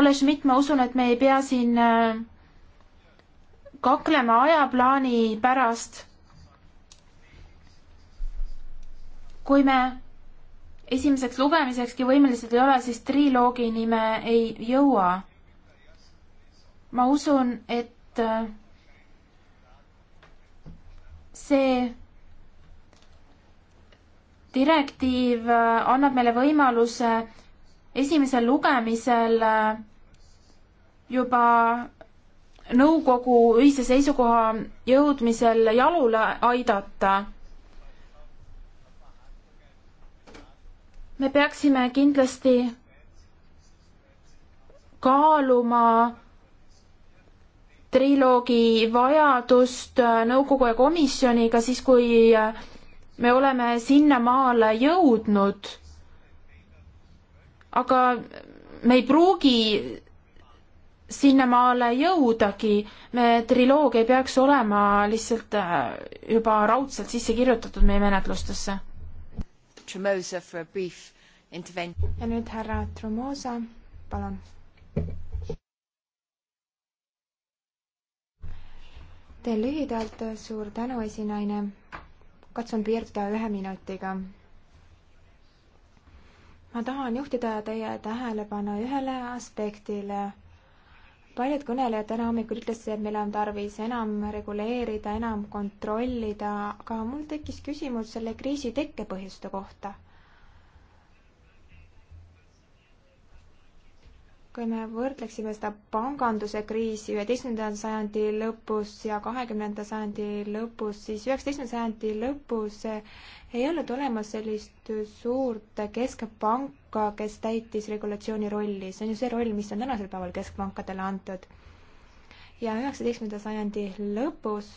Olle Schmidt, ma usun, et me ei pea siin äh, kaklema ajaplaani pärast. kui me esimeseks lugemisekski võimelised ei ole, siis triloogini me ei jõua. ma usun, et äh, see direktiiv äh, annab meile võimaluse esimesel lugemisel äh, juba nõukogu ühise seisukoha jõudmisel jalule aidata. me peaksime kindlasti kaaluma triloogi vajadust äh, nõukogu ja komisjoniga siis, kui äh, me oleme sinnamaale jõudnud. aga me ei pruugi sinnamaale jõudagi, me triloogia ei peaks olema lihtsalt äh, juba raudselt sisse kirjutatud meie menetlustesse. ja nüüd härra Tremosa, palun teen lühidalt, suur tänu, esinaine. katsun piirduda ühe minutiga. ma tahan juhtida teie tähelepanu ühele aspektile paljud kõnelejad täna hommikul ütlesid, et meil on tarvis enam reguleerida, enam kontrollida, aga mul tekkis küsimus selle kriisi tekkepõhjuste kohta. kui me võrdleksime seda panganduse kriisi üheteistkümnenda sajandi lõpus ja kahekümnenda sajandi lõpus, siis üheksateistkümnenda sajandi lõpus ei olnud olemas sellist suurt keskpanka, kes täitis regulatsiooni rolli. see on ju see roll, mis on tänasel päeval keskpankadele antud. ja üheksateistkümnenda sajandi lõpus,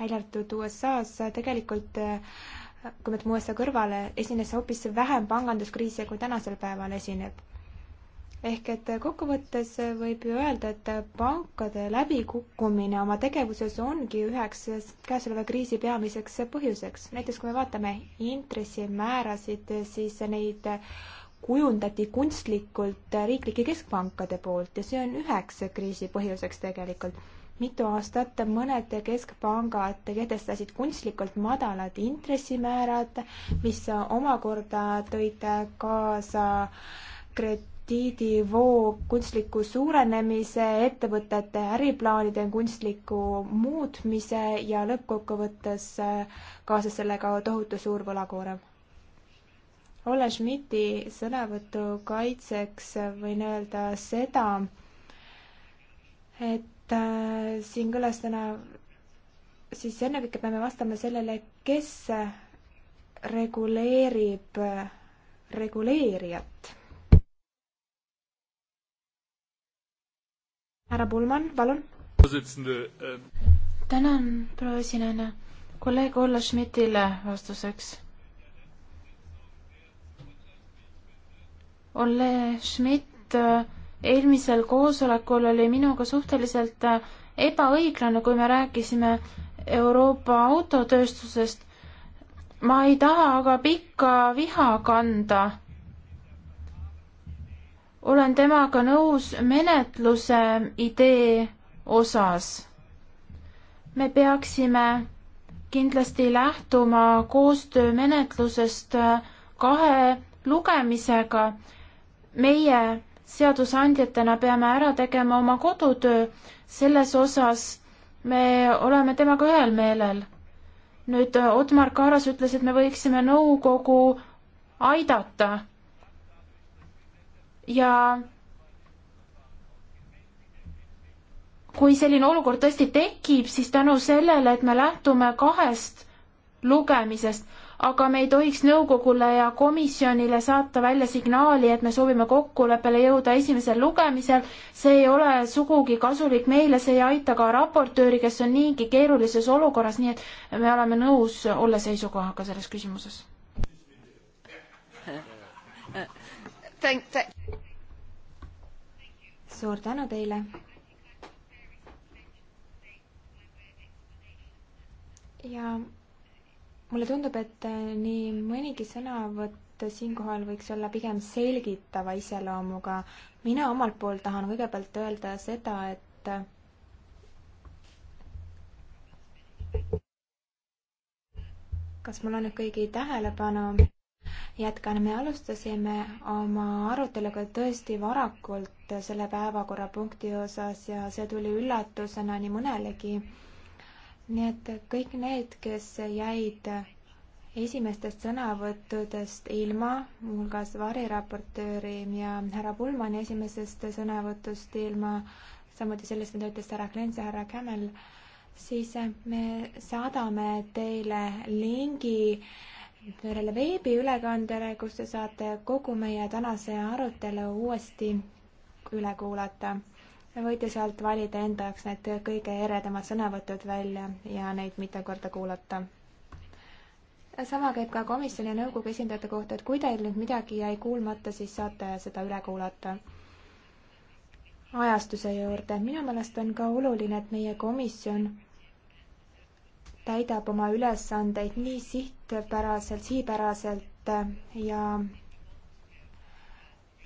välja arvatud USA-s, tegelikult kui me jätame USA kõrvale, esines hoopis vähem panganduskriise, kui tänasel päeval esineb ehk et kokkuvõttes võib ju öelda, et pankade läbikukkumine oma tegevuses ongi üheks käesoleva kriisi peamiseks põhjuseks. näiteks kui me vaatame intressimäärasid, siis neid kujundati kunstlikult riiklike keskpankade poolt ja see on üheks kriisi põhjuseks tegelikult. mitu aastat mõned keskpangad kehtestasid kunstlikult madalad intressimäärad, mis omakorda tõid kaasa kred-, krediidivoo kunstliku suurenemise, ettevõtete äriplaanide kunstliku muutmise ja lõppkokkuvõttes äh, kaasas sellega tohutu suur võlakoorem. Olle Schmidti sõnavõtu kaitseks võin öelda seda, et äh, siin kõlas täna siis ennekõike peame vastama sellele, kes reguleerib äh, reguleerijat härra Pullmann, palun. Äh, tänan, proua esinejana. kolleeg Olle Schmidtile vastuseks. Olle Schmidt äh, eelmisel koosolekul oli minuga suhteliselt äh, ebaõiglane, kui me rääkisime Euroopa autotööstusest. ma ei taha aga pikka viha kanda olen temaga nõus menetluse idee osas. me peaksime kindlasti lähtuma koostöömenetlusest kahe lugemisega. meie seadusandjatena peame ära tegema oma kodutöö, selles osas me oleme temaga ühel meelel. nüüd Otmar Kaaras ütles, et me võiksime nõukogu aidata ja kui selline olukord tõesti tekib, siis tänu sellele, et me lähtume kahest lugemisest, aga me ei tohiks nõukogule ja komisjonile saata välja signaali, et me soovime kokkuleppele jõuda esimesel lugemisel, see ei ole sugugi kasulik meile, see ei aita ka raportööri, kes on niigi keerulises olukorras, nii et me oleme nõus olla seisukohaga selles küsimuses. suur tänu teile. ja mulle tundub, et äh, nii mõnigi sõnavõtt siinkohal võiks olla pigem selgitava iseloomuga. mina omalt poolt tahan kõigepealt öelda seda, et äh, kas mul on nüüd kõigi tähelepanu? jätkan, me alustasime oma aruteluga tõesti varakult selle päevakorrapunkti osas ja see tuli üllatusena nii mõnelegi. nii et kõik need, kes jäid esimestest sõnavõttudest ilma, muuhulgas variraportööri ja härra Pulmani esimesest sõnavõtust ilma, samuti sellest, mida ütles härra Klens ja härra Kämmel, siis me saadame teile lingi sellele veebiülekandele, kus te saate kogu meie tänase arutelu uuesti üle kuulata. võite sealt valida enda jaoks need kõige eredamad sõnavõtud välja ja neid mitu korda kuulata. sama käib ka komisjoni ja nõukogu esindajate kohta, et kui teil nüüd midagi jäi kuulmata, siis saate seda üle kuulata ajastuse juurde. minu meelest on ka oluline, et meie komisjon täidab oma ülesandeid nii sihtpäraselt, siipäraselt äh, ja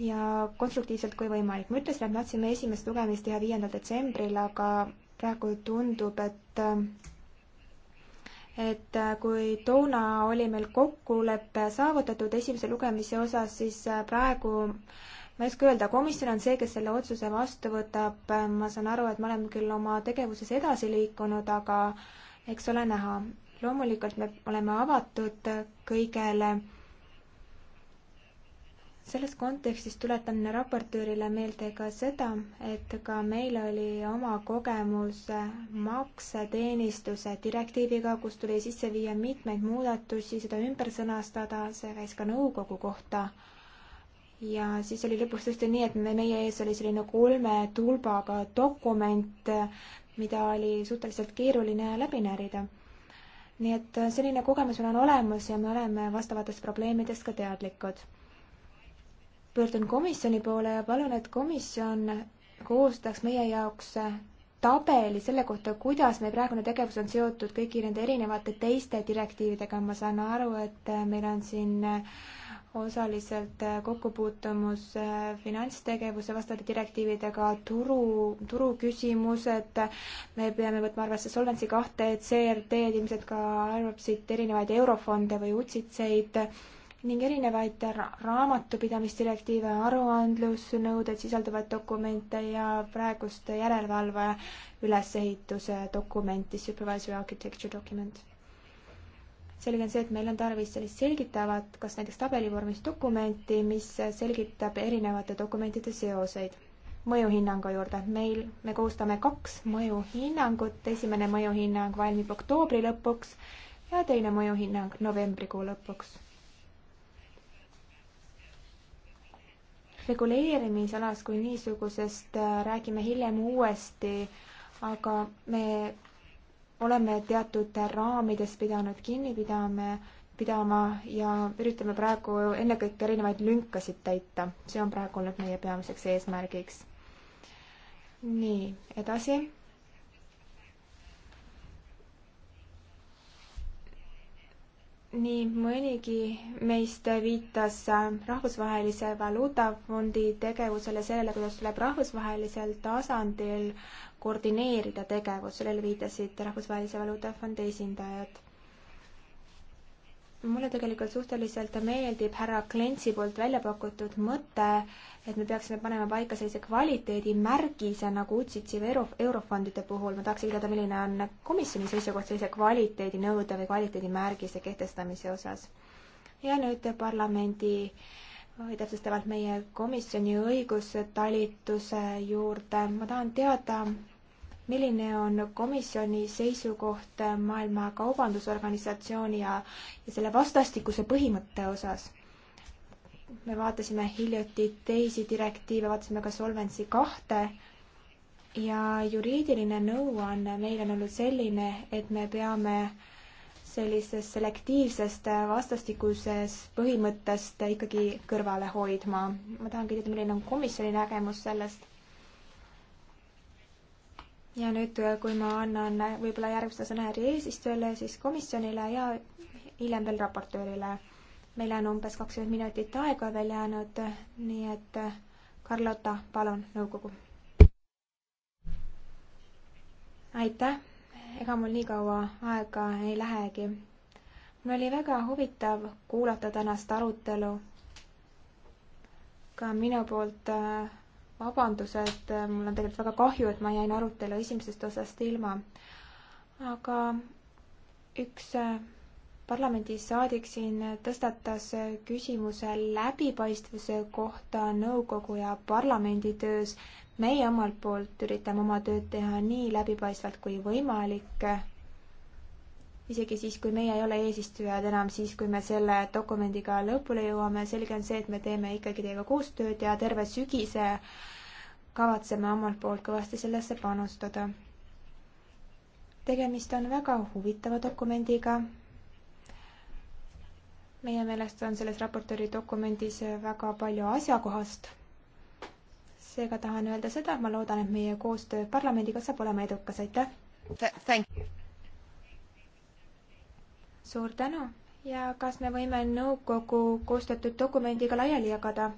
ja konstruktiivselt kui võimalik. ma ütlesin, et me tahtsime esimest lugemist teha viiendal detsembril, aga praegu tundub, et äh, et äh, kui toona oli meil kokkulepe saavutatud esimese lugemise osas, siis praegu ma ei oska öelda, komisjon on see, kes selle otsuse vastu võtab, ma saan aru, et me oleme küll oma tegevuses edasi liikunud, aga eks ole näha. loomulikult me oleme avatud kõigele. selles kontekstis tuletan raportöörile meelde ka seda, et ka meil oli oma kogemus makseteenistuse direktiiviga, kus tuli sisse viia mitmeid muudatusi, seda ümber sõnastada, see käis ka nõukogu kohta ja siis oli lõpuks tõesti nii, et meie ees oli selline kolme tulbaga dokument, mida oli suhteliselt keeruline läbi närida. nii et äh, selline kogemus meil on olemas ja me oleme vastavatest probleemidest ka teadlikud. pöördun komisjoni poole ja palun, et komisjon koostaks meie jaoks äh, tabeli selle kohta, kuidas meie praegune tegevus on seotud kõigi nende erinevate teiste direktiividega. ma saan aru, et äh, meil on siin äh, osaliselt äh, kokkupuutumus äh, finantstegevuse vastavate direktiividega, turu, turuküsimused, me peame võtma arvesse Solvency kahte, CRD-d, ilmselt ka Europsit, erinevaid eurofonde või utsitseid ning erinevaid ra raamatupidamisdirektiive, aruandlusnõudeid sisaldavaid dokumente ja praegust järelevalve ülesehituse dokumenti, supervisory architecture document selge on see, et meil on tarvis sellist selgitavat, kas näiteks tabelivormis dokumenti, mis selgitab erinevate dokumentide seoseid. mõjuhinnangu juurde, meil, me koostame kaks mõjuhinnangut, esimene mõjuhinnang valmib oktoobri lõpuks ja teine mõjuhinnang novembrikuu lõpuks. reguleerimisalast kui niisugusest äh, räägime hiljem uuesti, aga me oleme teatud raamides pidanud kinni pidama, pidama ja üritame praegu ennekõike erinevaid lünkasid täita. see on praegu olnud meie peamiseks eesmärgiks. nii, edasi. nii mõnigi meist viitas Rahvusvahelise Valuutafondi tegevusele, sellele, kuidas tuleb rahvusvahelisel tasandil äh, koordineerida tegevus, sellele viitasid Rahvusvahelise Valuutafondi esindajad. mulle tegelikult suhteliselt meeldib härra Klentsi poolt välja pakutud mõte, et me peaksime panema paika sellise kvaliteedimärgise nagu UCITS-i või euro, eurofondide puhul. ma tahaksin teada, milline on komisjoni seisukoht sellise kvaliteedinõude või kvaliteedimärgise kehtestamise osas. ja nüüd parlamendi äh, või täpsustavalt meie komisjoni õigustalituse juurde. ma tahan teada, milline on komisjoni seisukoht Maailma Kaubandusorganisatsiooni ja, ja selle vastastikuse põhimõtte osas? me vaatasime hiljuti teisi direktiive, vaatasime ka Solvency kahte ja juriidiline nõuanne meil on olnud selline, et me peame äh, sellisest selektiivsest vastastikusest põhimõttest ikkagi kõrvale hoidma. ma tahangi teada, milline on komisjoni nägemus sellest. ja nüüd, kui ma annan võib-olla järgmise sõna järgi eesistujale, siis komisjonile ja hiljem veel raportöörile. meil on umbes kakskümmend minutit aega veel jäänud, nii et Carlota, palun, nõukogu. aitäh ega mul nii kaua aega ei lähegi. mul oli väga huvitav kuulata tänast arutelu. ka minu poolt äh, vabandused, mul on tegelikult väga kahju, et ma jäin arutelu esimesest osast ilma. aga üks äh, parlamendisaadik siin tõstatas küsimuse läbipaistvuse kohta nõukogu ja parlamendi töös. meie omalt poolt üritame oma tööd teha nii läbipaistvalt kui võimalik. isegi siis, kui meie ei ole eesistujad enam, siis kui me selle dokumendiga lõpule jõuame, selge on see, et me teeme ikkagi teiega koostööd ja terve sügise kavatseme omalt poolt kõvasti sellesse panustada. tegemist on väga huvitava dokumendiga meie meelest on selles raportööri dokumendis väga palju asjakohast. seega tahan öelda seda, et ma loodan, et meie koostöö parlamendiga saab olema edukas, aitäh! suur tänu ja kas me võime nõukogu koostatud dokumendiga laiali jagada?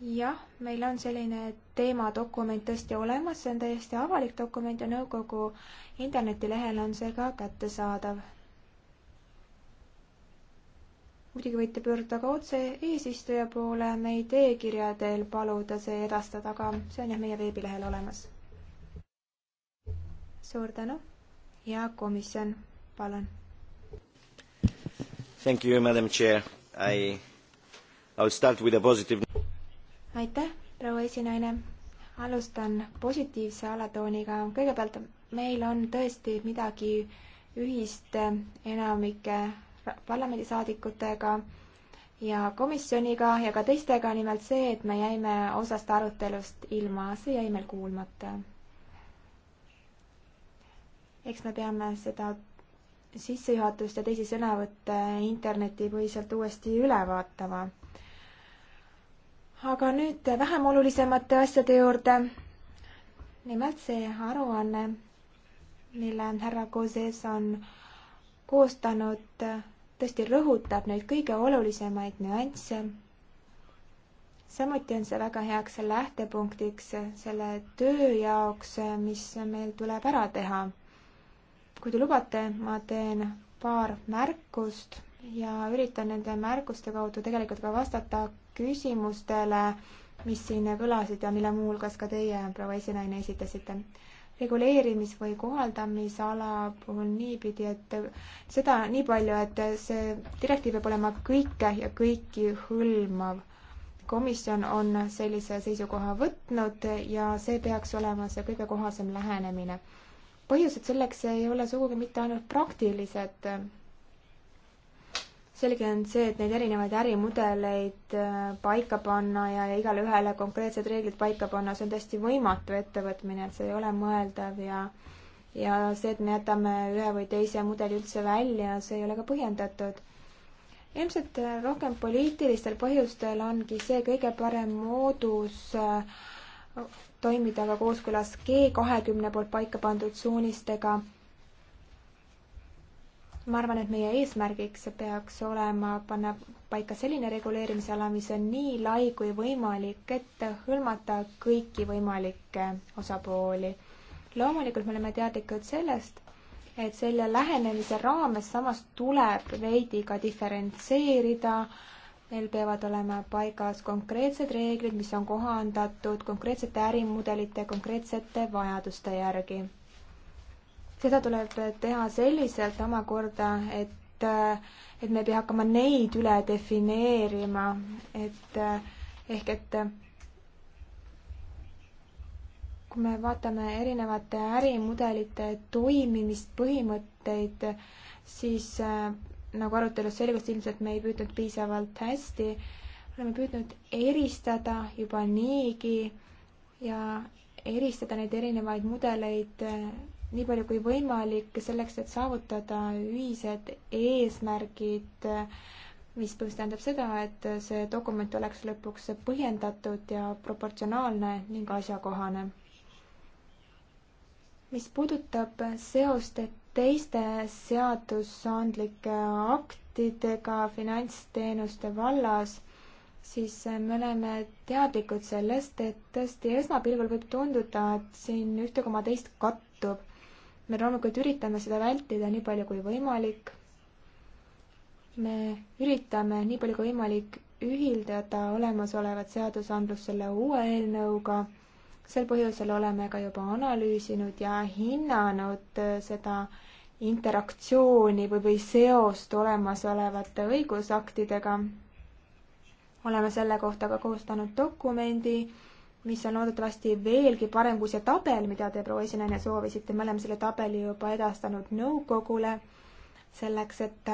jah, meil on selline teemadokument tõesti olemas, see on täiesti avalik dokument ja nõukogu internetilehel on see ka kättesaadav. muidugi võite pöörduda ka otse eesistuja poole, me ei tee kirja teel paluda see edastada, aga see on jah meie veebilehel olemas. suur tänu ja komisjon, palun. Thank you, madam chair, I, I will start with a positive aitäh, proua esinaine. alustan positiivse alatooniga. kõigepealt meil on tõesti midagi ühist enamike parlamendisaadikutega ja komisjoniga ja ka teistega, nimelt see, et me jäime osast arutelust ilma, see jäi meil kuulmata. eks me peame seda sissejuhatust ja teisi sõnavõtte internetipõhiselt uuesti üle vaatama aga nüüd vähem olulisemate asjade juurde. nimelt see aruanne, mille härra Koses on koostanud, tõesti rõhutab neid kõige olulisemaid nüansse samuti on see väga heaks lähtepunktiks selle töö jaoks, mis meil tuleb ära teha. kui te lubate, ma teen paar märkust ja üritan nende märkuste kaudu tegelikult ka vastata küsimustele, mis siin kõlasid ja mille muuhulgas ka teie, proua esinaine, esitasite. reguleerimis- või kohaldamisala puhul niipidi, et seda nii palju, et see direktiiv peab olema kõike ja kõiki hõlmav. komisjon on sellise seisukoha võtnud ja see peaks olema see kõige kohasem lähenemine põhjused selleks ei ole sugugi mitte ainult praktilised, selge on see, et neid erinevaid ärimudeleid äh, paika panna ja igale ühele konkreetsed reeglid paika panna, see on täiesti võimatu ettevõtmine, et see ei ole mõeldav ja ja see, et me jätame ühe või teise mudeli üldse välja, see ei ole ka põhjendatud. ilmselt äh, rohkem poliitilistel põhjustel ongi see kõige parem moodus äh, toimida ka kooskõlas G kahekümne poolt paika pandud suunistega ma arvan, et meie eesmärgiks peaks olema panna paika selline reguleerimisala, mis on nii lai kui võimalik, et hõlmata kõiki võimalikke osapooli. loomulikult me oleme teadlikud sellest, et selle lähenemise raames samas tuleb veidi ka diferentseerida, meil peavad olema paigas konkreetsed reeglid, mis on kohandatud konkreetsete ärimudelite, konkreetsete vajaduste järgi seda tuleb teha selliselt omakorda, et, et me ei pea hakkama neid üle defineerima, et ehk et kui me vaatame erinevate ärimudelite toimimist, põhimõtteid, siis nagu arutelus selgus, ilmselt me ei püüdnud piisavalt hästi, oleme püüdnud eristada juba niigi ja eristada neid erinevaid mudeleid nii palju kui võimalik selleks, et saavutada ühised eesmärgid, mis põhimõtteliselt tähendab seda, et see dokument oleks lõpuks põhjendatud ja proportsionaalne ning asjakohane. mis puudutab seost teiste seadusandlike aktidega finantsteenuste vallas, siis me oleme teadlikud sellest, et tõesti esmapilgul võib tunduda, et siin ühte koma teist kattub me loomulikult üritame seda vältida nii palju kui võimalik. me üritame nii palju kui võimalik ühildada olemasolevat seadusandlust selle uue eelnõuga. sel põhjusel oleme ka juba analüüsinud ja hinnanud seda interaktsiooni või, või seost olemasolevate õigusaktidega. oleme selle kohta ka koostanud dokumendi mis on loodetavasti veelgi parem kui see tabel, mida te, proua esinaine, soovisite. me oleme selle tabeli juba edastanud nõukogule selleks, et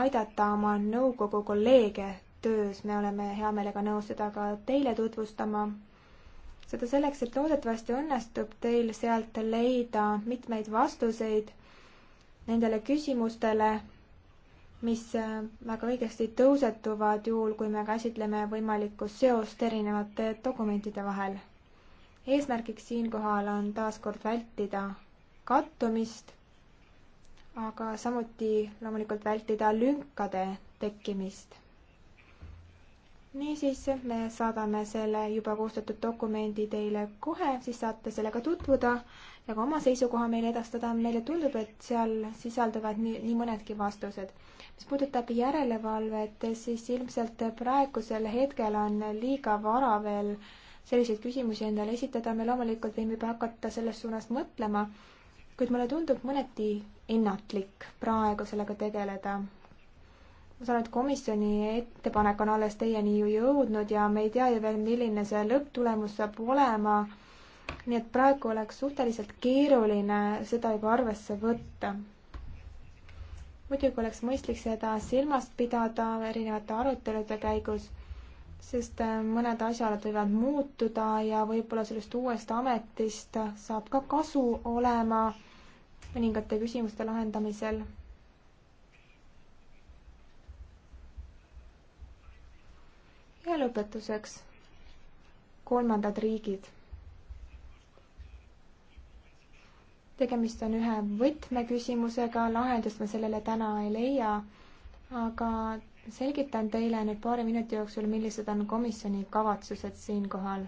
aidata oma nõukogu kolleege töös. me oleme hea meelega nõus seda ka teile tutvustama. seda selleks, et loodetavasti õnnestub teil sealt leida mitmeid vastuseid nendele küsimustele, mis äh, väga õigesti tõusetuvad juhul, kui me käsitleme võimalikku seost erinevate dokumentide vahel. eesmärgiks siinkohal on taaskord vältida kattumist, aga samuti loomulikult vältida lünkade tekkimist. niisiis, me saadame selle juba koostatud dokumendi teile kohe, siis saate sellega tutvuda ja ka oma seisukoha meile edastada. meile tundub, et seal sisalduvad nii, nii mõnedki vastused mis puudutab järelevalvet, siis ilmselt praegusel hetkel on liiga vara veel selliseid küsimusi endale esitada, me loomulikult võime juba hakata selles suunas mõtlema, kuid mulle tundub mõneti ennatlik praegu sellega tegeleda. ma saan aru, et komisjoni ettepanek on alles teieni ju jõudnud ja me ei tea ju veel, milline see lõpptulemus saab olema nii et praegu oleks suhteliselt keeruline seda juba arvesse võtta muidugi oleks mõistlik seda silmas pidada erinevate arutelude käigus, sest äh, mõned asjaolud võivad muutuda ja võib-olla sellest uuest ametist saab ka kasu olema mõningate küsimuste lahendamisel. ja lõpetuseks kolmandad riigid tegemist on ühe võtmeküsimusega, lahendust me sellele täna ei leia, aga selgitan teile nüüd paari minuti jooksul, millised on komisjoni kavatsused siinkohal.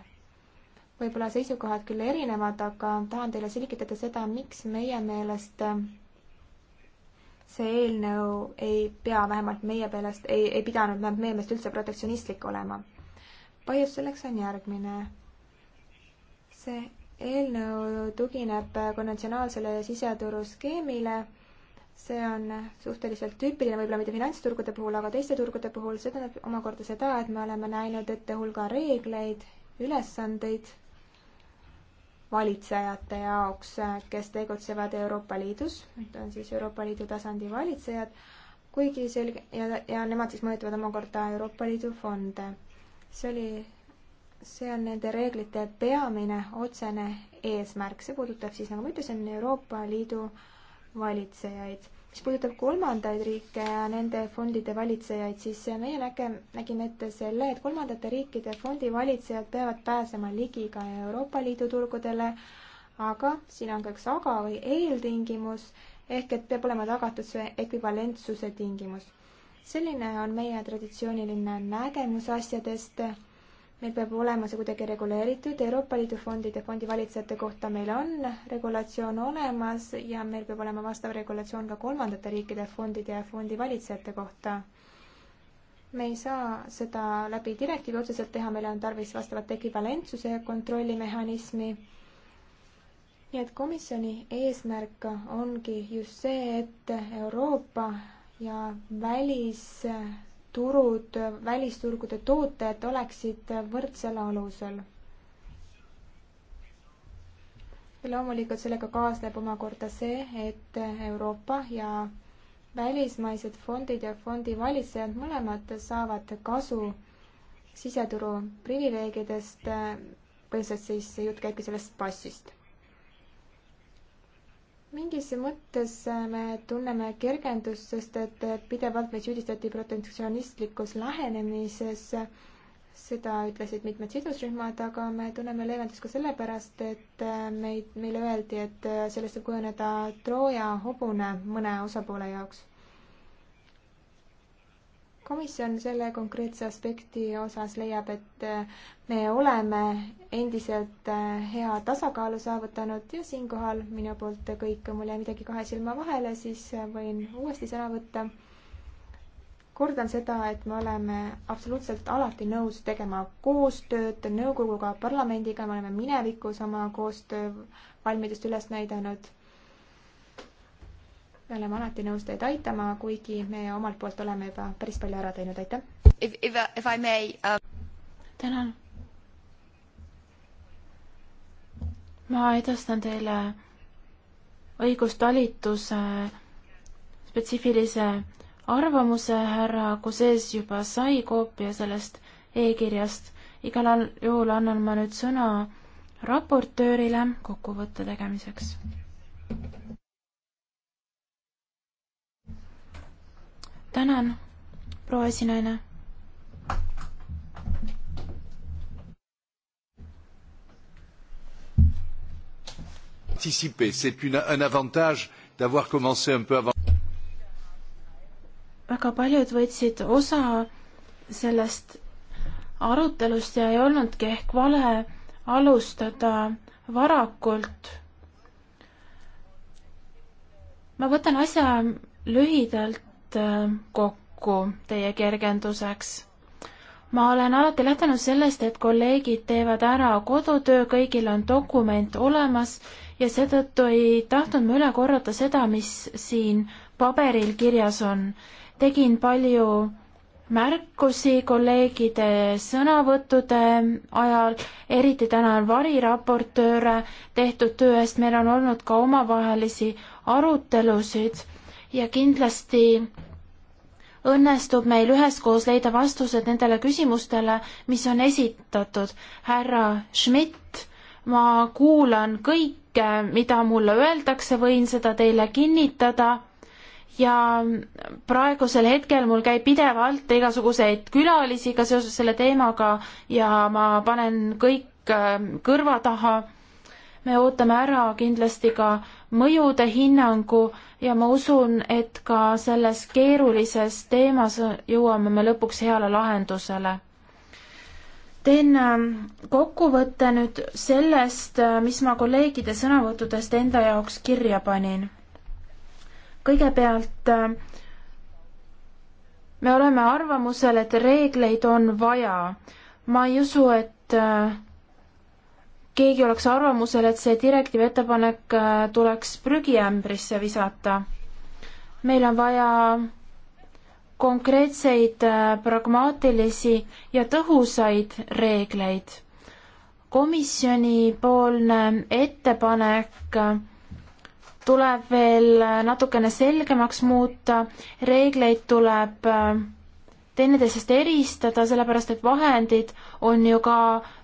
võib-olla seisukohad küll erinevad, aga tahan teile selgitada seda, miks meie meelest see eelnõu ei pea, vähemalt meie meelest, ei, ei pidanud vähemalt meie meelest üldse protektsionistlik olema. põhjus selleks on järgmine. see eelnõu tugineb konventsionaalsele siseturuskeemile. see on suhteliselt tüüpiline, võib-olla mitte finantsturgude puhul, aga teiste turgude puhul, see tähendab omakorda seda, et me oleme näinud ette hulga reegleid, ülesandeid valitsejate jaoks, kes tegutsevad Euroopa Liidus, need on siis Euroopa Liidu tasandi valitsejad, kuigi selge, ja, ja nemad siis mõjutavad omakorda Euroopa Liidu fonde see oli see on nende reeglite peamine otsene eesmärk, see puudutab siis, nagu ma ütlesin, Euroopa Liidu valitsejaid. mis puudutab kolmandaid riike ja nende fondide valitsejaid, siis meie näge-, nägime ette selle, et kolmandate riikide fondivalitsejad peavad pääsema ligi ka Euroopa Liidu turgudele, aga siin on ka üks aga või eeltingimus, ehk et peab olema tagatud see ekvivalentsuse tingimus. selline on meie traditsiooniline nägemus asjadest meil peab olema see kuidagi reguleeritud, Euroopa Liidu fondide, fondivalitsejate kohta meil on regulatsioon olemas ja meil peab olema vastav regulatsioon ka kolmandate riikide fondide ja fondivalitsejate kohta. me ei saa seda läbi direktiivi otseselt teha, meil on tarvis vastavat ekvivalentsuse kontrollimehhanismi. nii et komisjoni eesmärk ongi just see, et Euroopa ja välis turud, välisturgude tooted oleksid võrdsel alusel. ja loomulikult sellega kaasneb omakorda see, et Euroopa ja välismaised fondid ja fondivalitsejad mõlemad saavad kasu siseturu privileegidest, põhiliselt siis jutt käibki sellest passist mingis mõttes äh, me tunneme kergendust, sest et äh, pidevalt meid süüdistati protektsionistlikus lähenemises. seda ütlesid mitmed sidusrühmad, aga me tunneme leevendust ka sellepärast, et äh, meid, meile öeldi, et sellest võib kujuneda Trooja hobune mõne osapoole jaoks komisjon selle konkreetse aspekti osas leiab, et äh, me oleme endiselt äh, hea tasakaalu saavutanud ja siinkohal minu poolt kõik, mul jäi midagi kahe silma vahele, siis äh, võin uuesti sõna võtta. kordan seda, et me oleme absoluutselt alati nõus tegema koostööd nõukoguga, parlamendiga, me oleme minevikus oma koostöövalmidust üles näidanud me oleme alati nõus teid aitama, kuigi me omalt poolt oleme juba päris palju ära teinud, aitäh! Uh... tänan! ma edastan teile õigustalituse spetsiifilise arvamuse härra Kusees juba sai koopia sellest e-kirjast. igal juhul annan ma nüüd sõna raportöörile kokkuvõtte tegemiseks. tänan, proua esinaine. anticiper, c'est une, un avantage d'avoir commencé un peu avant. väga paljud võtsid osa sellest arutelust ja ei olnudki ehk vale alustada varakult. ma võtan asja lühidalt Äh, kokku teie kergenduseks. ma olen alati lähtunud sellest, et kolleegid teevad ära kodutöö, kõigil on dokument olemas ja seetõttu ei tahtnud ma üle korrata seda, mis siin paberil kirjas on. tegin palju märkusi kolleegide sõnavõttude ajal, eriti tänan variraportööre tehtud töö eest, meil on olnud ka omavahelisi arutelusid ja kindlasti õnnestub meil üheskoos leida vastused nendele küsimustele, mis on esitatud. härra Schmidt, ma kuulan kõike, mida mulle öeldakse, võin seda teile kinnitada ja praegusel hetkel mul käib pidevalt igasuguseid külalisi ka seoses selle teemaga ja ma panen kõik ähm, kõrva taha. me ootame ära kindlasti ka mõjude hinnangu ja ma usun, et ka selles keerulises teemas jõuame me lõpuks heale lahendusele. teen ähm, kokkuvõtte nüüd sellest, äh, mis ma kolleegide sõnavõttudest enda jaoks kirja panin. kõigepealt ähm, me oleme arvamusel, et reegleid on vaja. ma ei usu, et äh, keegi oleks arvamusel, et see direktiivi ettepanek äh, tuleks prügiämbrisse visata. meil on vaja konkreetseid, äh, pragmaatilisi ja tõhusaid reegleid. komisjonipoolne ettepanek äh, tuleb veel natukene selgemaks muuta, reegleid tuleb teineteisest eristada, sellepärast et vahendid on ju ka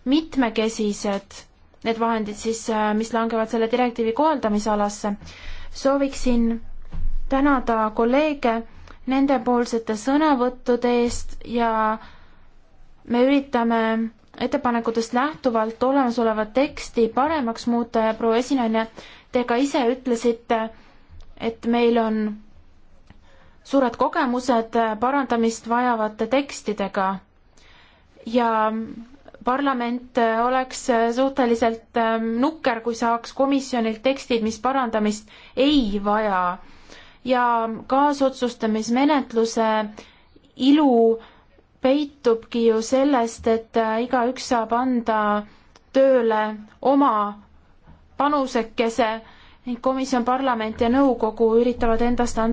mitmekesised need vahendid siis, äh, mis langevad selle direktiivi kohaldamisalasse. sooviksin tänada kolleege nendepoolsete sõnavõttude eest ja me üritame ettepanekutest lähtuvalt olemasolevat teksti paremaks muuta ja proua esinaine, te ka ise ütlesite, et meil on suured kogemused äh, parandamist vajavate tekstidega ja parlament oleks suhteliselt ähm, nukker, kui saaks komisjonilt tekstid, mis parandamist ei vaja. ja kaasotsustamismenetluse ilu peitubki ju sellest, et äh, igaüks saab anda tööle oma panusekese ning komisjon, parlament ja nõukogu üritavad endast anda